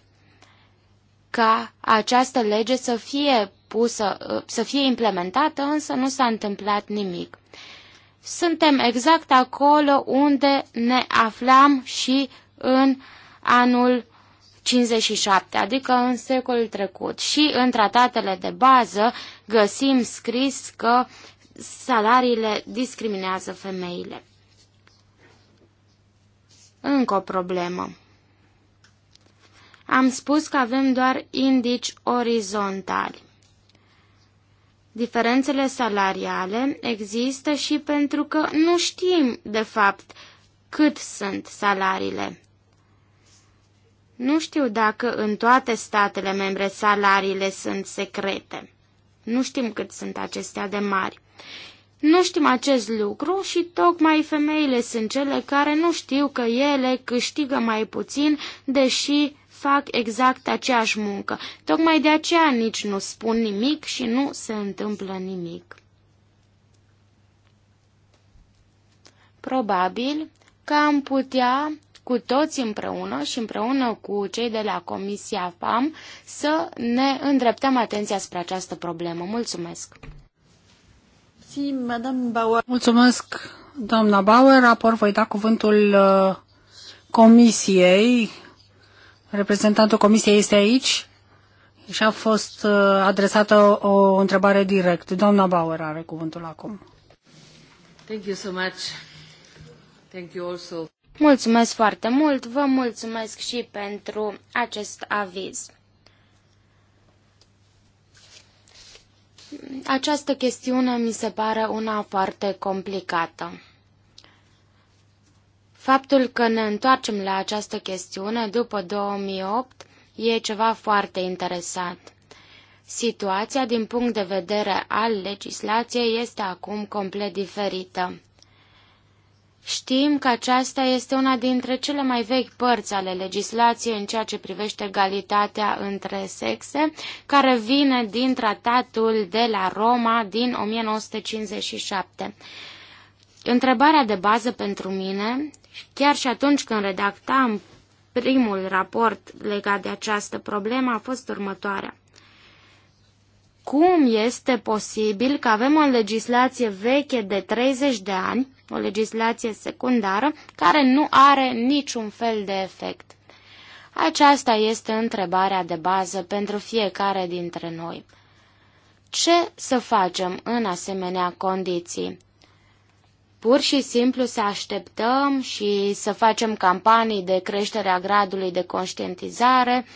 Speaker 3: ca această lege să fie pusă, să fie implementată, însă nu s-a întâmplat nimic. Suntem exact acolo unde ne aflam și în anul 57, adică în secolul trecut. Și în tratatele de bază găsim scris că salariile discriminează femeile. Încă o problemă. Am spus că avem doar indici orizontali. Diferențele salariale există și pentru că nu știm, de fapt, cât sunt salariile. Nu știu dacă în toate statele membre salariile sunt secrete. Nu știm cât sunt acestea de mari. Nu știm acest lucru și tocmai femeile sunt cele care nu știu că ele câștigă mai puțin, deși fac exact aceeași muncă. Tocmai de aceea nici nu spun nimic și nu se întâmplă nimic. Probabil că am putea cu toți împreună și împreună cu cei de la Comisia FAM să ne îndreptăm atenția spre această problemă. Mulțumesc!
Speaker 1: Mulțumesc, doamna Bauer. Raport voi da cuvântul uh, Comisiei Reprezentantul Comisiei este aici și a fost uh, adresată o întrebare direct. Doamna
Speaker 3: Bauer are cuvântul acum. Thank you so much. Thank you also. Mulțumesc foarte mult, vă mulțumesc și pentru acest aviz. Această chestiune mi se pare una foarte complicată. Faptul că ne întoarcem la această chestiune după 2008 e ceva foarte interesant. Situația din punct de vedere al legislației este acum complet diferită. Știm că aceasta este una dintre cele mai vechi părți ale legislației în ceea ce privește egalitatea între sexe, care vine din tratatul de la Roma din 1957. Întrebarea de bază pentru mine, chiar și atunci când redactam primul raport legat de această problemă, a fost următoarea. Cum este posibil că avem o legislație veche de 30 de ani, o legislație secundară, care nu are niciun fel de efect? Aceasta este întrebarea de bază pentru fiecare dintre noi. Ce să facem în asemenea condiții? Pur și simplu să așteptăm și să facem campanii de creștere a gradului de conștientizare.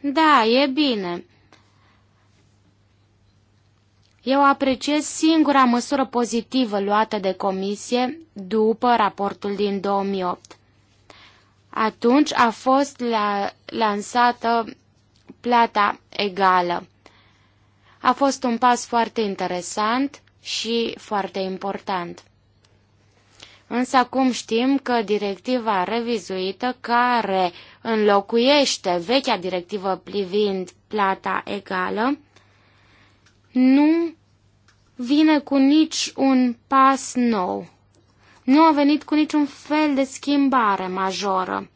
Speaker 3: Da, e bine. Eu apreciez singura măsură pozitivă luată de comisie după raportul din 2008. Atunci a fost la, lansată plata egală. A fost un pas foarte interesant și foarte important. Însă acum știm că directiva revizuită care înlocuiește vechea directivă privind plata egală nu vine cu nici un pas nou. Nu a venit cu niciun fel de schimbare majoră.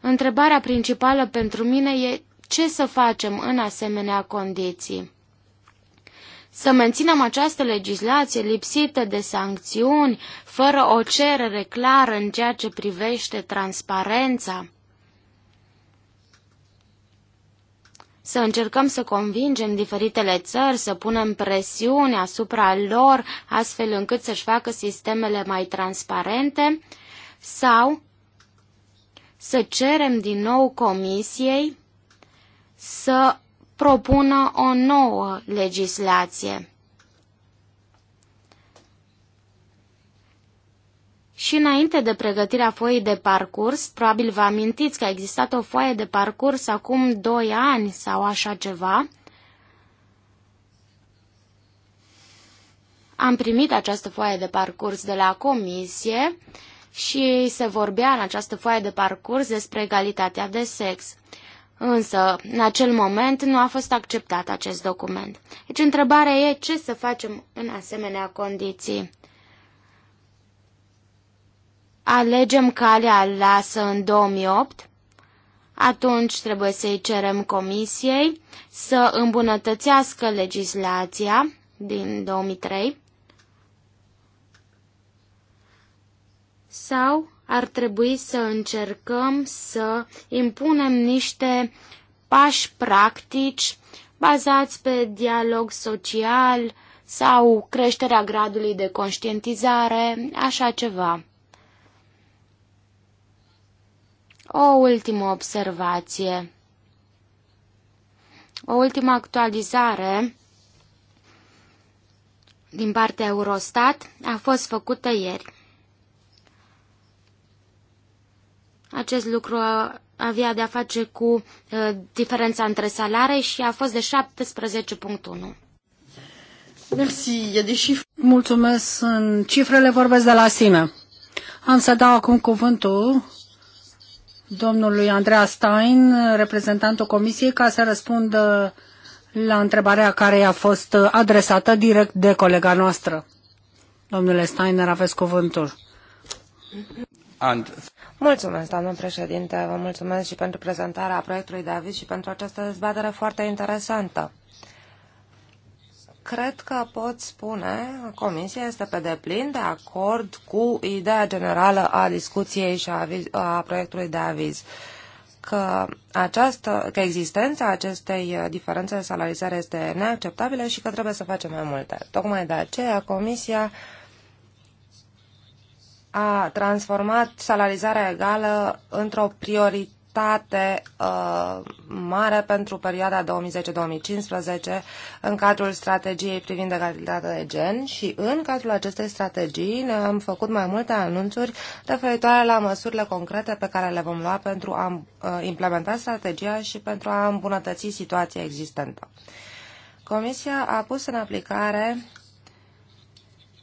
Speaker 3: Întrebarea principală pentru mine e ce să facem în asemenea condiții. Să menținem această legislație lipsită de sancțiuni, fără o cerere clară în ceea ce privește transparența? Să încercăm să convingem diferitele țări, să punem presiune asupra lor, astfel încât să-și facă sistemele mai transparente? Sau să cerem din nou comisiei să propună o nouă legislație. Și înainte de pregătirea foii de parcurs, probabil vă amintiți că a existat o foaie de parcurs acum 2 ani sau așa ceva, Am primit această foaie de parcurs de la comisie și se vorbea în această foaie de parcurs despre egalitatea de sex. Însă, în acel moment nu a fost acceptat acest document. Deci întrebarea e ce să facem în asemenea condiții. Alegem calea lasă în 2008, atunci trebuie să-i cerem comisiei să îmbunătățească legislația din 2003 sau ar trebui să încercăm să impunem niște pași practici bazați pe dialog social sau creșterea gradului de conștientizare, așa ceva. O ultimă observație. O ultimă actualizare din partea Eurostat a fost făcută ieri. Acest lucru avea de-a face cu uh, diferența între salare și a fost de 17.1.
Speaker 1: Mulțumesc. În cifrele vorbesc de la sine. Am să dau acum cuvântul domnului Andreea Stein, reprezentantul Comisiei, ca să răspundă la întrebarea care i-a fost adresată direct de colega noastră. Domnule Steiner, aveți cuvântul.
Speaker 3: And...
Speaker 2: Mulțumesc, doamnă președinte, vă mulțumesc și pentru prezentarea proiectului de aviz și pentru această dezbatere foarte interesantă. Cred că pot spune, că Comisia este pe deplin de acord cu ideea generală a discuției și a, aviz, a proiectului de aviz că, această, că existența acestei diferențe de salarizare este neacceptabilă și că trebuie să facem mai multe. Tocmai de aceea Comisia a transformat salarizarea egală într-o prioritate uh, mare pentru perioada 2010-2015 în cadrul strategiei privind egalitatea de gen și în cadrul acestei strategii ne-am făcut mai multe anunțuri referitoare la măsurile concrete pe care le vom lua pentru a uh, implementa strategia și pentru a îmbunătăți situația existentă. Comisia a pus în aplicare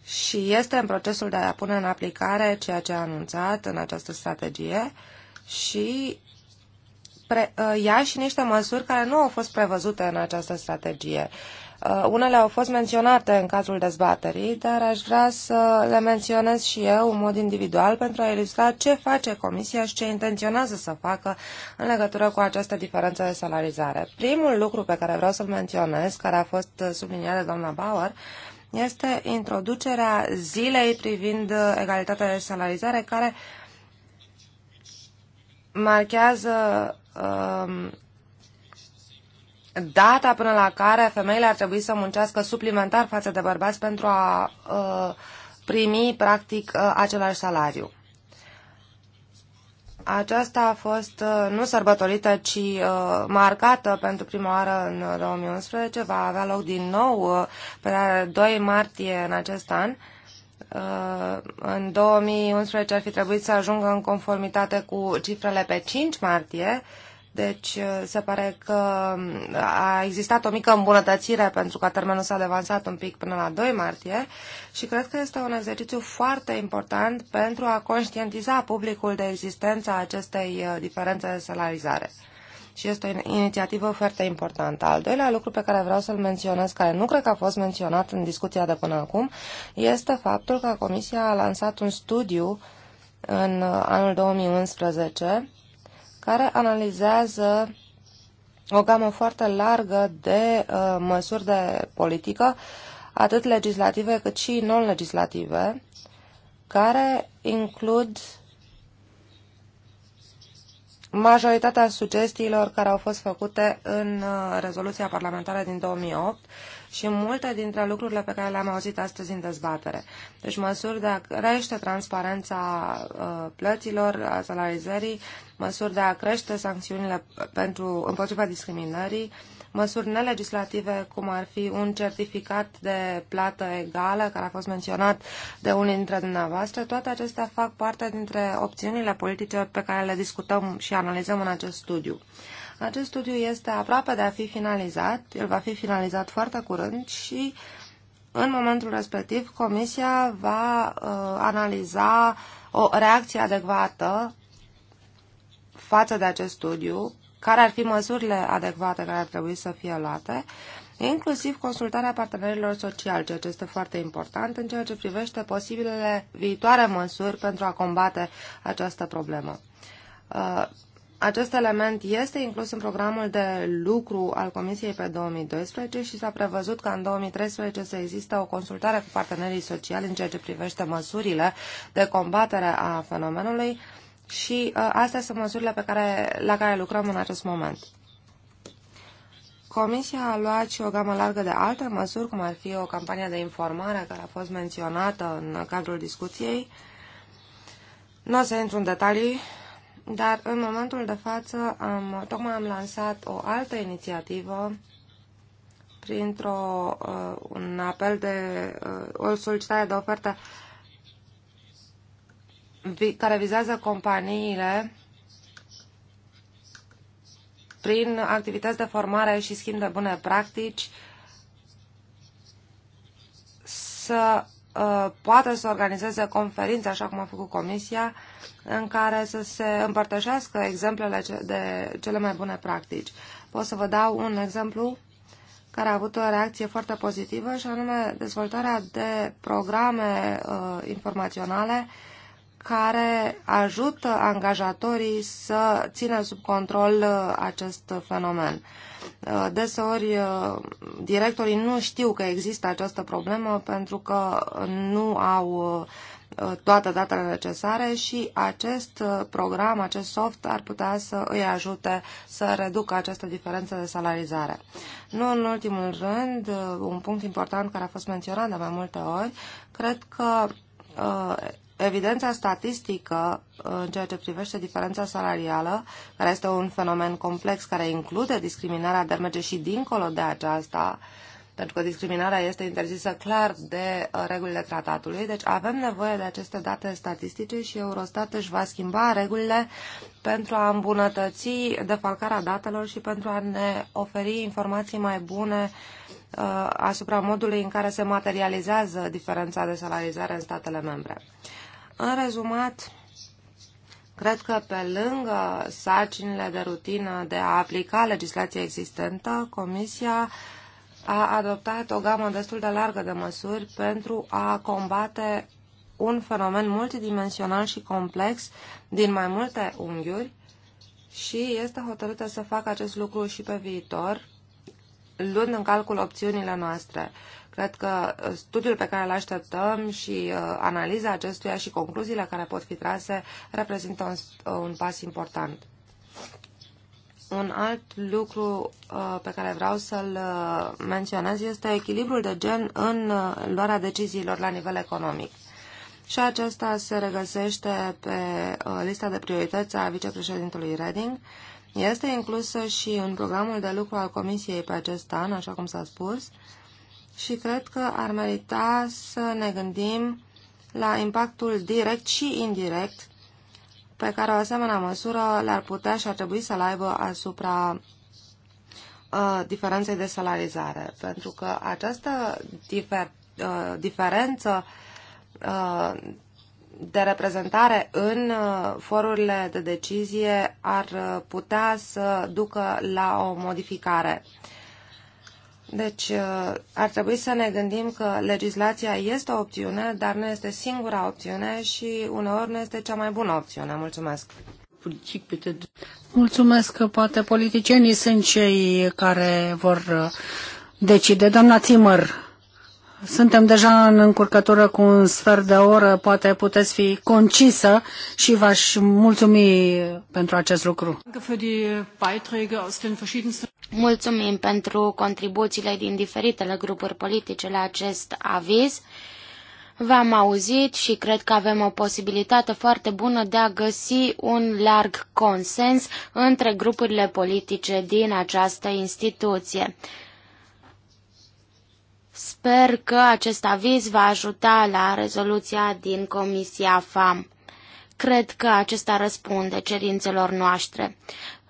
Speaker 2: și este în procesul de a pune în aplicare ceea ce a anunțat în această strategie și pre, uh, ia și niște măsuri care nu au fost prevăzute în această strategie. Uh, unele au fost menționate în cazul dezbaterii, dar aș vrea să le menționez și eu în mod individual pentru a ilustra ce face Comisia și ce intenționează să facă în legătură cu această diferență de salarizare. Primul lucru pe care vreau să-l menționez, care a fost subliniat de doamna Bauer, este introducerea zilei privind egalitatea de salarizare care marchează um, data până la care femeile ar trebui să muncească suplimentar față de bărbați pentru a uh, primi practic uh, același salariu. Aceasta a fost uh, nu sărbătorită, ci uh, marcată pentru prima oară în 2011. Uh, Va avea loc din nou pe 2 martie în acest an. În 2011 ar fi trebuit să ajungă în conformitate cu cifrele pe 5 martie, deci uh, se pare că uh, a existat o mică îmbunătățire pentru că termenul s-a devansat un pic până la 2 martie și cred că este un exercițiu foarte important pentru a conștientiza publicul de existența acestei uh, diferențe de salarizare. Și este o inițiativă foarte importantă. Al doilea lucru pe care vreau să-l menționez, care nu cred că a fost menționat în discuția de până acum, este faptul că Comisia a lansat un studiu în anul 2011 care analizează o gamă foarte largă de uh, măsuri de politică, atât legislative cât și non-legislative, care includ majoritatea sugestiilor care au fost făcute în uh, rezoluția parlamentară din 2008 și multe dintre lucrurile pe care le-am auzit astăzi în dezbatere. Deci măsuri de a crește transparența uh, plăților, a salarizării, măsuri de a crește sancțiunile pentru, împotriva discriminării, măsuri nelegislative, cum ar fi un certificat de plată egală, care a fost menționat de unii dintre dumneavoastră, toate acestea fac parte dintre opțiunile politice pe care le discutăm și analizăm în acest studiu. Acest studiu este aproape de a fi finalizat, el va fi finalizat foarte curând și în momentul respectiv Comisia va uh, analiza o reacție adecvată față de acest studiu, care ar fi măsurile adecvate care ar trebui să fie luate, inclusiv consultarea partenerilor sociali, ceea ce este foarte important în ceea ce privește posibilele viitoare măsuri pentru a combate această problemă. Uh, acest element este inclus în programul de lucru al Comisiei pe 2012 și s-a prevăzut ca în 2013 să există o consultare cu partenerii sociali în ceea ce privește măsurile de combatere a fenomenului și uh, astea sunt măsurile pe care, la care lucrăm în acest moment. Comisia a luat și o gamă largă de alte măsuri, cum ar fi o campanie de informare care a fost menționată în cadrul discuției. Nu o să intru în detalii dar în momentul de față am, tocmai am lansat o altă inițiativă printr-o uh, un apel de uh, o solicitare de ofertă vi, care vizează companiile prin activități de formare și schimb de bune practici să Uh, poate poată să organizeze conferințe, așa cum a făcut Comisia, în care să se împărtășească exemplele de cele mai bune practici. Pot să vă dau un exemplu care a avut o reacție foarte pozitivă și anume dezvoltarea de programe uh, informaționale care ajută angajatorii să țină sub control uh, acest fenomen. Uh, Uh, deseori uh, directorii nu știu că există această problemă pentru că nu au uh, toate datele necesare și acest program, acest soft ar putea să îi ajute să reducă această diferență de salarizare. Nu în ultimul rând, un punct important care a fost menționat de mai multe ori, cred că evidența statistică uh, în ceea ce privește diferența salarială, care este un fenomen complex care include discriminarea, dar merge și dincolo de aceasta, pentru că discriminarea este interzisă clar de uh, regulile tratatului. Deci avem nevoie de aceste date statistice și Eurostat își va schimba regulile pentru a îmbunătăți defalcarea datelor și pentru a ne oferi informații mai bune uh, asupra modului în care se materializează diferența de salarizare în statele membre. În rezumat, cred că pe lângă sarcinile de rutină de a aplica legislația existentă, Comisia a adoptat o gamă destul de largă de măsuri pentru a combate un fenomen multidimensional și complex din mai multe unghiuri și este hotărâtă să facă acest lucru și pe viitor, luând în calcul opțiunile noastre. Cred că uh, studiul pe care îl așteptăm și uh, analiza acestuia și concluziile care pot fi trase reprezintă un, uh, un pas important. Un alt lucru pe care vreau să-l menționez este echilibrul de gen în luarea deciziilor la nivel economic. Și acesta se regăsește pe lista de priorități a vicepreședintelui Reding. Este inclusă și în programul de lucru al Comisiei pe acest an, așa cum s-a spus, uh, și cred că ar merita să ne gândim la impactul direct și indirect pe care o asemenea măsură le-ar putea și ar trebui să-l aibă asupra uh, diferenței de salarizare. Pentru că această difer, uh, diferență uh, de reprezentare în uh, forurile de decizie ar uh, putea să ducă la o modificare. Deci uh, ar trebui să ne gândim că legislația este o opțiune, dar nu este singura opțiune și uneori nu este cea mai bună opțiune. Mulțumesc!
Speaker 1: Mulțumesc că poate politicienii sunt cei care vor uh, decide. Doamna Țimăr, suntem deja în încurcătură cu un sfert de oră, poate puteți fi concisă și v-aș mulțumi pentru acest lucru.
Speaker 3: Mulțumim pentru contribuțiile din diferitele grupuri politice la acest aviz. V-am auzit și cred că avem o posibilitate foarte bună de a găsi un larg consens între grupurile politice din această instituție. Sper că acest aviz va ajuta la rezoluția din Comisia FAM. Cred că acesta răspunde cerințelor noastre.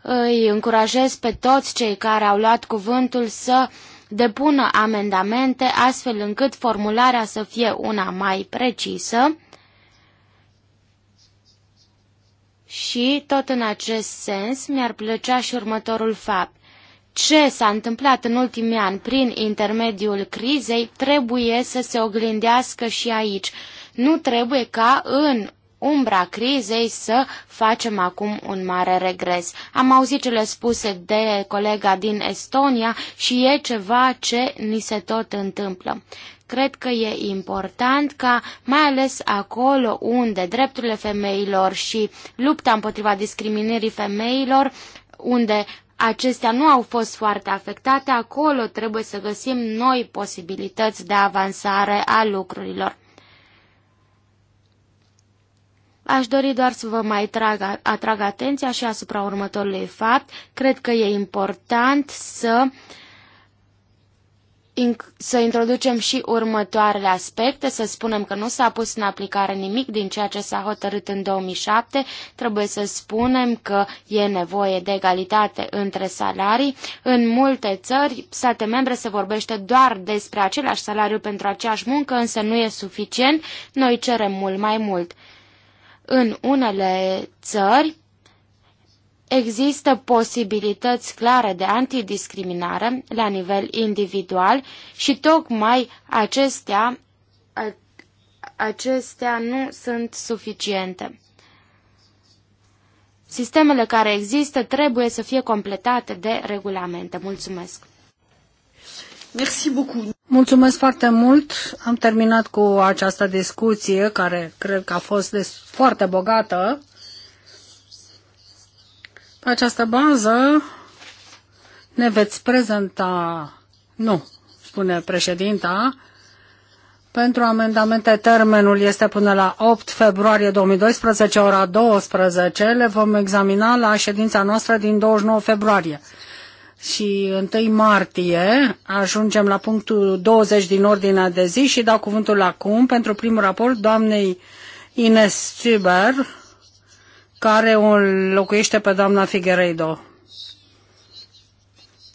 Speaker 3: Îi încurajez pe toți cei care au luat cuvântul să depună amendamente astfel încât formularea să fie una mai precisă și, tot în acest sens, mi-ar plăcea și următorul fapt. Ce s-a întâmplat în ultimii ani prin intermediul crizei trebuie să se oglindească și aici. Nu trebuie ca în umbra crizei să facem acum un mare regres. Am auzit cele spuse de colega din Estonia și e ceva ce ni se tot întâmplă cred că e important ca, mai ales acolo unde drepturile femeilor și lupta împotriva discriminării femeilor, unde acestea nu au fost foarte afectate, acolo trebuie să găsim noi posibilități de avansare a lucrurilor. Aș dori doar să vă mai trag, atrag atenția și asupra următorului fapt. Cred că e important să să introducem și următoarele aspecte, să spunem că nu s-a pus în aplicare nimic din ceea ce s-a hotărât în 2007, trebuie să spunem că e nevoie de egalitate între salarii. În multe țări, state membre se vorbește doar despre același salariu pentru aceeași muncă, însă nu e suficient, noi cerem mult mai mult. În unele țări există posibilități clare de antidiscriminare la nivel individual și tocmai acestea, acestea nu sunt suficiente. Sistemele care există trebuie să fie completate de regulamente. Mulțumesc!
Speaker 1: Merci beaucoup. Mulțumesc foarte mult. Am terminat cu această discuție care cred că a fost foarte bogată. Pe această bază ne veți prezenta, nu, spune președinta, pentru amendamente termenul este până la 8 februarie 2012, ora 12. Le vom examina la ședința noastră din 29 februarie și 1 martie ajungem la punctul 20 din ordinea de zi și dau cuvântul acum pentru primul raport doamnei Ines Zuber, care o locuiește pe doamna Figueiredo,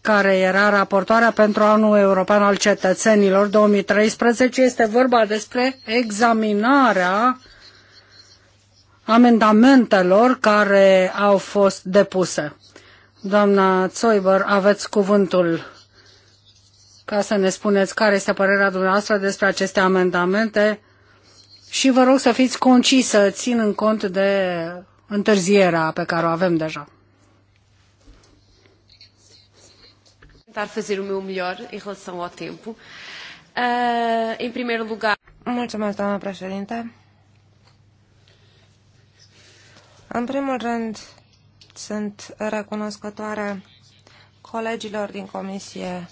Speaker 1: care era raportoarea pentru anul european al cetățenilor 2013. Este vorba despre examinarea amendamentelor care au fost depuse. Doamna Țoibăr, aveți cuvântul ca să ne spuneți care este părerea dumneavoastră despre aceste amendamente și vă rog să fiți concisă, în cont de întârzierea pe care o avem deja.
Speaker 3: Tentar fazer o meu melhor em relação ao tempo. Eh, em primeiro lugar...
Speaker 2: Mulțumesc, doamna președinte. În primul rând, sunt recunoscătoare colegilor din comisie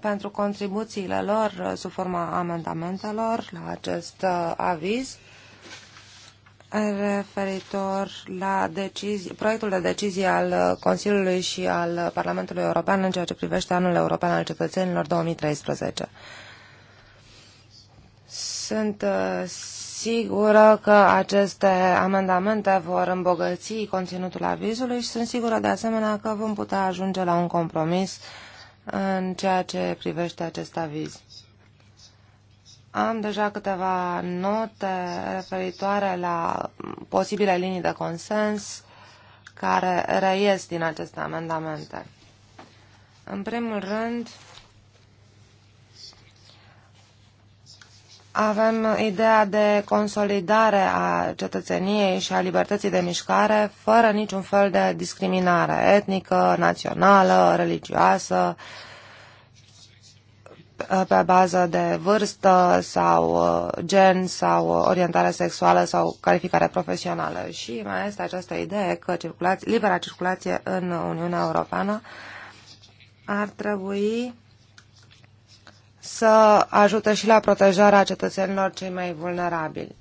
Speaker 2: pentru contribuțiile lor sub forma amendamentelor la acest uh, aviz referitor la decizi, proiectul de decizie al uh, Consiliului și al uh, Parlamentului European în ceea ce privește anul european al cetățenilor 2013. Sunt sigură că aceste amendamente vor îmbogăți conținutul avizului și sunt sigură de asemenea că vom putea ajunge la un compromis în ceea ce privește acest aviz. Am deja câteva note referitoare la posibile linii de consens care reies din aceste amendamente. În primul rând, Avem ideea de consolidare a cetățeniei și a libertății de mișcare fără niciun fel de discriminare etnică, națională, religioasă, pe bază de vârstă sau uh, gen sau orientare sexuală sau calificare profesională. Și mai este această idee că circulație, libera circulație în Uniunea Europeană ar trebui să ajute și la protejarea cetățenilor cei mai vulnerabili.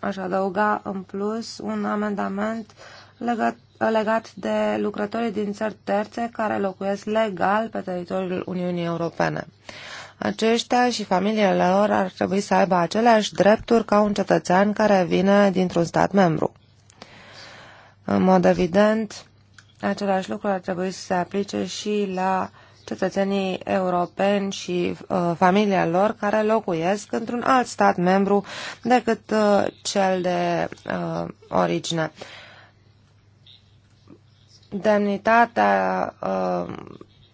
Speaker 2: Aș adăuga în plus un amendament legat, legat de lucrătorii din țări terțe care locuiesc legal pe teritoriul Uniunii Europene. Aceștia și familiile lor ar trebui să aibă aceleași drepturi ca un cetățean care vine dintr-un stat membru. În mod evident, același lucru ar trebui să se aplice și la uh, cetățenii europeni și uh, familia lor care locuiesc într-un alt stat membru decât uh, cel de uh, origine. Demnitatea uh,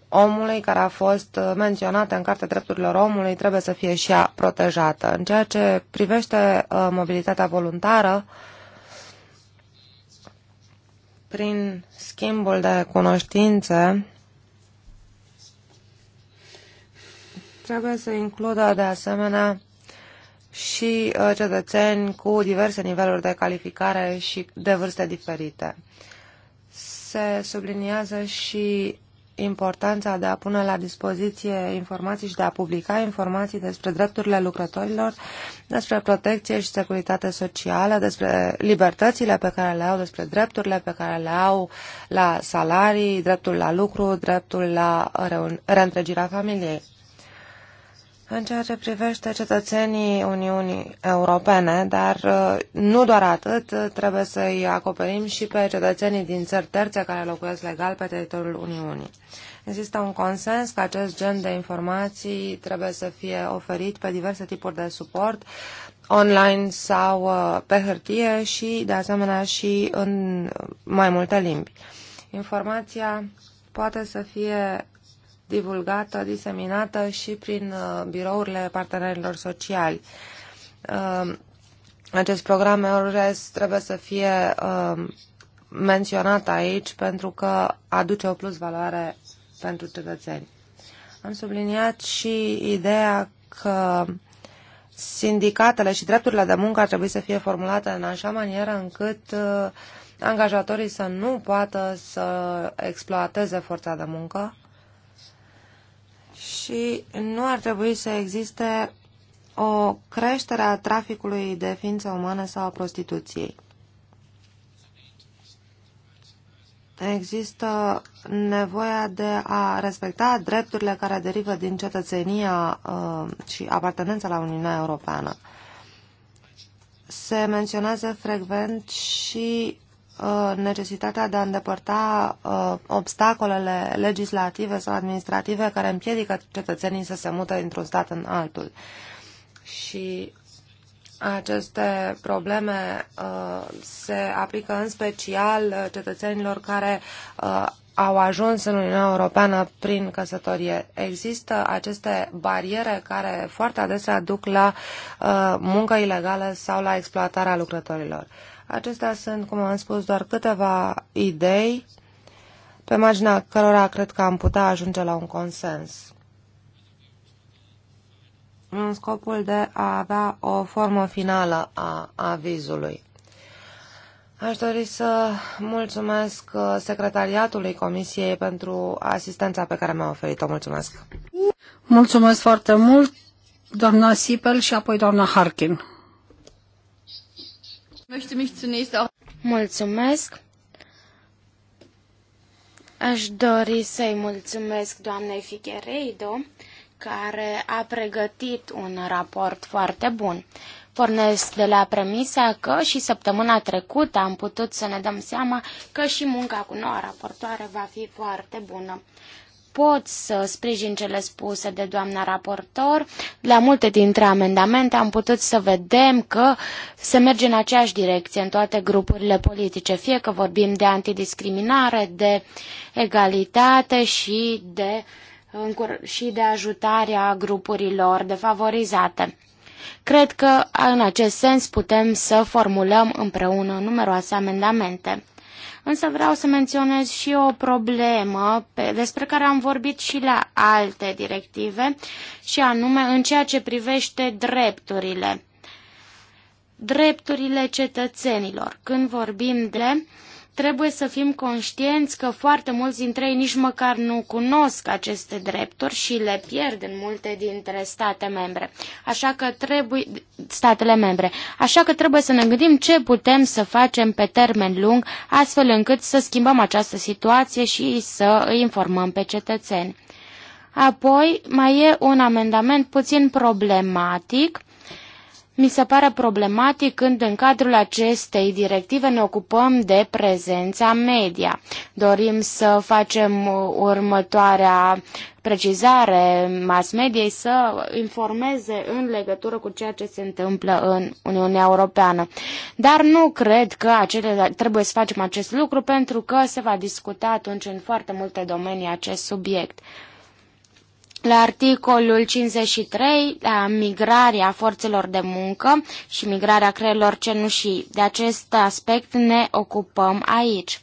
Speaker 2: omului care a fost uh, menționată în Cartea Drepturilor Omului trebuie să fie și ea protejată. În ceea ce privește uh, mobilitatea voluntară, prin schimbul de cunoștințe, Trebuie să includă de asemenea și uh, cetățeni cu diverse niveluri de calificare și de vârste diferite. Se subliniază și importanța de a pune la dispoziție informații și de a publica informații despre drepturile lucrătorilor, despre protecție și securitate socială, despre libertățile pe care le au, despre drepturile pe care le au la salarii, dreptul la lucru, dreptul la reîntregirea familiei în ceea ce privește cetățenii Uniunii Europene, dar uh, nu doar atât, uh, trebuie să-i acoperim și pe cetățenii din țări terțe care locuiesc legal pe teritoriul Uniunii. Există un consens că acest gen de informații trebuie să fie oferit pe diverse tipuri de suport, online sau uh, pe hârtie și, de asemenea, și în mai multe limbi. Informația poate să fie divulgată, diseminată și prin uh, birourile partenerilor sociali. Uh, acest program EURES trebuie să fie uh, menționat aici pentru că aduce o plus valoare pentru cetățeni. Am subliniat și ideea că sindicatele și drepturile de muncă ar trebui să fie formulate în așa manieră încât angajatorii să nu poată să exploateze forța de muncă și nu ar trebui să existe o creștere a traficului de ființe umane sau a prostituției. Există nevoia de a respecta drepturile care derivă din cetățenia uh, și apartenența la Uniunea Europeană. Se menționează frecvent și Uh, necesitatea de a îndepărta uh, obstacolele legislative sau administrative care împiedică cetățenii să se mute dintr-un stat în altul. Și aceste probleme uh, se aplică în special cetățenilor care au ajuns în Uniunea Europeană prin căsătorie. Există aceste bariere care foarte adesea duc la muncă ilegală sau la exploatarea lucrătorilor. Uh, Acestea sunt, cum am spus, doar câteva idei pe marginea cărora cred că am putea ajunge la un consens în scopul de a avea o formă finală a avizului. Aș dori să mulțumesc uh, secretariatului Comisiei pentru asistența pe care mi-a oferit-o. Mulțumesc!
Speaker 1: Mulțumesc foarte mult, doamna Sipel și apoi doamna Harkin.
Speaker 3: Mulțumesc. Aș dori să-i mulțumesc doamnei Figueiredo, care a pregătit un raport foarte bun. Pornesc de la premisa că și săptămâna trecută am putut să ne dăm seama că și munca cu noua raportoare va fi foarte bună pot să sprijin cele spuse de doamna raportor. La multe dintre amendamente am putut să vedem că se merge în aceeași direcție în toate grupurile politice, fie că vorbim de antidiscriminare, de egalitate și de, și de ajutarea grupurilor defavorizate. Cred că în acest sens putem să formulăm împreună numeroase amendamente. Însă vreau să menționez și o problemă pe, despre care am vorbit și la alte directive și anume în ceea ce privește drepturile drepturile cetățenilor. Când vorbim de Trebuie să fim conștienți că foarte mulți dintre ei nici măcar nu cunosc aceste drepturi și le pierd în multe dintre state membre. Așa că trebuie, statele membre. Așa că trebuie să ne gândim ce putem să facem pe termen lung, astfel încât să schimbăm această situație și să îi informăm pe cetățeni. Apoi mai e un amendament puțin problematic mi se pare problematic când în cadrul acestei directive ne ocupăm de prezența media. Dorim să facem uh, următoarea precizare mass mediei să informeze în legătură cu ceea ce se întâmplă în Uniunea Europeană. Dar nu cred că acele, trebuie să facem acest lucru pentru că se va discuta atunci în foarte multe domenii acest subiect. La articolul 53, la migrarea forțelor de muncă și migrarea creierilor cenușii, de acest aspect ne ocupăm aici.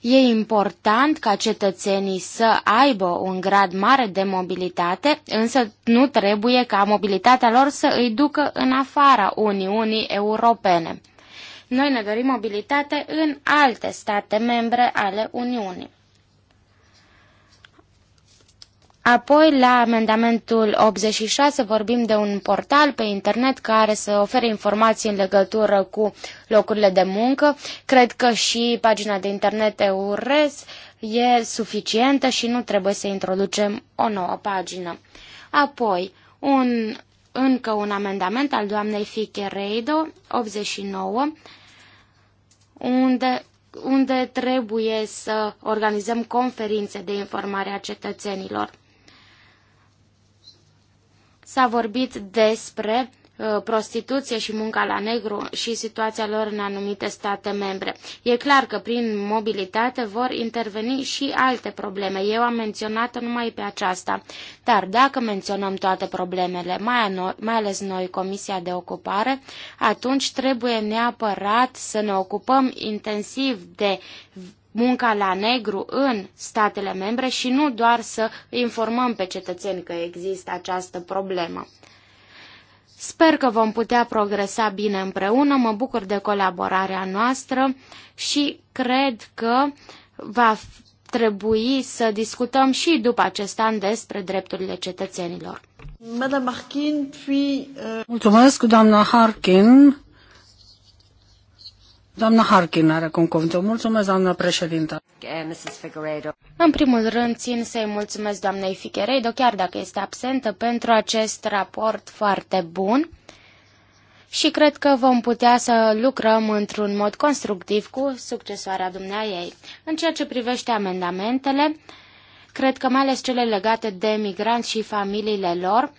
Speaker 3: E important ca cetățenii să aibă un grad mare de mobilitate, însă nu trebuie ca mobilitatea lor să îi ducă în afara Uniunii Europene. Noi ne dorim mobilitate în alte state membre ale Uniunii. Apoi, la amendamentul 86, vorbim de un portal pe internet care să ofere informații în legătură cu locurile de muncă. Cred că și pagina de internet EURES e suficientă și nu trebuie să introducem o nouă pagină. Apoi, un, încă un amendament al doamnei Fichereido, 89, unde unde trebuie să organizăm conferințe de informare a cetățenilor. S-a vorbit despre uh, prostituție și munca la negru și situația lor în anumite state membre. E clar că prin mobilitate vor interveni și alte probleme. Eu am menționat numai pe aceasta. Dar dacă menționăm toate problemele, mai ales noi, Comisia de Ocupare, atunci trebuie neapărat să ne ocupăm intensiv de munca la negru în statele membre și nu doar să informăm pe cetățeni că există această problemă. Sper că vom putea progresa bine împreună, mă bucur de colaborarea noastră și cred că va trebui să discutăm și după acest an despre drepturile cetățenilor.
Speaker 1: Harkin,
Speaker 3: euh,
Speaker 1: Mulțumesc, doamna Harkin. Doamna Harkin are acum cuvântul. Mulțumesc, doamna președintă.
Speaker 3: Eh, În primul rând, țin să-i mulțumesc doamnei Figueiredo, chiar dacă este absentă, pentru acest raport foarte bun și cred că vom putea să lucrăm într-un mod constructiv cu succesoarea ei. În ceea ce privește amendamentele, cred că mai ales cele legate de migranți și familiile lor,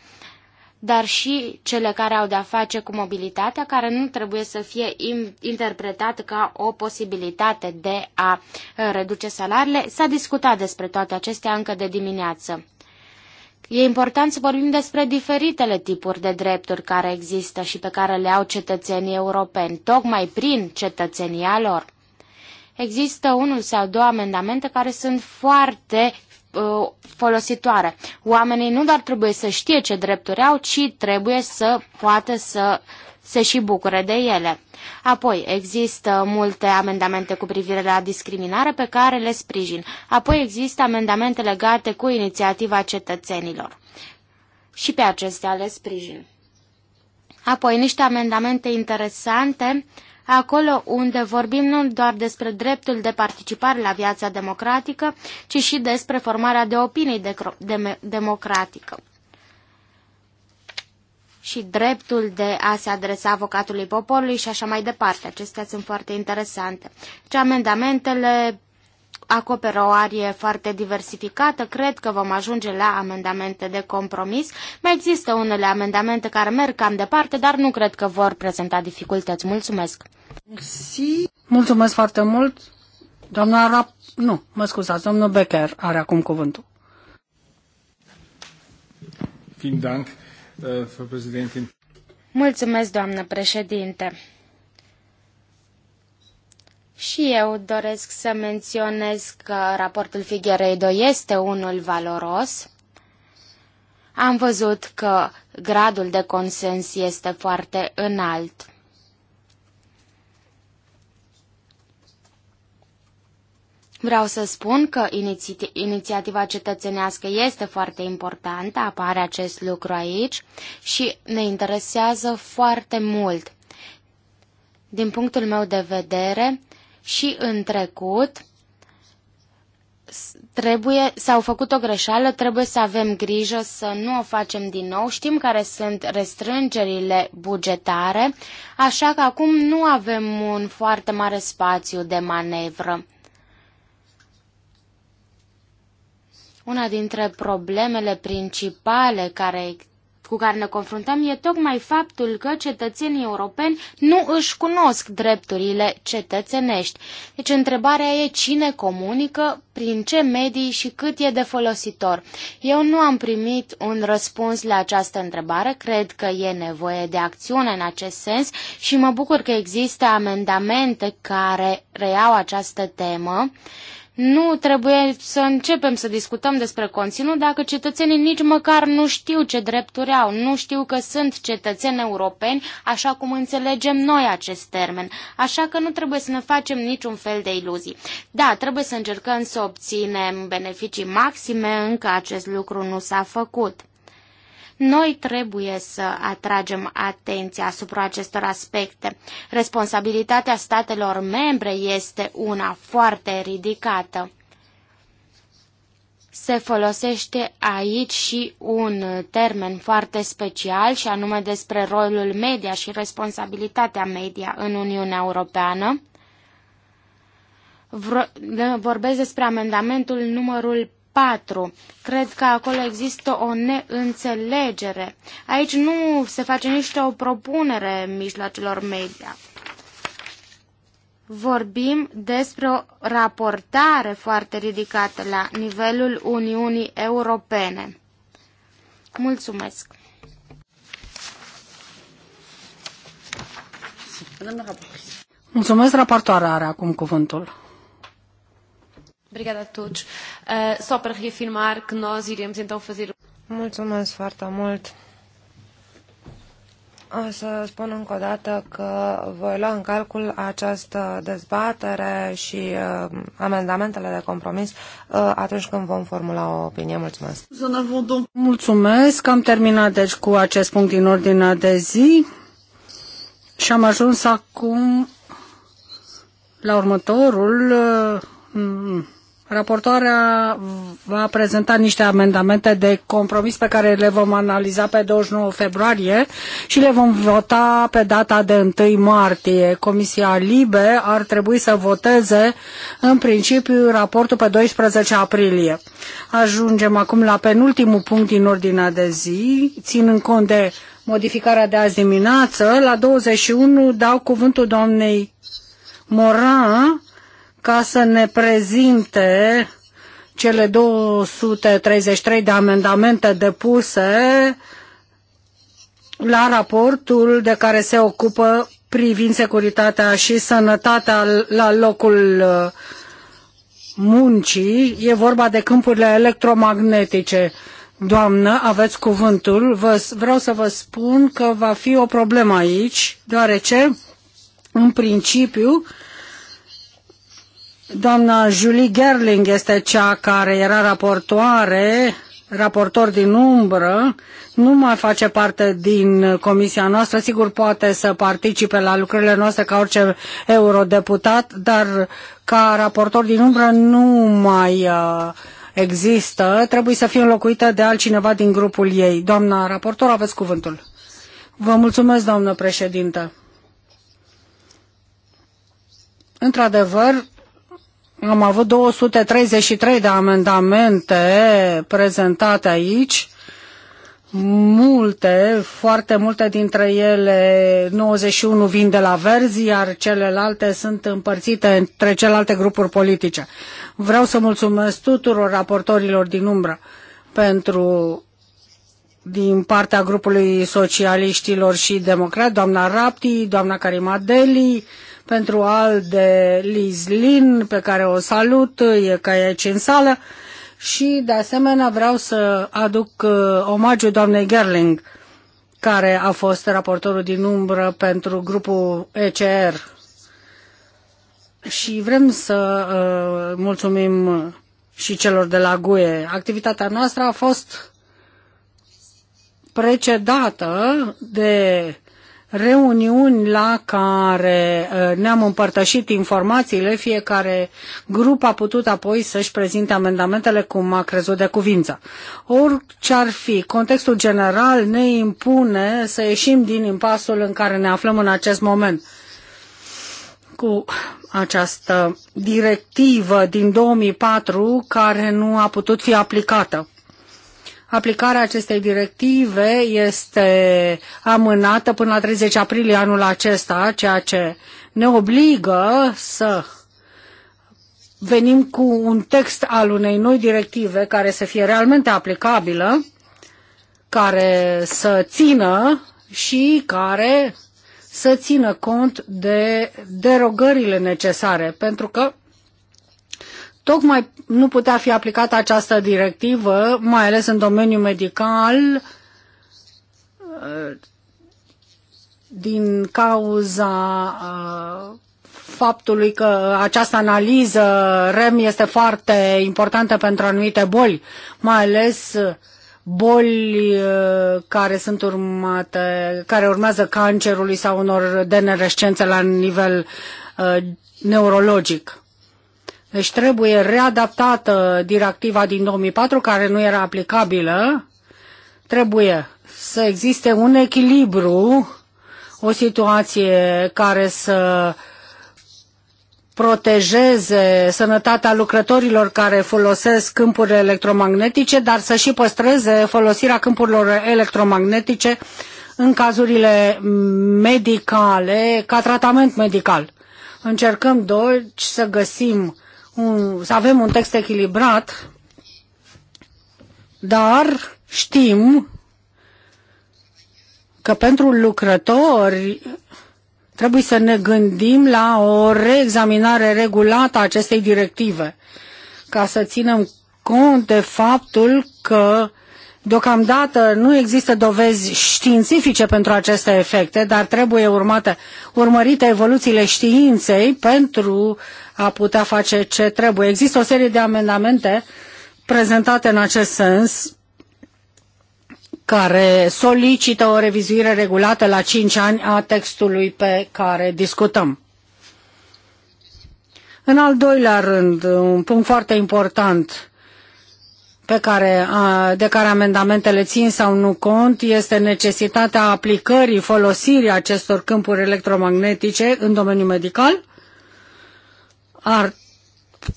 Speaker 3: dar și cele care au de-a face cu mobilitatea, care nu trebuie să fie interpretată ca o posibilitate de a uh, reduce salariile. S-a discutat despre toate acestea încă de dimineață. E important să vorbim despre diferitele tipuri de drepturi care există și pe care le au cetățenii europeni, tocmai prin cetățenia lor. Există unul sau două amendamente care sunt foarte Uh, folositoare. Oamenii nu doar trebuie să știe ce drepturi au, ci trebuie să poată să se și bucure de ele. Apoi, există multe amendamente cu privire la discriminare pe care le sprijin. Apoi există amendamente legate cu inițiativa cetățenilor. Și pe acestea le sprijin. Apoi, niște amendamente interesante uh, acolo unde vorbim nu doar despre dreptul de participare la viața democratică, ci și despre formarea de opinii de de democratică și dreptul de a se adresa avocatului poporului și așa mai departe. Acestea sunt foarte interesante. Ce deci, amendamentele acoperă o arie foarte diversificată. Cred că vom ajunge la amendamente de compromis. Mai există unele amendamente care merg cam departe, dar nu cred că vor prezenta dificultăți. Mulțumesc! Merci.
Speaker 1: Mulțumesc foarte mult! Doamna Rap... Nu, mă scuzați, domnul Becker are acum cuvântul. Vielen Dank, äh, Frau Präsidentin.
Speaker 3: Mulțumesc, doamnă președinte. Și eu doresc să menționez că raportul Figueiredo este unul valoros. Am văzut că gradul de consens este foarte înalt. Vreau să spun că iniți inițiativa cetățenească este foarte importantă, apare acest lucru aici și ne interesează foarte mult. Din punctul meu de vedere, și în trecut trebuie, s-au făcut o greșeală, trebuie să avem grijă să nu o facem din nou. Știm care sunt restrângerile bugetare, așa că acum nu avem un foarte mare spațiu de manevră. Una dintre problemele principale care cu care ne confruntăm e tocmai faptul că cetățenii europeni nu își cunosc drepturile cetățenești. Deci întrebarea e cine comunică, prin ce medii și cât e de folositor. Eu nu am primit un răspuns la această întrebare, cred că e nevoie de acțiune în acest sens și mă bucur că există amendamente care reiau această temă. Nu trebuie să începem să discutăm despre conținut dacă cetățenii nici măcar nu știu ce drepturi au, nu știu că sunt cetățeni europeni, așa cum înțelegem noi acest termen. Așa că nu trebuie să ne facem niciun fel de iluzii. Da, trebuie să încercăm să obținem beneficii maxime, încă acest lucru nu s-a făcut. Noi trebuie să atragem atenția asupra acestor aspecte. Responsabilitatea statelor membre este una foarte ridicată. Se folosește aici și un termen foarte special și anume despre rolul media și responsabilitatea media în Uniunea Europeană vorbesc despre amendamentul numărul 4. Cred că acolo există o neînțelegere. Aici nu se face nici o propunere mijloacelor media. Vorbim despre o raportare foarte ridicată la nivelul Uniunii Europene. Mulțumesc!
Speaker 1: Mulțumesc, raportoarea are acum cuvântul.
Speaker 2: Obrigada a todos. Uh, só
Speaker 3: para reafirmar que nós iremos então fazer...
Speaker 2: Muito mais foarte muito. O să spun încă o dată că voi lua în calcul această dezbatere și uh, amendamentele de compromis uh, atunci când vom formula o opinie. Mulțumesc!
Speaker 1: Mulțumesc! Am terminat deci cu acest punct din ordinea de zi și am ajuns acum la următorul uh, Raportoarea va prezenta niște amendamente de compromis pe care le vom analiza pe 29 februarie și le vom vota pe data de 1 martie. Comisia Libe ar trebui să voteze în principiu raportul pe 12 aprilie. Ajungem acum la penultimul punct din ordinea de zi, ținând cont de modificarea de azi dimineață. La 21 dau cuvântul doamnei Moran ca să ne prezinte cele 233 de amendamente depuse la raportul de care se ocupă privind securitatea și sănătatea la locul uh, muncii. E vorba de câmpurile electromagnetice. Doamnă, aveți cuvântul. Vă, vreau să vă spun că va fi o problemă aici, deoarece, în principiu, Doamna Julie Gerling este cea care era raportoare, raportor din umbră, nu mai face parte din comisia noastră, sigur poate să participe la lucrurile noastre ca orice eurodeputat, dar ca raportor din umbră nu mai uh, există, trebuie să fie înlocuită de altcineva din grupul ei. Doamna raportor, aveți cuvântul. Vă mulțumesc, doamnă președintă. Într-adevăr, am avut 233 de amendamente prezentate aici, multe, foarte multe dintre ele, 91 vin de la Verzi, iar celelalte sunt împărțite între celelalte grupuri politice. Vreau să mulțumesc tuturor raportorilor din umbră pentru din partea grupului socialiștilor și democrat, doamna Rapti, doamna Deli, pentru al de Lizlin, pe care o salut, e ca e aici în sală, și de asemenea vreau să aduc uh, omagiu doamnei Gerling, care a fost raportorul din umbră pentru grupul ECR. Și vrem să uh, mulțumim și celor de la GUE. Activitatea noastră a fost precedată de reuniuni la care uh, ne-am împărtășit informațiile, fiecare grup a putut apoi să-și prezinte amendamentele cum a crezut de cuvință. Orice ar fi, contextul general ne impune să ieșim din impasul în care ne aflăm în acest moment cu această directivă din 2004 care nu a putut fi aplicată. Aplicarea acestei directive este amânată până la 30 aprilie anul acesta, ceea ce ne obligă să venim cu un text al unei noi directive care să fie realmente aplicabilă, care să țină și care să țină cont de derogările necesare, pentru că Tocmai nu putea fi aplicată această directivă, mai ales în domeniul medical, din cauza uh, faptului că această analiză REM este foarte importantă pentru anumite boli, mai ales uh, boli uh, care sunt urmate, care urmează cancerului sau unor denerescențe la nivel neurologic. Deci trebuie readaptată directiva din 2004, care nu era aplicabilă. Trebuie să existe un echilibru, o situație care să protejeze sănătatea lucrătorilor care folosesc câmpuri electromagnetice, dar să și păstreze folosirea câmpurilor electromagnetice în cazurile medicale, ca tratament medical. Încercăm, deci, să găsim un, să avem un text echilibrat, dar știm că pentru lucrători trebuie să ne gândim la o reexaminare regulată a acestei directive, ca să ținem cont de faptul că Deocamdată nu există dovezi științifice pentru aceste efecte, dar trebuie urmate, urmărite evoluțiile științei pentru a putea face ce trebuie. Există o serie de amendamente prezentate în acest sens care solicită o revizuire regulată la 5 ani a textului pe care discutăm. În al doilea rând, un punct foarte important pe care, de care amendamentele țin sau nu cont este necesitatea aplicării, folosirii acestor câmpuri electromagnetice în domeniul medical ar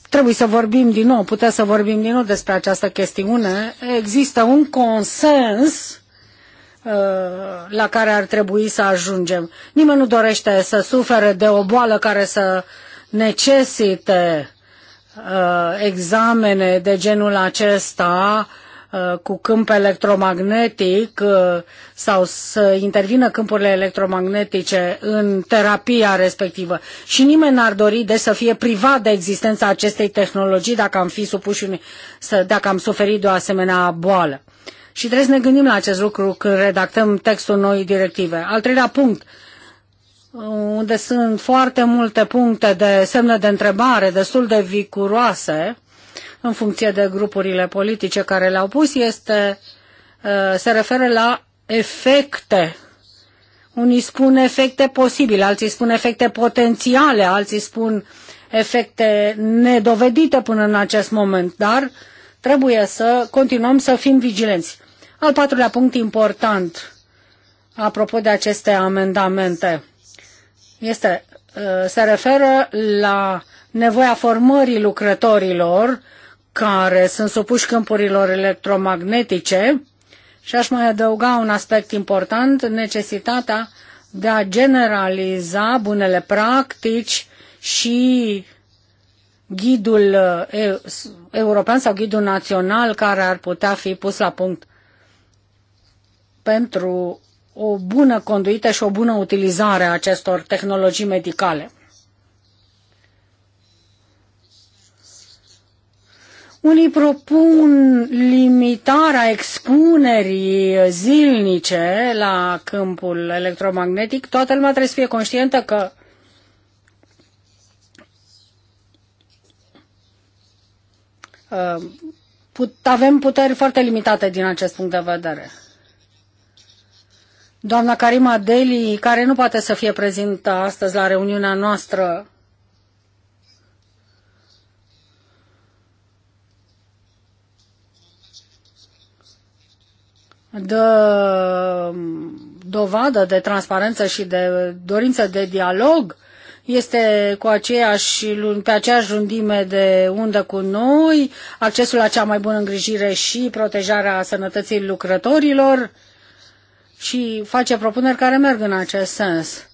Speaker 1: trebui să vorbim din nou, putem să vorbim din nou despre această chestiune. Există un consens uh, la care ar trebui să ajungem. Nimeni nu dorește să sufere de o boală care să necesite uh, examene de genul acesta uh, Uh, cu câmp electromagnetic uh, sau să intervină câmpurile electromagnetice în terapia respectivă. Și nimeni n-ar dori de să fie privat de existența acestei tehnologii dacă am fi supuși unui, dacă am suferit de o asemenea boală. Și trebuie să ne gândim la acest lucru când redactăm textul noii directive. Al treilea punct, unde sunt foarte multe puncte de semne de întrebare destul de vicuroase, în funcție de grupurile politice care le-au pus este, uh, se referă la efecte. Unii spun efecte posibile, alții spun efecte potențiale, alții spun efecte nedovedite până în acest moment, dar trebuie să continuăm să fim vigilenți. Al patrulea punct important, apropo de aceste amendamente, este, uh, se referă la nevoia formării lucrătorilor care sunt supuși câmpurilor electromagnetice și aș mai adăuga un aspect important, necesitatea de a generaliza bunele practici și ghidul eh, european sau ghidul național care ar putea fi pus la punct pentru o bună conduită și o bună utilizare a acestor tehnologii medicale. Unii propun limitarea expunerii zilnice la câmpul electromagnetic. Toată lumea trebuie să fie conștientă că uh, put, avem puteri foarte limitate din acest punct de vedere. Doamna Karima Deli, care nu poate să fie prezentă astăzi la reuniunea noastră, dă um, dovadă de transparență și de dorință de dialog, este cu aceeași, pe aceeași rundime de undă cu noi, accesul la cea mai bună îngrijire și protejarea sănătății lucrătorilor și face propuneri care merg în acest sens.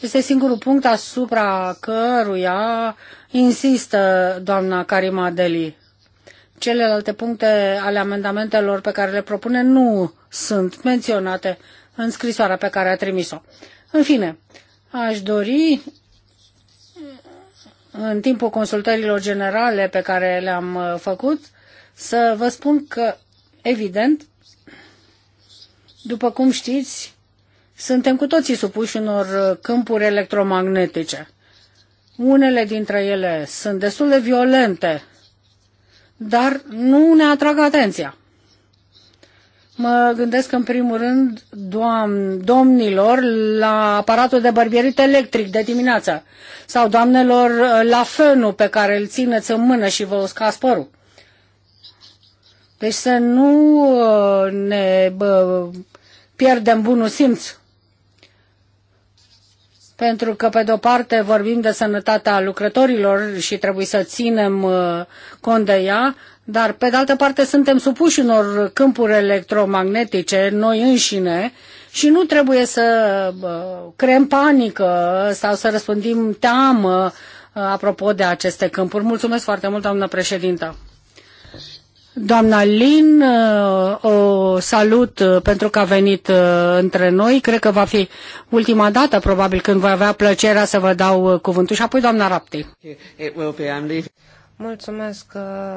Speaker 1: Este singurul punct asupra căruia insistă doamna Karima Deli. Celelalte puncte ale amendamentelor pe care le propune nu sunt menționate în scrisoarea pe care a trimis-o. În fine, aș dori în timpul consultărilor generale pe care le-am uh, făcut să vă spun că, evident, după cum știți, suntem cu toții supuși unor uh, câmpuri electromagnetice. Unele dintre ele sunt destul de violente dar nu ne atrag atenția. Mă gândesc în primul rând, doam, domnilor, la aparatul de bărbierit electric de dimineață sau doamnelor uh, la fânul pe care îl țineți în mână și vă uscați părul. Deci să nu uh, ne bă, pierdem bunul simț pentru că, pe de-o parte, vorbim de sănătatea lucrătorilor și trebuie să ținem uh, cont de ea, dar, pe de altă parte, suntem supuși unor câmpuri electromagnetice, noi înșine, și nu trebuie să uh, creăm panică sau să răspândim teamă uh, apropo de aceste câmpuri. Mulțumesc foarte mult, doamnă președintă. Doamna Lin, uh, o salut uh, pentru că a venit uh, între noi. Cred că va fi ultima dată, probabil, când voi avea plăcerea să vă dau cuvântul. Și apoi, doamna Rapti.
Speaker 2: Mulțumesc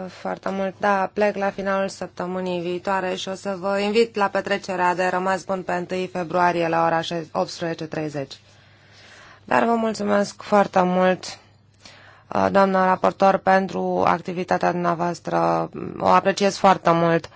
Speaker 2: foarte mult. Da, plec la finalul săptămânii viitoare și o să vă invit la petrecerea de rămas bun pe 1 februarie la ora 18.30. Dar vă mulțumesc foarte mult doamnă raportor, pentru activitatea dumneavoastră. O apreciez foarte mult.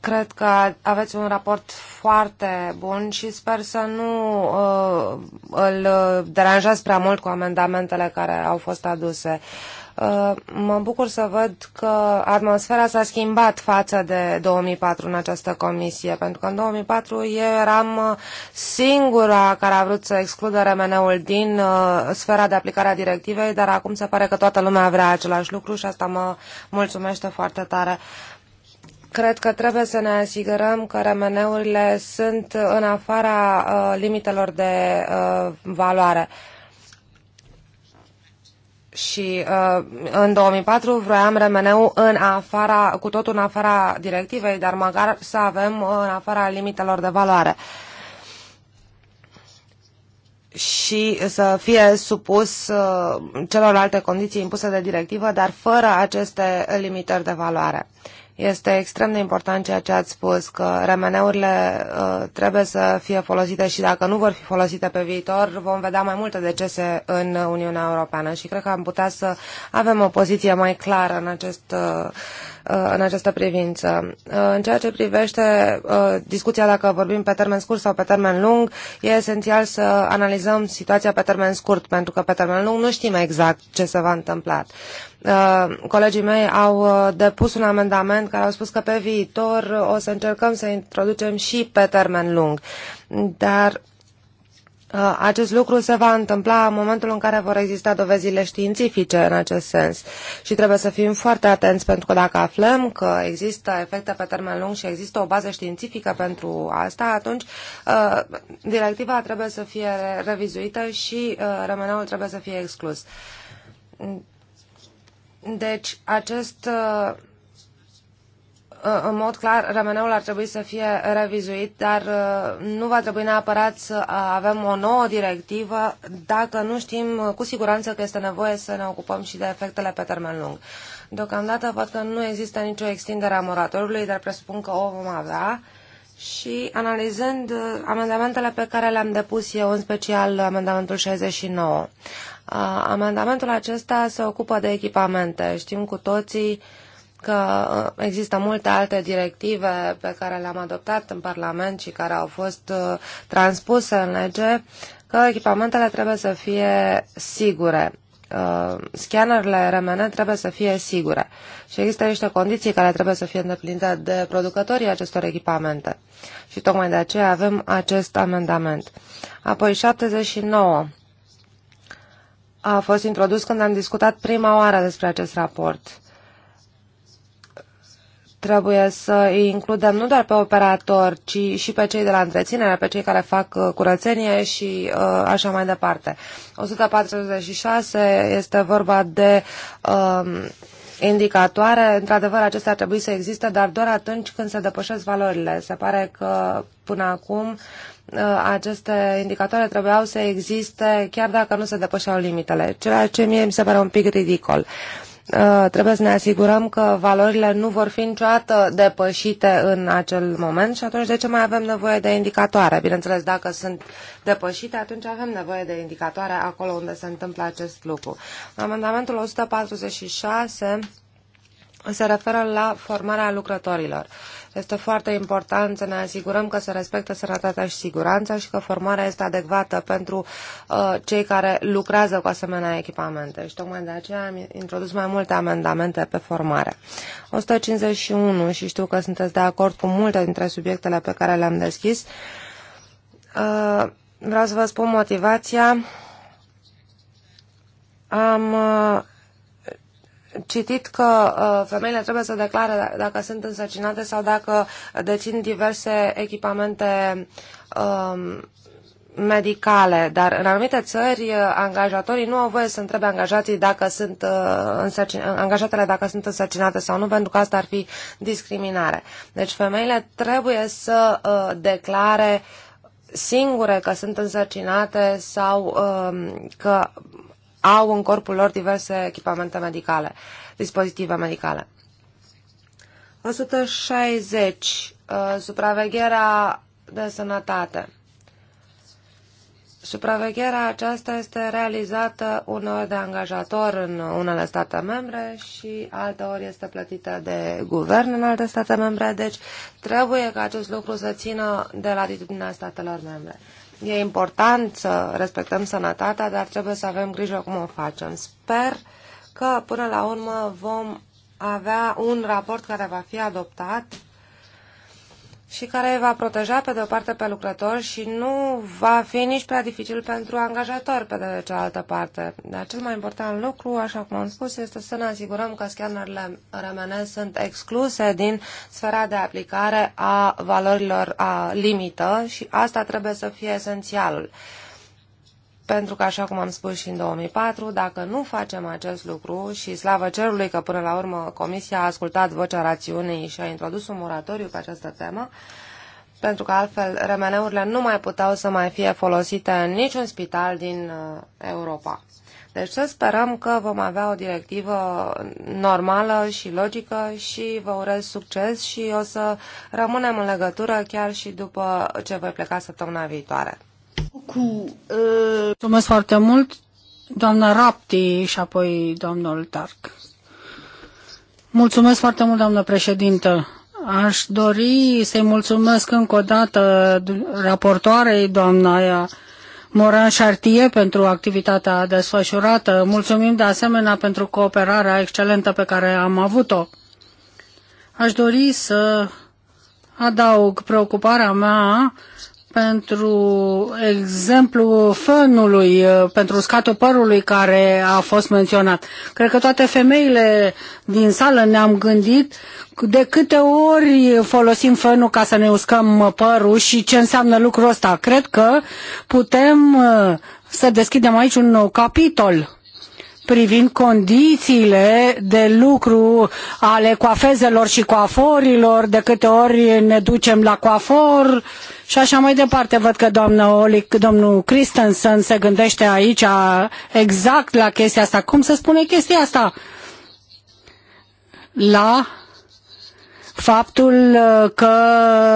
Speaker 2: Cred că aveți un raport foarte bun și sper să nu uh, îl deranjați prea mult cu amendamentele care au fost aduse. Uh, Uh, mă bucur să văd că atmosfera s-a schimbat față de 2004 în această comisie, pentru că în 2004 eu eram uh, singura care a vrut să excludă remeneul din uh, sfera de aplicare a directivei, dar acum se pare că toată lumea vrea același lucru și asta mă mulțumește foarte tare cred că trebuie să ne asigurăm că remeneurile sunt în afara uh, limitelor de uh, valoare și uh, în 2004 vroiam remeneu în afara, cu totul în afara directivei, dar măcar să avem uh, în afara limitelor de valoare și să fie supus uh, celorlalte condiții impuse de directivă, dar fără aceste limitări de valoare. Este extrem de important ceea ce ați spus, că remeneurile uh, trebuie să fie folosite și dacă nu vor fi folosite pe viitor, vom vedea mai multe decese în Uniunea Europeană și cred că am putea să avem o poziție mai clară în acest uh, uh în această privință. Uh, în ceea ce privește uh, discuția dacă vorbim pe termen scurt sau pe termen lung, e esențial să analizăm situația pe termen scurt, pentru că pe termen lung nu știm exact ce se va întâmpla. Uh, colegii mei au uh, depus un amendament care au spus că pe viitor o să încercăm să introducem și pe termen lung. Dar uh, acest lucru se va întâmpla în momentul în care vor exista dovezile științifice în acest sens și trebuie să fim foarte atenți pentru că dacă aflăm că există efecte pe termen lung și există o bază științifică pentru asta, atunci uh, directiva trebuie să fie revizuită și uh, trebuie să fie exclus. Deci, acest uh, în mod clar, rămâneul ar trebui să fie revizuit, dar uh, nu va trebui neapărat să uh, avem o nouă directivă dacă nu știm cu siguranță că este nevoie să ne ocupăm și de efectele pe termen lung. Deocamdată văd că nu există nicio extindere a moratorului, dar presupun că o vom avea. Și analizând amendamentele pe care le-am depus eu, în special amendamentul 69, Amendamentul acesta se ocupă de echipamente. Știm cu toții că uh, există multe alte directive pe care le-am adoptat în Parlament și care au fost uh, transpuse în lege, că echipamentele trebuie să fie sigure. Uh, Scannerele RMN trebuie să fie sigure și există niște condiții care trebuie să fie îndeplinite de producătorii acestor echipamente. Și tocmai de aceea avem acest amendament. Apoi 79 a fost introdus când am discutat prima oară despre acest raport. Trebuie să îi includem nu doar pe operator, ci și pe cei de la întreținere, pe cei care fac uh, curățenie și uh, așa mai departe. 146 este vorba de uh, indicatoare, într-adevăr acestea ar trebui să existe, dar doar atunci când se depășesc valorile. Se pare că până acum uh, aceste indicatoare trebuiau să existe chiar dacă nu se depășeau limitele, ceea ce mie mi se pare un pic ridicol. Uh, Uh, trebuie să ne asigurăm că valorile nu vor fi niciodată depășite în acel moment și atunci de ce mai avem nevoie de indicatoare? Bineînțeles, dacă sunt depășite, atunci avem nevoie de indicatoare acolo unde se întâmplă acest lucru. Amendamentul 146 se referă la formarea lucrătorilor. Este foarte important să ne asigurăm că se respectă sănătatea și siguranța și că formarea este adecvată pentru uh, cei care lucrează cu asemenea echipamente. Și tocmai de aceea am introdus mai multe amendamente pe formare. 151 și știu că sunteți de acord cu multe dintre subiectele pe care le-am deschis. Uh, vreau să vă spun motivația. Am uh, citit că uh, femeile trebuie să declare dacă sunt însărcinate sau dacă dețin diverse echipamente um, medicale, dar în anumite țări uh, angajatorii nu au voie să întrebe angajații dacă sunt uh, angajatele dacă sunt însărcinate sau nu, pentru că asta ar fi discriminare. Deci femeile trebuie să declare singure că sunt însărcinate sau um, că au în corpul lor diverse echipamente medicale, dispozitive medicale. 160. Uh, supravegherea de sănătate. Supravegherea aceasta este realizată uneori de angajator în unele state membre și ori este plătită de guvern în alte state membre, deci trebuie ca acest lucru să țină de latitudinea statelor membre. E important să respectăm sănătatea, dar trebuie să avem grijă cum o facem. Sper că până la urmă vom avea un raport care va fi adoptat și care va proteja pe de o parte pe lucrător și nu va fi nici prea dificil pentru angajator pe de cealaltă parte. Dar cel mai important lucru, așa cum am spus, este să ne asigurăm că scannerele RMN sunt excluse din sfera de aplicare a valorilor a limită și asta trebuie să fie esențialul pentru că, așa cum am spus și în 2004, dacă nu facem acest lucru și slavă cerului că până la urmă Comisia a ascultat vocea rațiunii și a introdus un moratoriu pe această temă, pentru că altfel remeneurile nu mai puteau să mai fie folosite în niciun spital din uh, Europa. Deci să sperăm că vom avea o directivă normală și logică și vă urez succes și o să rămânem în legătură chiar și după ce voi pleca săptămâna viitoare.
Speaker 1: Uh, mulțumesc foarte mult, doamna Rapti și apoi domnul Tarc. Mulțumesc foarte mult, doamnă președintă. Aș dori să-i mulțumesc încă o dată raportoarei, doamna Moran Chartier, pentru activitatea desfășurată. Mulțumim de asemenea pentru cooperarea excelentă pe care am avut-o. Aș dori să adaug preocuparea mea pentru exemplu fănului, uh, pentru scatul părului care a fost menționat. Cred că toate femeile din sală ne-am gândit de câte ori folosim fănul ca să ne uscăm părul și ce înseamnă lucrul ăsta. Cred că putem uh, să deschidem aici un nou capitol privind condițiile de lucru ale coafezelor și coaforilor, de câte ori ne ducem la coafor și așa mai departe. Văd că doamna Olic, domnul Christensen se gândește aici exact la chestia asta. Cum se spune chestia asta? La faptul uh, că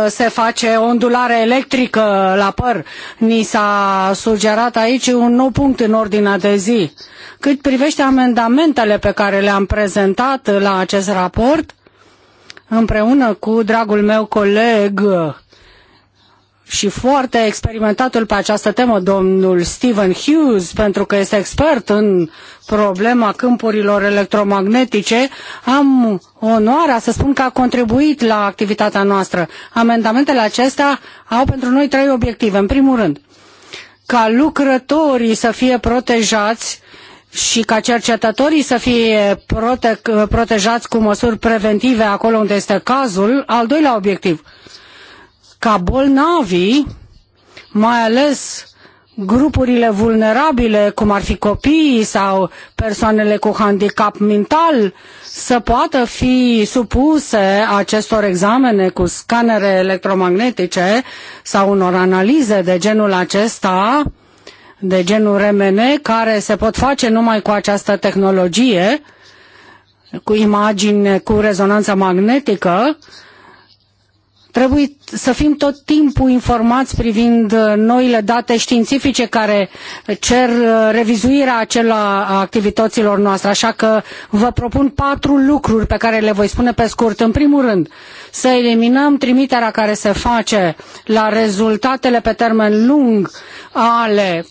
Speaker 1: se face ondulare electrică la păr. Ni s-a sugerat aici un nou punct în ordinea de zi. Cât privește amendamentele pe care le-am prezentat la acest raport, împreună cu dragul meu coleg și foarte experimentatul pe această temă, domnul Stephen Hughes, pentru că este expert în problema câmpurilor electromagnetice, am onoarea să spun că a contribuit la activitatea noastră. Amendamentele acestea au pentru noi trei obiective. În primul rând, ca lucrătorii să fie protejați și ca cercetătorii să fie prote- protejați cu măsuri preventive acolo unde este cazul. Al doilea obiectiv, ca bolnavii, mai ales grupurile vulnerabile, cum ar fi copiii sau persoanele cu handicap mental, să poată fi supuse acestor examene cu scanere electromagnetice sau unor analize de genul acesta, de genul RMN, care se pot face numai cu această tehnologie, cu imagini cu rezonanță magnetică, Trebuie să fim tot timpul informați privind uh, noile date științifice care cer uh, revizuirea acelor activităților noastre. Așa că vă propun patru lucruri pe care le voi spune pe scurt. În primul rând, să eliminăm trimiterea care se face la rezultatele pe termen lung ale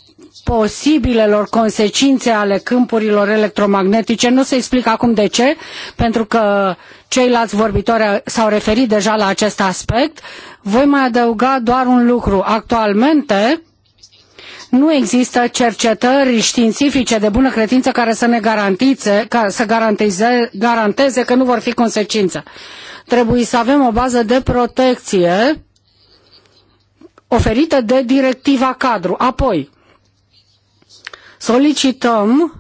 Speaker 1: posibilelor consecințe ale câmpurilor electromagnetice. Nu se explic acum de ce, pentru că ceilalți vorbitori s-au referit deja la acest aspect. Voi mai adăuga doar un lucru. Actualmente, nu există cercetări științifice de bună credință care să ne garantize, ca să garanteze, garanteze că nu vor fi consecințe. Trebuie să avem o bază de protecție oferită de directiva cadru. Apoi, solicităm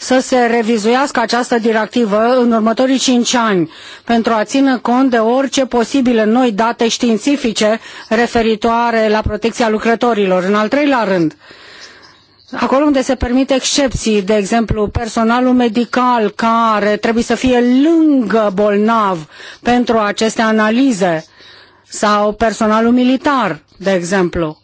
Speaker 1: să se revizuiască această directivă în următorii cinci ani pentru a ține cont de orice posibile noi date științifice referitoare la protecția lucrătorilor. În al treilea rând, acolo unde se permit excepții, de exemplu personalul medical care trebuie să fie lângă bolnav pentru aceste analize sau personalul militar, de exemplu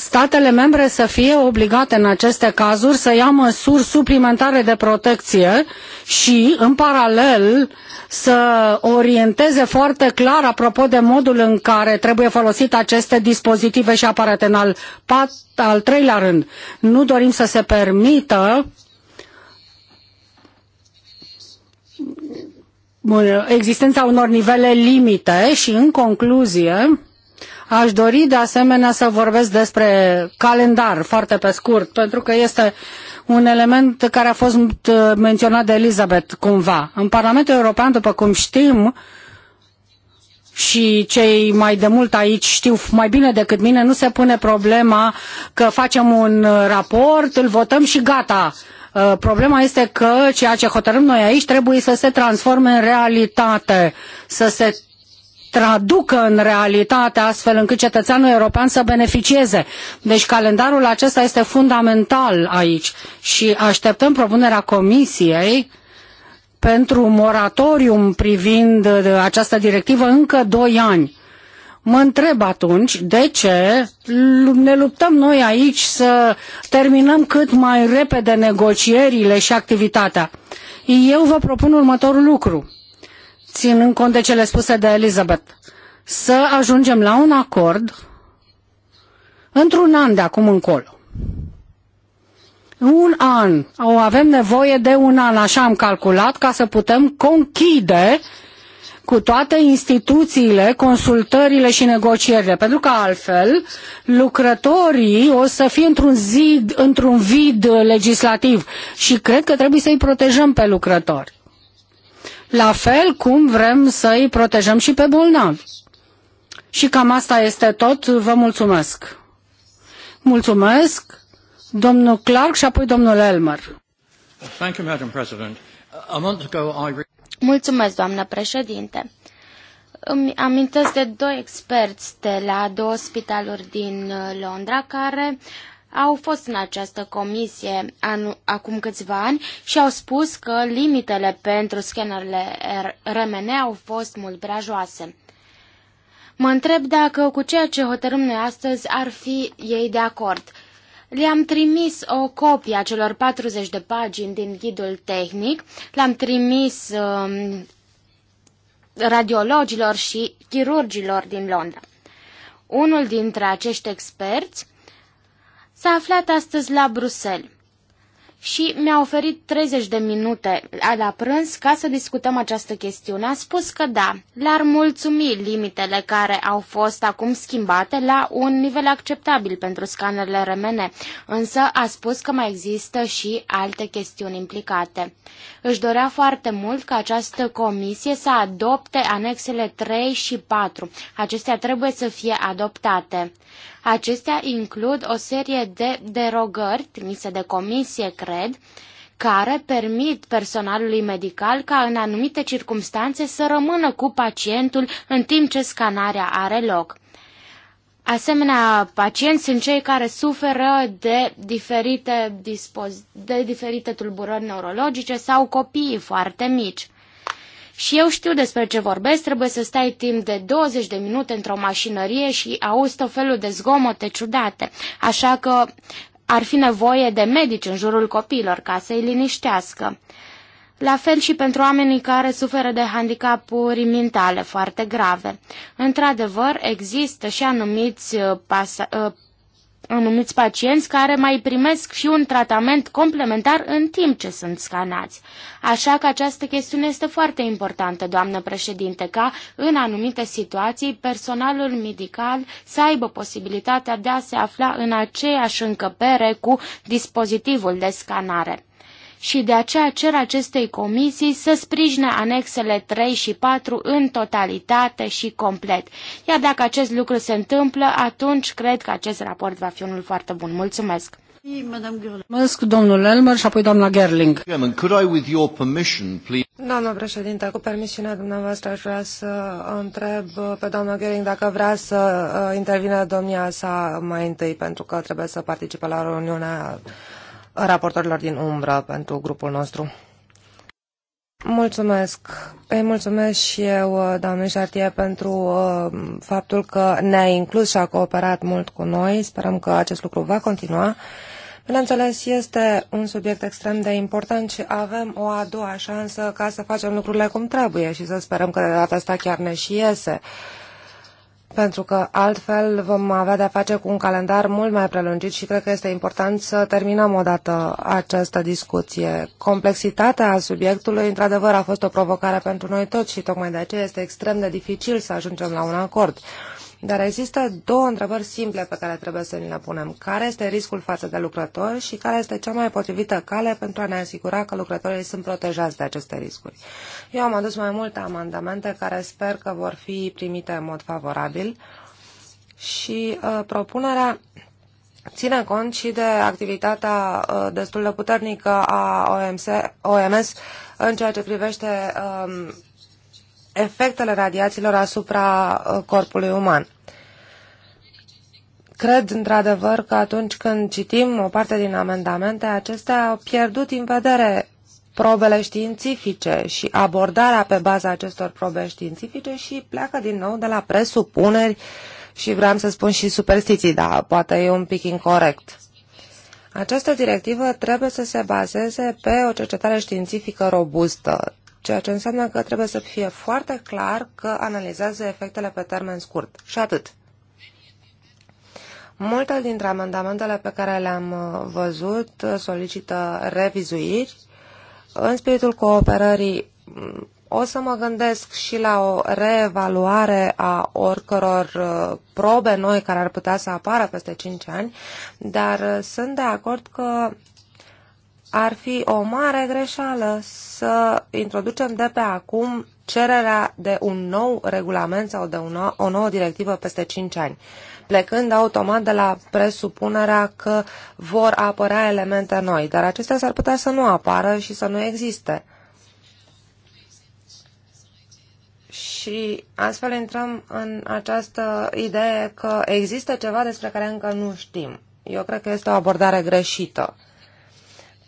Speaker 1: statele membre să fie obligate în aceste cazuri să ia măsuri suplimentare de protecție și, în paralel, să orienteze foarte clar apropo de modul în care trebuie folosit aceste dispozitive și aparate. În al, pat, al treilea rând, nu dorim să se permită existența unor nivele limite și, în concluzie, Aș dori de asemenea să vorbesc despre calendar foarte pe scurt, pentru că este un element care a fost uh, menționat de Elizabeth cumva. În Parlamentul European, după cum știm, și cei mai de mult aici știu mai bine decât mine, nu se pune problema că facem un raport, îl votăm și gata. Uh, problema este că ceea ce hotărâm noi aici trebuie să se transforme în realitate, să se traducă în realitate astfel încât cetățeanul european să beneficieze. Deci calendarul acesta este fundamental aici și așteptăm propunerea Comisiei pentru moratorium privind uh, această directivă încă doi ani. Mă întreb atunci de ce ne luptăm noi aici să terminăm cât mai repede negocierile și activitatea. Eu vă propun următorul lucru ținând cont de cele spuse de Elizabeth, să ajungem la un acord într-un an de acum încolo. Un an. O avem nevoie de un an, așa am calculat, ca să putem conchide cu toate instituțiile, consultările și negocierile, pentru că altfel lucrătorii o să fie într-un, zid, într-un vid legislativ și cred că trebuie să-i protejăm pe lucrători la fel cum vrem să-i protejăm și pe bolnavi. Și cam asta este tot. Vă mulțumesc. Mulțumesc, domnul Clark și apoi domnul Elmer. Thank you, Madam President. A month ago, I...
Speaker 3: Mulțumesc, doamnă președinte. Îmi amintesc de doi experți de la două spitaluri din Londra care au fost în această comisie anu- acum câțiva ani și au spus că limitele pentru scanerele RMN au fost mult prea joase. Mă întreb dacă cu ceea ce hotărâm noi astăzi ar fi ei de acord. Le-am trimis o copie a celor 40 de pagini din ghidul tehnic, le-am trimis um, radiologilor și chirurgilor din Londra. Unul dintre acești experți S-a aflat astăzi la Bruxelles și mi-a oferit 30 de minute la prânz ca să discutăm această chestiune. A spus că da, l ar mulțumi limitele care au fost acum schimbate la un nivel acceptabil pentru scanerele RMN, însă a spus că mai există și alte chestiuni implicate. Își dorea foarte mult ca această comisie să adopte anexele 3 și 4. Acestea trebuie să fie adoptate. Acestea includ o serie de derogări trimise de comisie, cred, care permit personalului medical ca în anumite circunstanțe să rămână cu pacientul în timp ce scanarea are loc. Asemenea, pacienți sunt cei care suferă de diferite, de diferite tulburări neurologice sau copiii foarte mici. Și eu știu despre ce vorbesc, trebuie să stai timp de 20 de minute într-o mașinărie și auzi tot felul de zgomote ciudate. Așa că ar fi nevoie de medici în jurul copiilor ca să-i liniștească. La fel și pentru oamenii care suferă de handicapuri mentale foarte grave. Într-adevăr, există și anumiți ă, anumiți pacienți care mai primesc și un tratament complementar în timp ce sunt scanați. Așa că această chestiune este foarte importantă, doamnă președinte, ca în anumite situații personalul medical să aibă posibilitatea de a se afla în aceeași încăpere cu dispozitivul de scanare și de aceea cer acestei comisii să sprijine anexele 3 și 4 în totalitate și complet. Iar dacă acest lucru se întâmplă, atunci cred că acest raport va fi unul foarte bun. Mulțumesc!
Speaker 1: Mulțumesc, domnul Elmer și apoi doamna Gerling.
Speaker 2: Doamna președinte, cu permisiunea dumneavoastră aș vrea să întreb pe doamna Gerling dacă vrea să uh, intervine domnia sa mai întâi, pentru că trebuie să participe la reuniunea raportorilor din umbră pentru grupul nostru. Mulțumesc. Îi mulțumesc și eu, doamne Șartie, pentru uh, faptul că ne-a inclus și a cooperat mult cu noi. Sperăm că acest lucru va continua. Bineînțeles, este un subiect extrem de important și avem o a doua șansă ca să facem lucrurile cum trebuie și să sperăm că de data asta chiar ne și iese. Uh, pentru că altfel vom avea de-a face cu un calendar mult mai prelungit și cred că este important să terminăm odată această discuție. Complexitatea subiectului, într-adevăr, a fost o provocare pentru noi toți și tocmai de aceea este extrem de dificil să ajungem la un acord. Dar există două întrebări simple pe care trebuie să ni le punem. Care este riscul față de lucrători și care este cea mai potrivită cale pentru a ne asigura că lucrătorii sunt protejați de aceste riscuri? Eu am adus mai multe amendamente care sper că vor fi primite în mod favorabil și uh, propunerea ține cont și de activitatea uh, destul de puternică a OMS, OMS în ceea ce privește um, efectele radiațiilor asupra uh, corpului uman. Cred într-adevăr că atunci când citim o parte din amendamente, acestea au pierdut în vedere probele științifice și abordarea pe baza acestor probe științifice și pleacă din nou de la presupuneri și vreau să spun și superstiții, dar poate e un pic incorrect. Această directivă trebuie să se bazeze pe o cercetare științifică robustă, ceea ce înseamnă că trebuie să fie foarte clar că analizează efectele pe termen scurt. Și atât. Multe dintre amendamentele pe care le-am uh, văzut uh, solicită revizuiri. În spiritul cooperării mm, o să mă gândesc și la o reevaluare a oricăror uh, probe noi care ar putea să apară peste 5 ani, dar sunt de acord că ar fi o mare greșeală să introducem de pe acum cererea de un nou regulament sau de una, o nouă directivă peste 5 ani, plecând automat de la presupunerea că vor apărea elemente noi, dar acestea s-ar putea să nu apară și să nu existe. Și astfel intrăm în această idee că există ceva despre care încă nu știm. Eu cred că este o abordare greșită.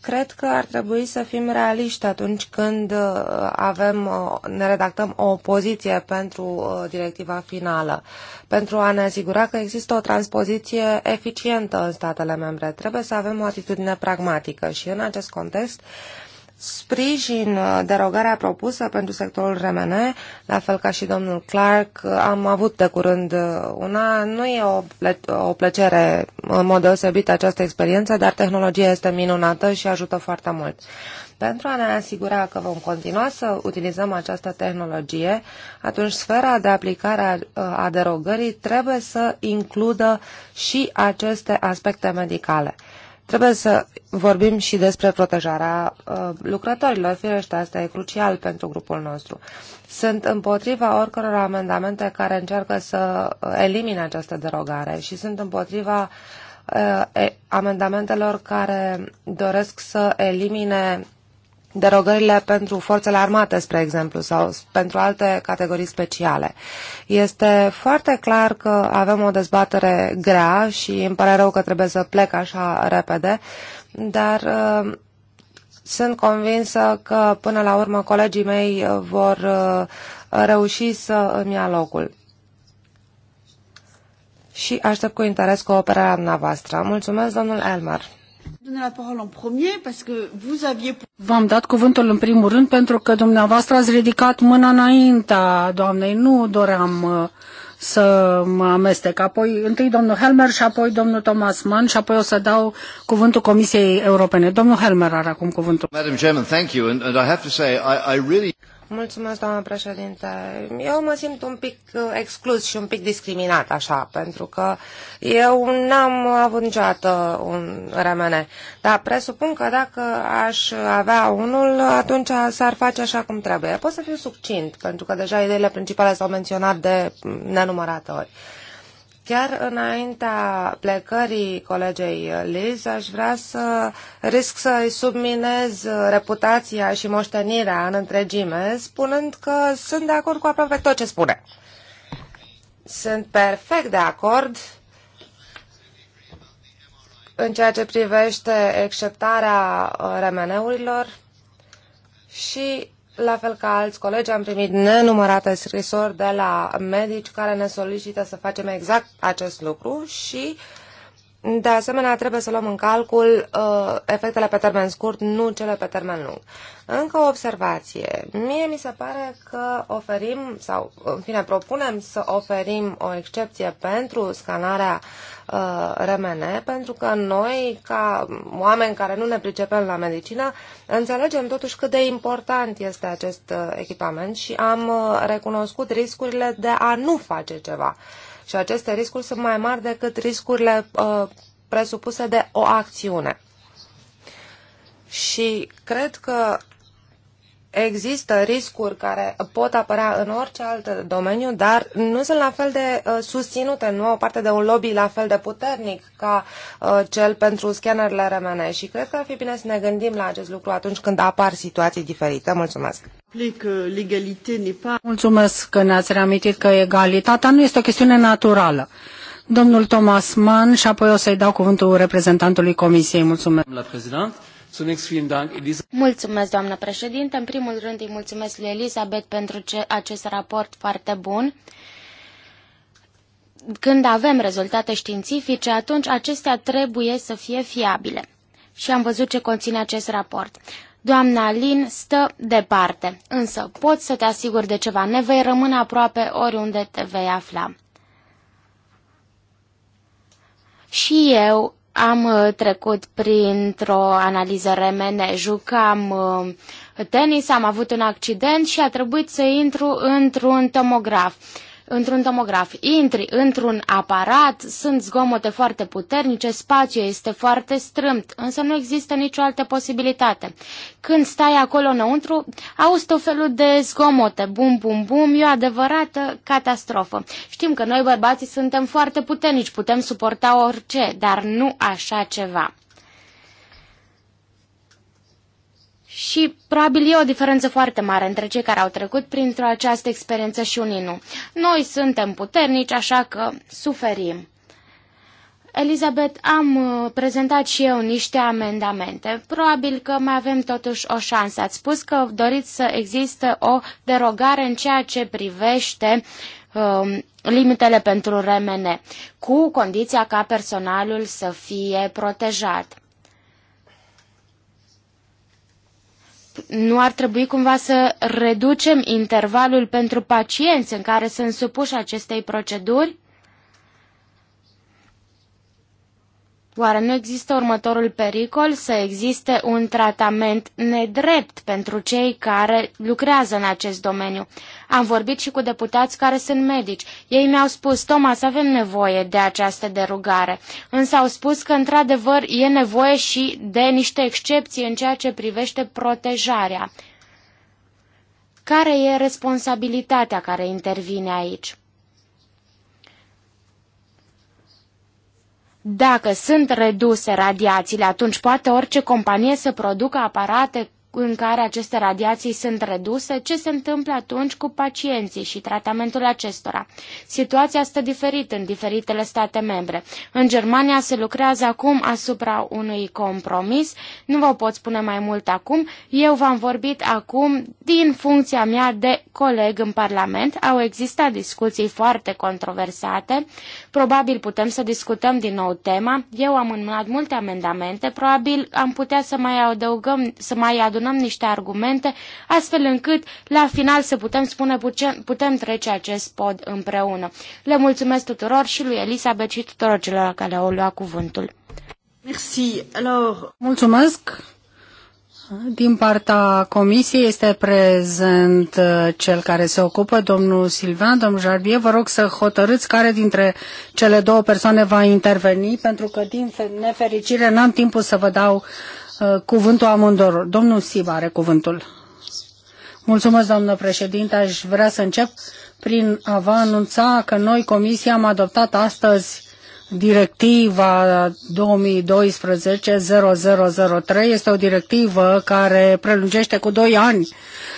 Speaker 2: Cred că ar trebui să fim realiști atunci când uh, avem, uh, ne redactăm o poziție pentru uh, directiva finală, pentru a ne asigura că există o transpoziție eficientă în statele membre. Trebuie să avem o atitudine pragmatică și în acest context sprijin uh, derogarea propusă pentru sectorul RMN, la fel ca și domnul Clark. Am avut de curând uh, una, nu e o, plă o plăcere în mod deosebit această experiență, dar tehnologia este minunată și ajută foarte mult. Pentru a ne asigura că vom continua să utilizăm această tehnologie, atunci sfera de aplicare a derogării trebuie să includă și aceste aspecte medicale. Trebuie să vorbim și despre protejarea uh, lucrătorilor. Firește, asta e crucial pentru grupul nostru. Sunt împotriva oricăror amendamente care încearcă să uh, elimine această derogare și sunt împotriva uh, amendamentelor care doresc să elimine derogările pentru forțele armate, spre exemplu, sau pentru alte categorii speciale. Este foarte clar că avem o dezbatere grea și îmi pare rău că trebuie să plec așa repede, dar uh, sunt convinsă că până la urmă colegii mei uh, vor uh, reuși să îmi ia locul. Și aștept cu interes cooperarea dumneavoastră. Mulțumesc, domnul Elmar.
Speaker 1: V-am dat cuvântul în primul rând pentru că dumneavoastră ați ridicat mâna înaintea doamnei. Nu doream uh, să mă amestec. Apoi, întâi domnul Helmer și apoi domnul Thomas Mann și apoi o să dau cuvântul Comisiei Europene. Domnul Helmer are acum cuvântul.
Speaker 3: Madam Chairman, thank you. And, and I have to say, I, I really...
Speaker 2: Mulțumesc, doamnă președinte. Eu mă simt un pic uh, exclus și un pic discriminat, așa, pentru că eu n-am avut niciodată un remene. Dar presupun că dacă aș avea unul, atunci s-ar face așa cum trebuie. Pot să fiu succint, pentru că deja ideile principale s-au menționat de nenumărate ori. Uh, Chiar înaintea plecării colegei Liz, aș vrea să risc să-i subminez reputația și moștenirea în întregime, spunând că sunt de acord cu aproape tot ce spune. Sunt perfect de acord în ceea ce privește acceptarea uh, remeneurilor și la fel ca alți colegi, am primit nenumărate scrisori de la medici care ne solicită să facem exact acest lucru și, de asemenea, trebuie să luăm în calcul uh, efectele pe termen scurt, nu cele pe termen lung. Încă o observație. Mie mi se pare că oferim, sau în fine propunem să oferim o excepție pentru scanarea uh, Uh, remene, pentru că noi, ca oameni care nu ne pricepem la medicină, înțelegem totuși cât de important este acest uh, echipament și am uh, recunoscut riscurile de a nu face ceva. Și aceste riscuri sunt mai mari decât riscurile presupuse de o acțiune. Și cred că Există riscuri care pot apărea în orice alt domeniu, dar nu sunt la fel de uh, susținute, nu au parte de un lobby la fel de puternic ca uh, cel pentru scannerele RMN și cred că ar fi bine să ne gândim la acest lucru atunci când apar situații diferite. Mulțumesc!
Speaker 1: Uh, Mulțumesc că ne-ați reamintit că egalitatea nu este o chestiune naturală. Domnul Thomas Mann și apoi o să-i dau cuvântul reprezentantului Comisiei. Mulțumesc!
Speaker 2: La
Speaker 3: Mulțumesc, doamnă președinte. În primul rând îi mulțumesc lui Elisabeth pentru ce, acest raport foarte bun. Când avem rezultate științifice, atunci acestea trebuie să fie fiabile. Și am văzut ce conține acest raport. Doamna Lin stă departe, însă poți să te asiguri de ceva, ne vei rămâne aproape oriunde te vei afla. Și eu am uh, trecut printr-o analiză remene, jucam uh, tenis, am avut un accident și a trebuit să intru într-un tomograf într-un tomograf. Intri într-un aparat, sunt zgomote foarte puternice, spațiul este foarte strâmt, însă nu există nicio altă posibilitate. Când stai acolo înăuntru, auzi tot felul de zgomote, bum, bum, bum, e o adevărată catastrofă. Știm că noi bărbații suntem foarte puternici, putem suporta orice, dar nu așa ceva. Și probabil e o diferență foarte mare între cei care au trecut printr-o această experiență și unii nu. Noi suntem puternici, așa că suferim. Elizabeth, am uh, prezentat și eu niște amendamente. Probabil că mai avem totuși o șansă. Ați spus că doriți să existe o derogare în ceea ce privește um, limitele pentru RMN, cu condiția ca personalul să fie protejat. nu ar trebui cumva să reducem intervalul pentru pacienți în care sunt supuși acestei proceduri? Oare nu există următorul pericol să existe un tratament nedrept pentru cei care lucrează în acest domeniu? Am vorbit și cu deputați care sunt medici. Ei mi-au spus, Thomas, avem nevoie de această derugare. Însă au spus că, într-adevăr, e nevoie și de niște excepții în ceea ce privește protejarea. Care e responsabilitatea care intervine aici? Dacă sunt reduse radiațiile, atunci poate orice companie să producă aparate în care aceste radiații sunt reduse, ce se întâmplă atunci cu pacienții și tratamentul acestora. Situația stă diferit în diferitele state membre. În Germania se lucrează acum asupra unui compromis, nu vă pot spune mai mult acum, eu v-am vorbit acum din funcția mea de coleg în Parlament, au existat discuții foarte controversate, probabil putem să discutăm din nou tema, eu am înmânat multe amendamente, probabil am putea să mai adăugăm, să mai adunăm adunăm niște argumente, astfel încât la final să putem spune putem trece acest pod împreună. Le mulțumesc tuturor și lui Elisabeth și tuturor celor care au luat cuvântul.
Speaker 1: Merci. Alors...
Speaker 3: Mulțumesc.
Speaker 1: Din partea comisiei este prezent uh, cel care se ocupă, domnul Silvan, domnul Jarbie. Vă rog să hotărâți care dintre cele două persoane va interveni, pentru că, din nefericire, n-am timpul să vă dau Uh, cuvântul amândor. Domnul Siva are cuvântul. Mulțumesc, doamnă președinte. Aș vrea să încep prin a vă anunța că noi, Comisia, am adoptat astăzi directiva 2012-0003. Este o directivă care prelungește cu 2 ani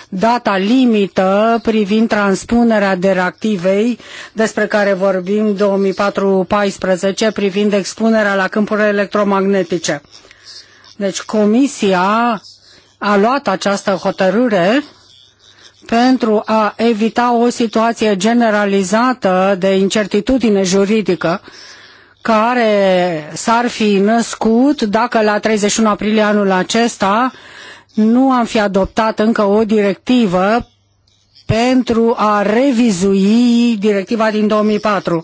Speaker 1: data limită privind transpunerea directivei despre care vorbim 2014 privind expunerea la câmpurile electromagnetice. Deci Comisia a luat această hotărâre pentru a evita o situație generalizată de incertitudine juridică care s-ar fi născut dacă la 31 aprilie anul acesta nu am fi adoptat încă o directivă pentru a revizui directiva din 2004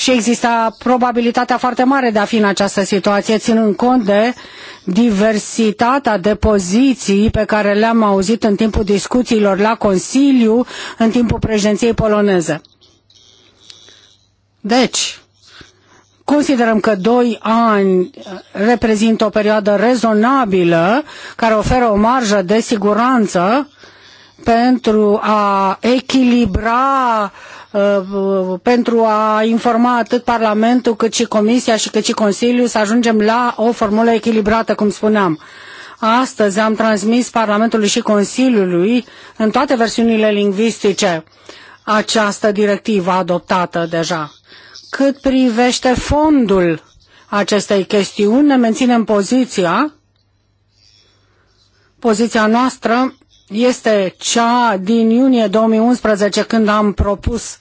Speaker 1: și exista probabilitatea foarte mare de a fi în această situație, ținând cont de diversitatea de poziții pe care le-am auzit în timpul discuțiilor la Consiliu, în timpul președinției poloneze. Deci, considerăm că doi ani reprezintă o perioadă rezonabilă care oferă o marjă de siguranță pentru a echilibra Uh, pentru a informa atât Parlamentul cât și Comisia și cât și Consiliul să ajungem la o formulă echilibrată, cum spuneam. Astăzi am transmis Parlamentului și Consiliului în toate versiunile lingvistice această directivă adoptată deja. Cât privește fondul acestei chestiuni, ne menținem poziția, poziția noastră este cea din iunie 2011 când am propus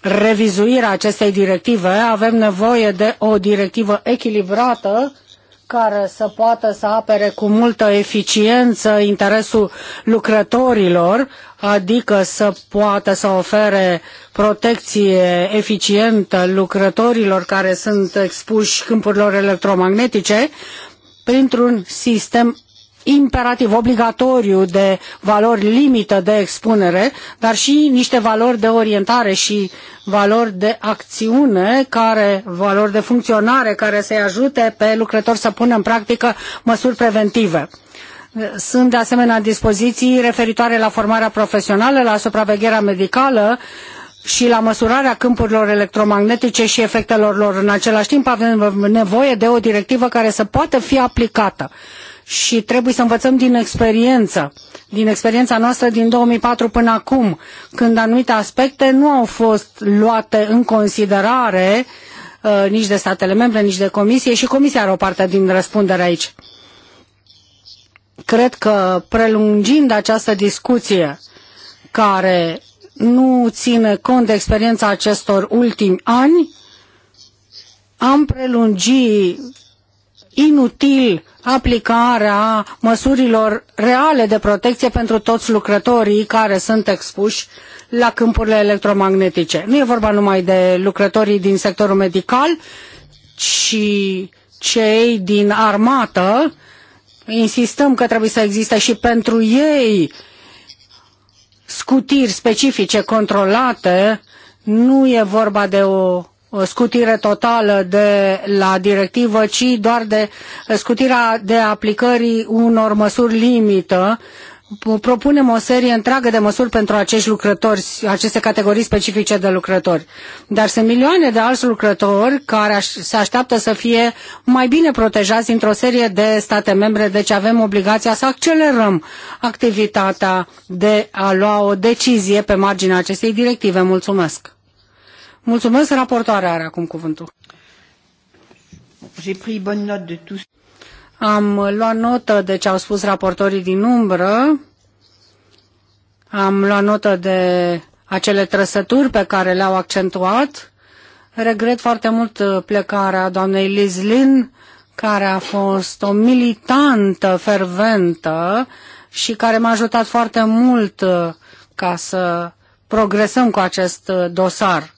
Speaker 1: revizuirea acestei directive. Avem nevoie de o directivă echilibrată care să poată să apere cu multă eficiență interesul lucrătorilor, adică să poată să ofere protecție eficientă lucrătorilor care sunt expuși câmpurilor electromagnetice printr-un sistem imperativ obligatoriu de valori limită de expunere, dar și niște valori de orientare și valori de acțiune, care, valori de funcționare care să-i ajute pe lucrători să pună în practică măsuri preventive. Sunt de asemenea dispoziții referitoare la formarea profesională, la supravegherea medicală, și la măsurarea câmpurilor electromagnetice și efectelor lor. În același timp avem nevoie de o directivă care să poată fi aplicată și trebuie să învățăm din experiență, din experiența noastră din 2004 până acum, când anumite aspecte nu au fost luate în considerare uh, nici de statele membre, nici de comisie și comisia are o parte din răspundere aici. Cred că prelungind această discuție care nu ține cont de experiența acestor ultimi ani, am prelungi inutil aplicarea măsurilor reale de protecție pentru toți lucrătorii care sunt expuși la câmpurile electromagnetice. Nu e vorba numai de lucrătorii din sectorul medical, ci cei din armată. Insistăm că trebuie să existe și pentru ei scutiri specifice controlate. Nu e vorba de o scutire totală de la directivă, ci doar de scutirea de aplicării unor măsuri limită. Propunem o serie întreagă de măsuri pentru acești lucrători, aceste categorii specifice de lucrători. Dar sunt milioane de alți lucrători care se așteaptă să fie mai bine protejați într-o serie de state membre, deci avem obligația să accelerăm activitatea de a lua o decizie pe marginea acestei directive. Mulțumesc! Mulțumesc, raportoarea are acum cuvântul. Am luat notă de ce au spus raportorii din umbră. Am luat notă de acele trăsături pe care le-au accentuat. Regret foarte mult plecarea doamnei Liz Lin, care a fost o militantă ferventă și care m-a ajutat foarte mult ca să progresăm cu acest dosar.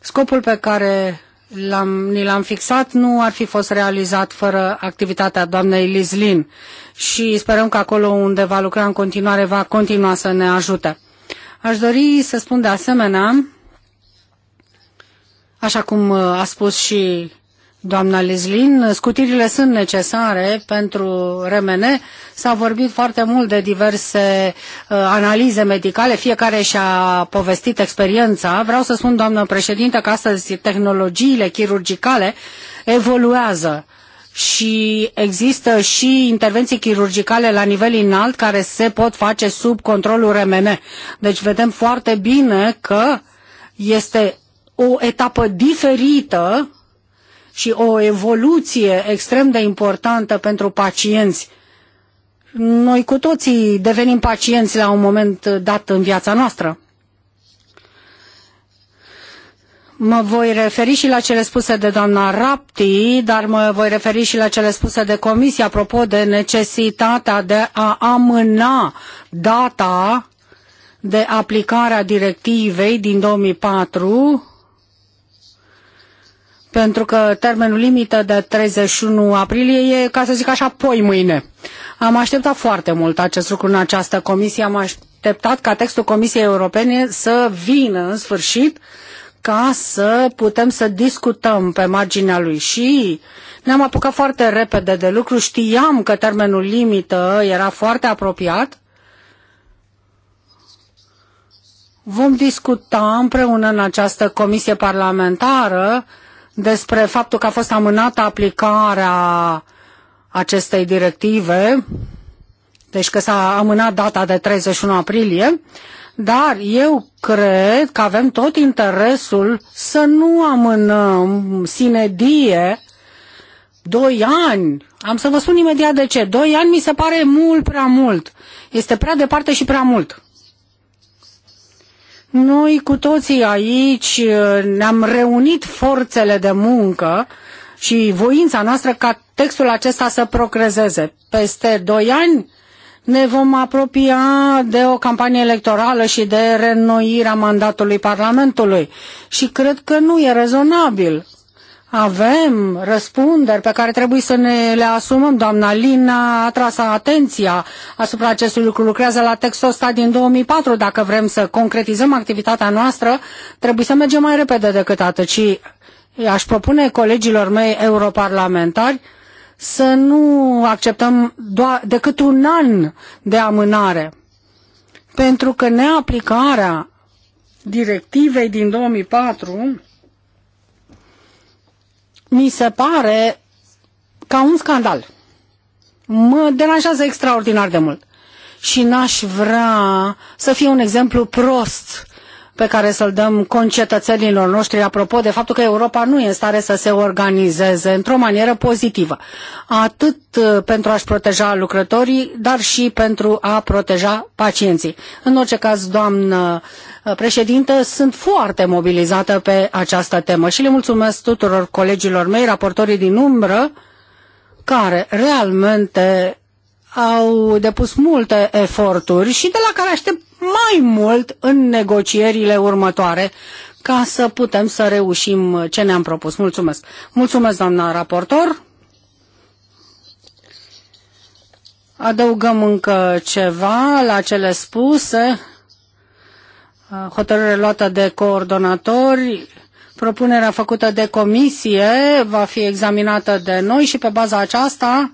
Speaker 1: Scopul pe care l-am, ni l-am fixat nu ar fi fost realizat fără activitatea doamnei Lizlin și sperăm că acolo unde va lucra în continuare va continua să ne ajute. Aș dori să spun de asemenea, așa cum uh, a spus și doamna Lizlin. Scutirile sunt necesare pentru RMN. S-a vorbit foarte mult de diverse uh, analize medicale, fiecare și-a povestit experiența. Vreau să spun, doamnă președinte, că astăzi tehnologiile chirurgicale evoluează și există și intervenții chirurgicale la nivel înalt care se pot face sub controlul RMN. Deci vedem foarte bine că este o etapă diferită și o evoluție extrem de importantă pentru pacienți. Noi cu toții devenim pacienți la un moment dat în viața noastră. Mă voi referi și la cele spuse de doamna Rapti, dar mă voi referi și la cele spuse de comisie apropo de necesitatea de a amâna data de aplicare a directivei din 2004 pentru că termenul limită de 31 aprilie e, ca să zic așa, poi mâine. Am așteptat foarte mult acest lucru în această comisie, am așteptat ca textul Comisiei Europene să vină în sfârșit ca să putem să discutăm pe marginea lui și ne-am apucat foarte repede de lucru, știam că termenul limită era foarte apropiat, Vom discuta împreună în această comisie parlamentară uh, despre faptul că a fost amânată aplicarea acestei directive, deci că s-a amânat data de 31 aprilie, dar eu cred că avem tot interesul să nu amânăm sinedie doi ani. Am să vă spun imediat de ce. Doi ani mi se pare mult prea mult. Este prea departe și prea mult. Noi cu toții aici uh, ne-am reunit forțele de muncă și voința noastră ca textul acesta să procrezeze. Peste doi ani ne vom apropia de o campanie electorală și de renoirea mandatului Parlamentului și cred că nu e rezonabil avem răspunderi pe care trebuie să ne le asumăm. Doamna Lina a tras atenția asupra acestui lucru. Lucrează la textul ăsta din 2004. Dacă vrem să concretizăm activitatea noastră, trebuie să mergem mai repede decât atât. Și aș propune colegilor mei europarlamentari să nu acceptăm doar, decât un an de amânare. Pentru că neaplicarea directivei din 2004 mi se pare ca un scandal. Mă deranjează extraordinar de mult. Și n-aș vrea să fie un exemplu prost pe care să-l dăm concetățenilor noștri apropo de faptul că Europa nu e în stare să se organizeze într-o manieră pozitivă, atât uh, pentru a-și proteja lucrătorii, dar și pentru a proteja pacienții. În orice caz, doamnă uh, președintă, sunt foarte mobilizată pe această temă și le mulțumesc tuturor colegilor mei, raportorii din umbră, care realmente au depus multe eforturi și de la care aștept mai mult în negocierile următoare ca să putem să reușim ce ne-am propus. Mulțumesc. Mulțumesc, doamna raportor. Adăugăm încă ceva la cele spuse. Hotărâre luată de coordonatori, propunerea făcută de comisie va fi examinată de noi și pe baza aceasta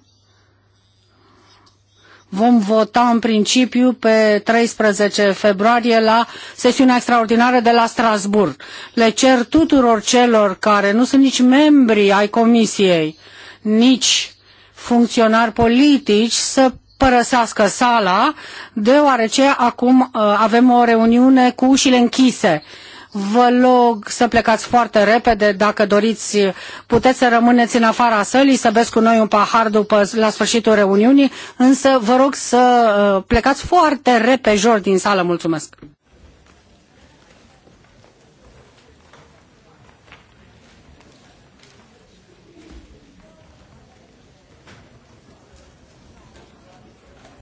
Speaker 1: Vom vota în principiu pe 13 februarie la sesiunea extraordinară de la Strasburg. Le cer tuturor celor care nu sunt nici membri ai comisiei, nici funcționari politici să părăsească sala, deoarece acum uh, avem o reuniune cu ușile închise Vă rog să plecați foarte repede, dacă doriți, puteți să rămâneți în afara sălii, să beți cu noi un pahar după, la sfârșitul reuniunii, însă vă rog să uh, plecați foarte jos din sală. Mulțumesc!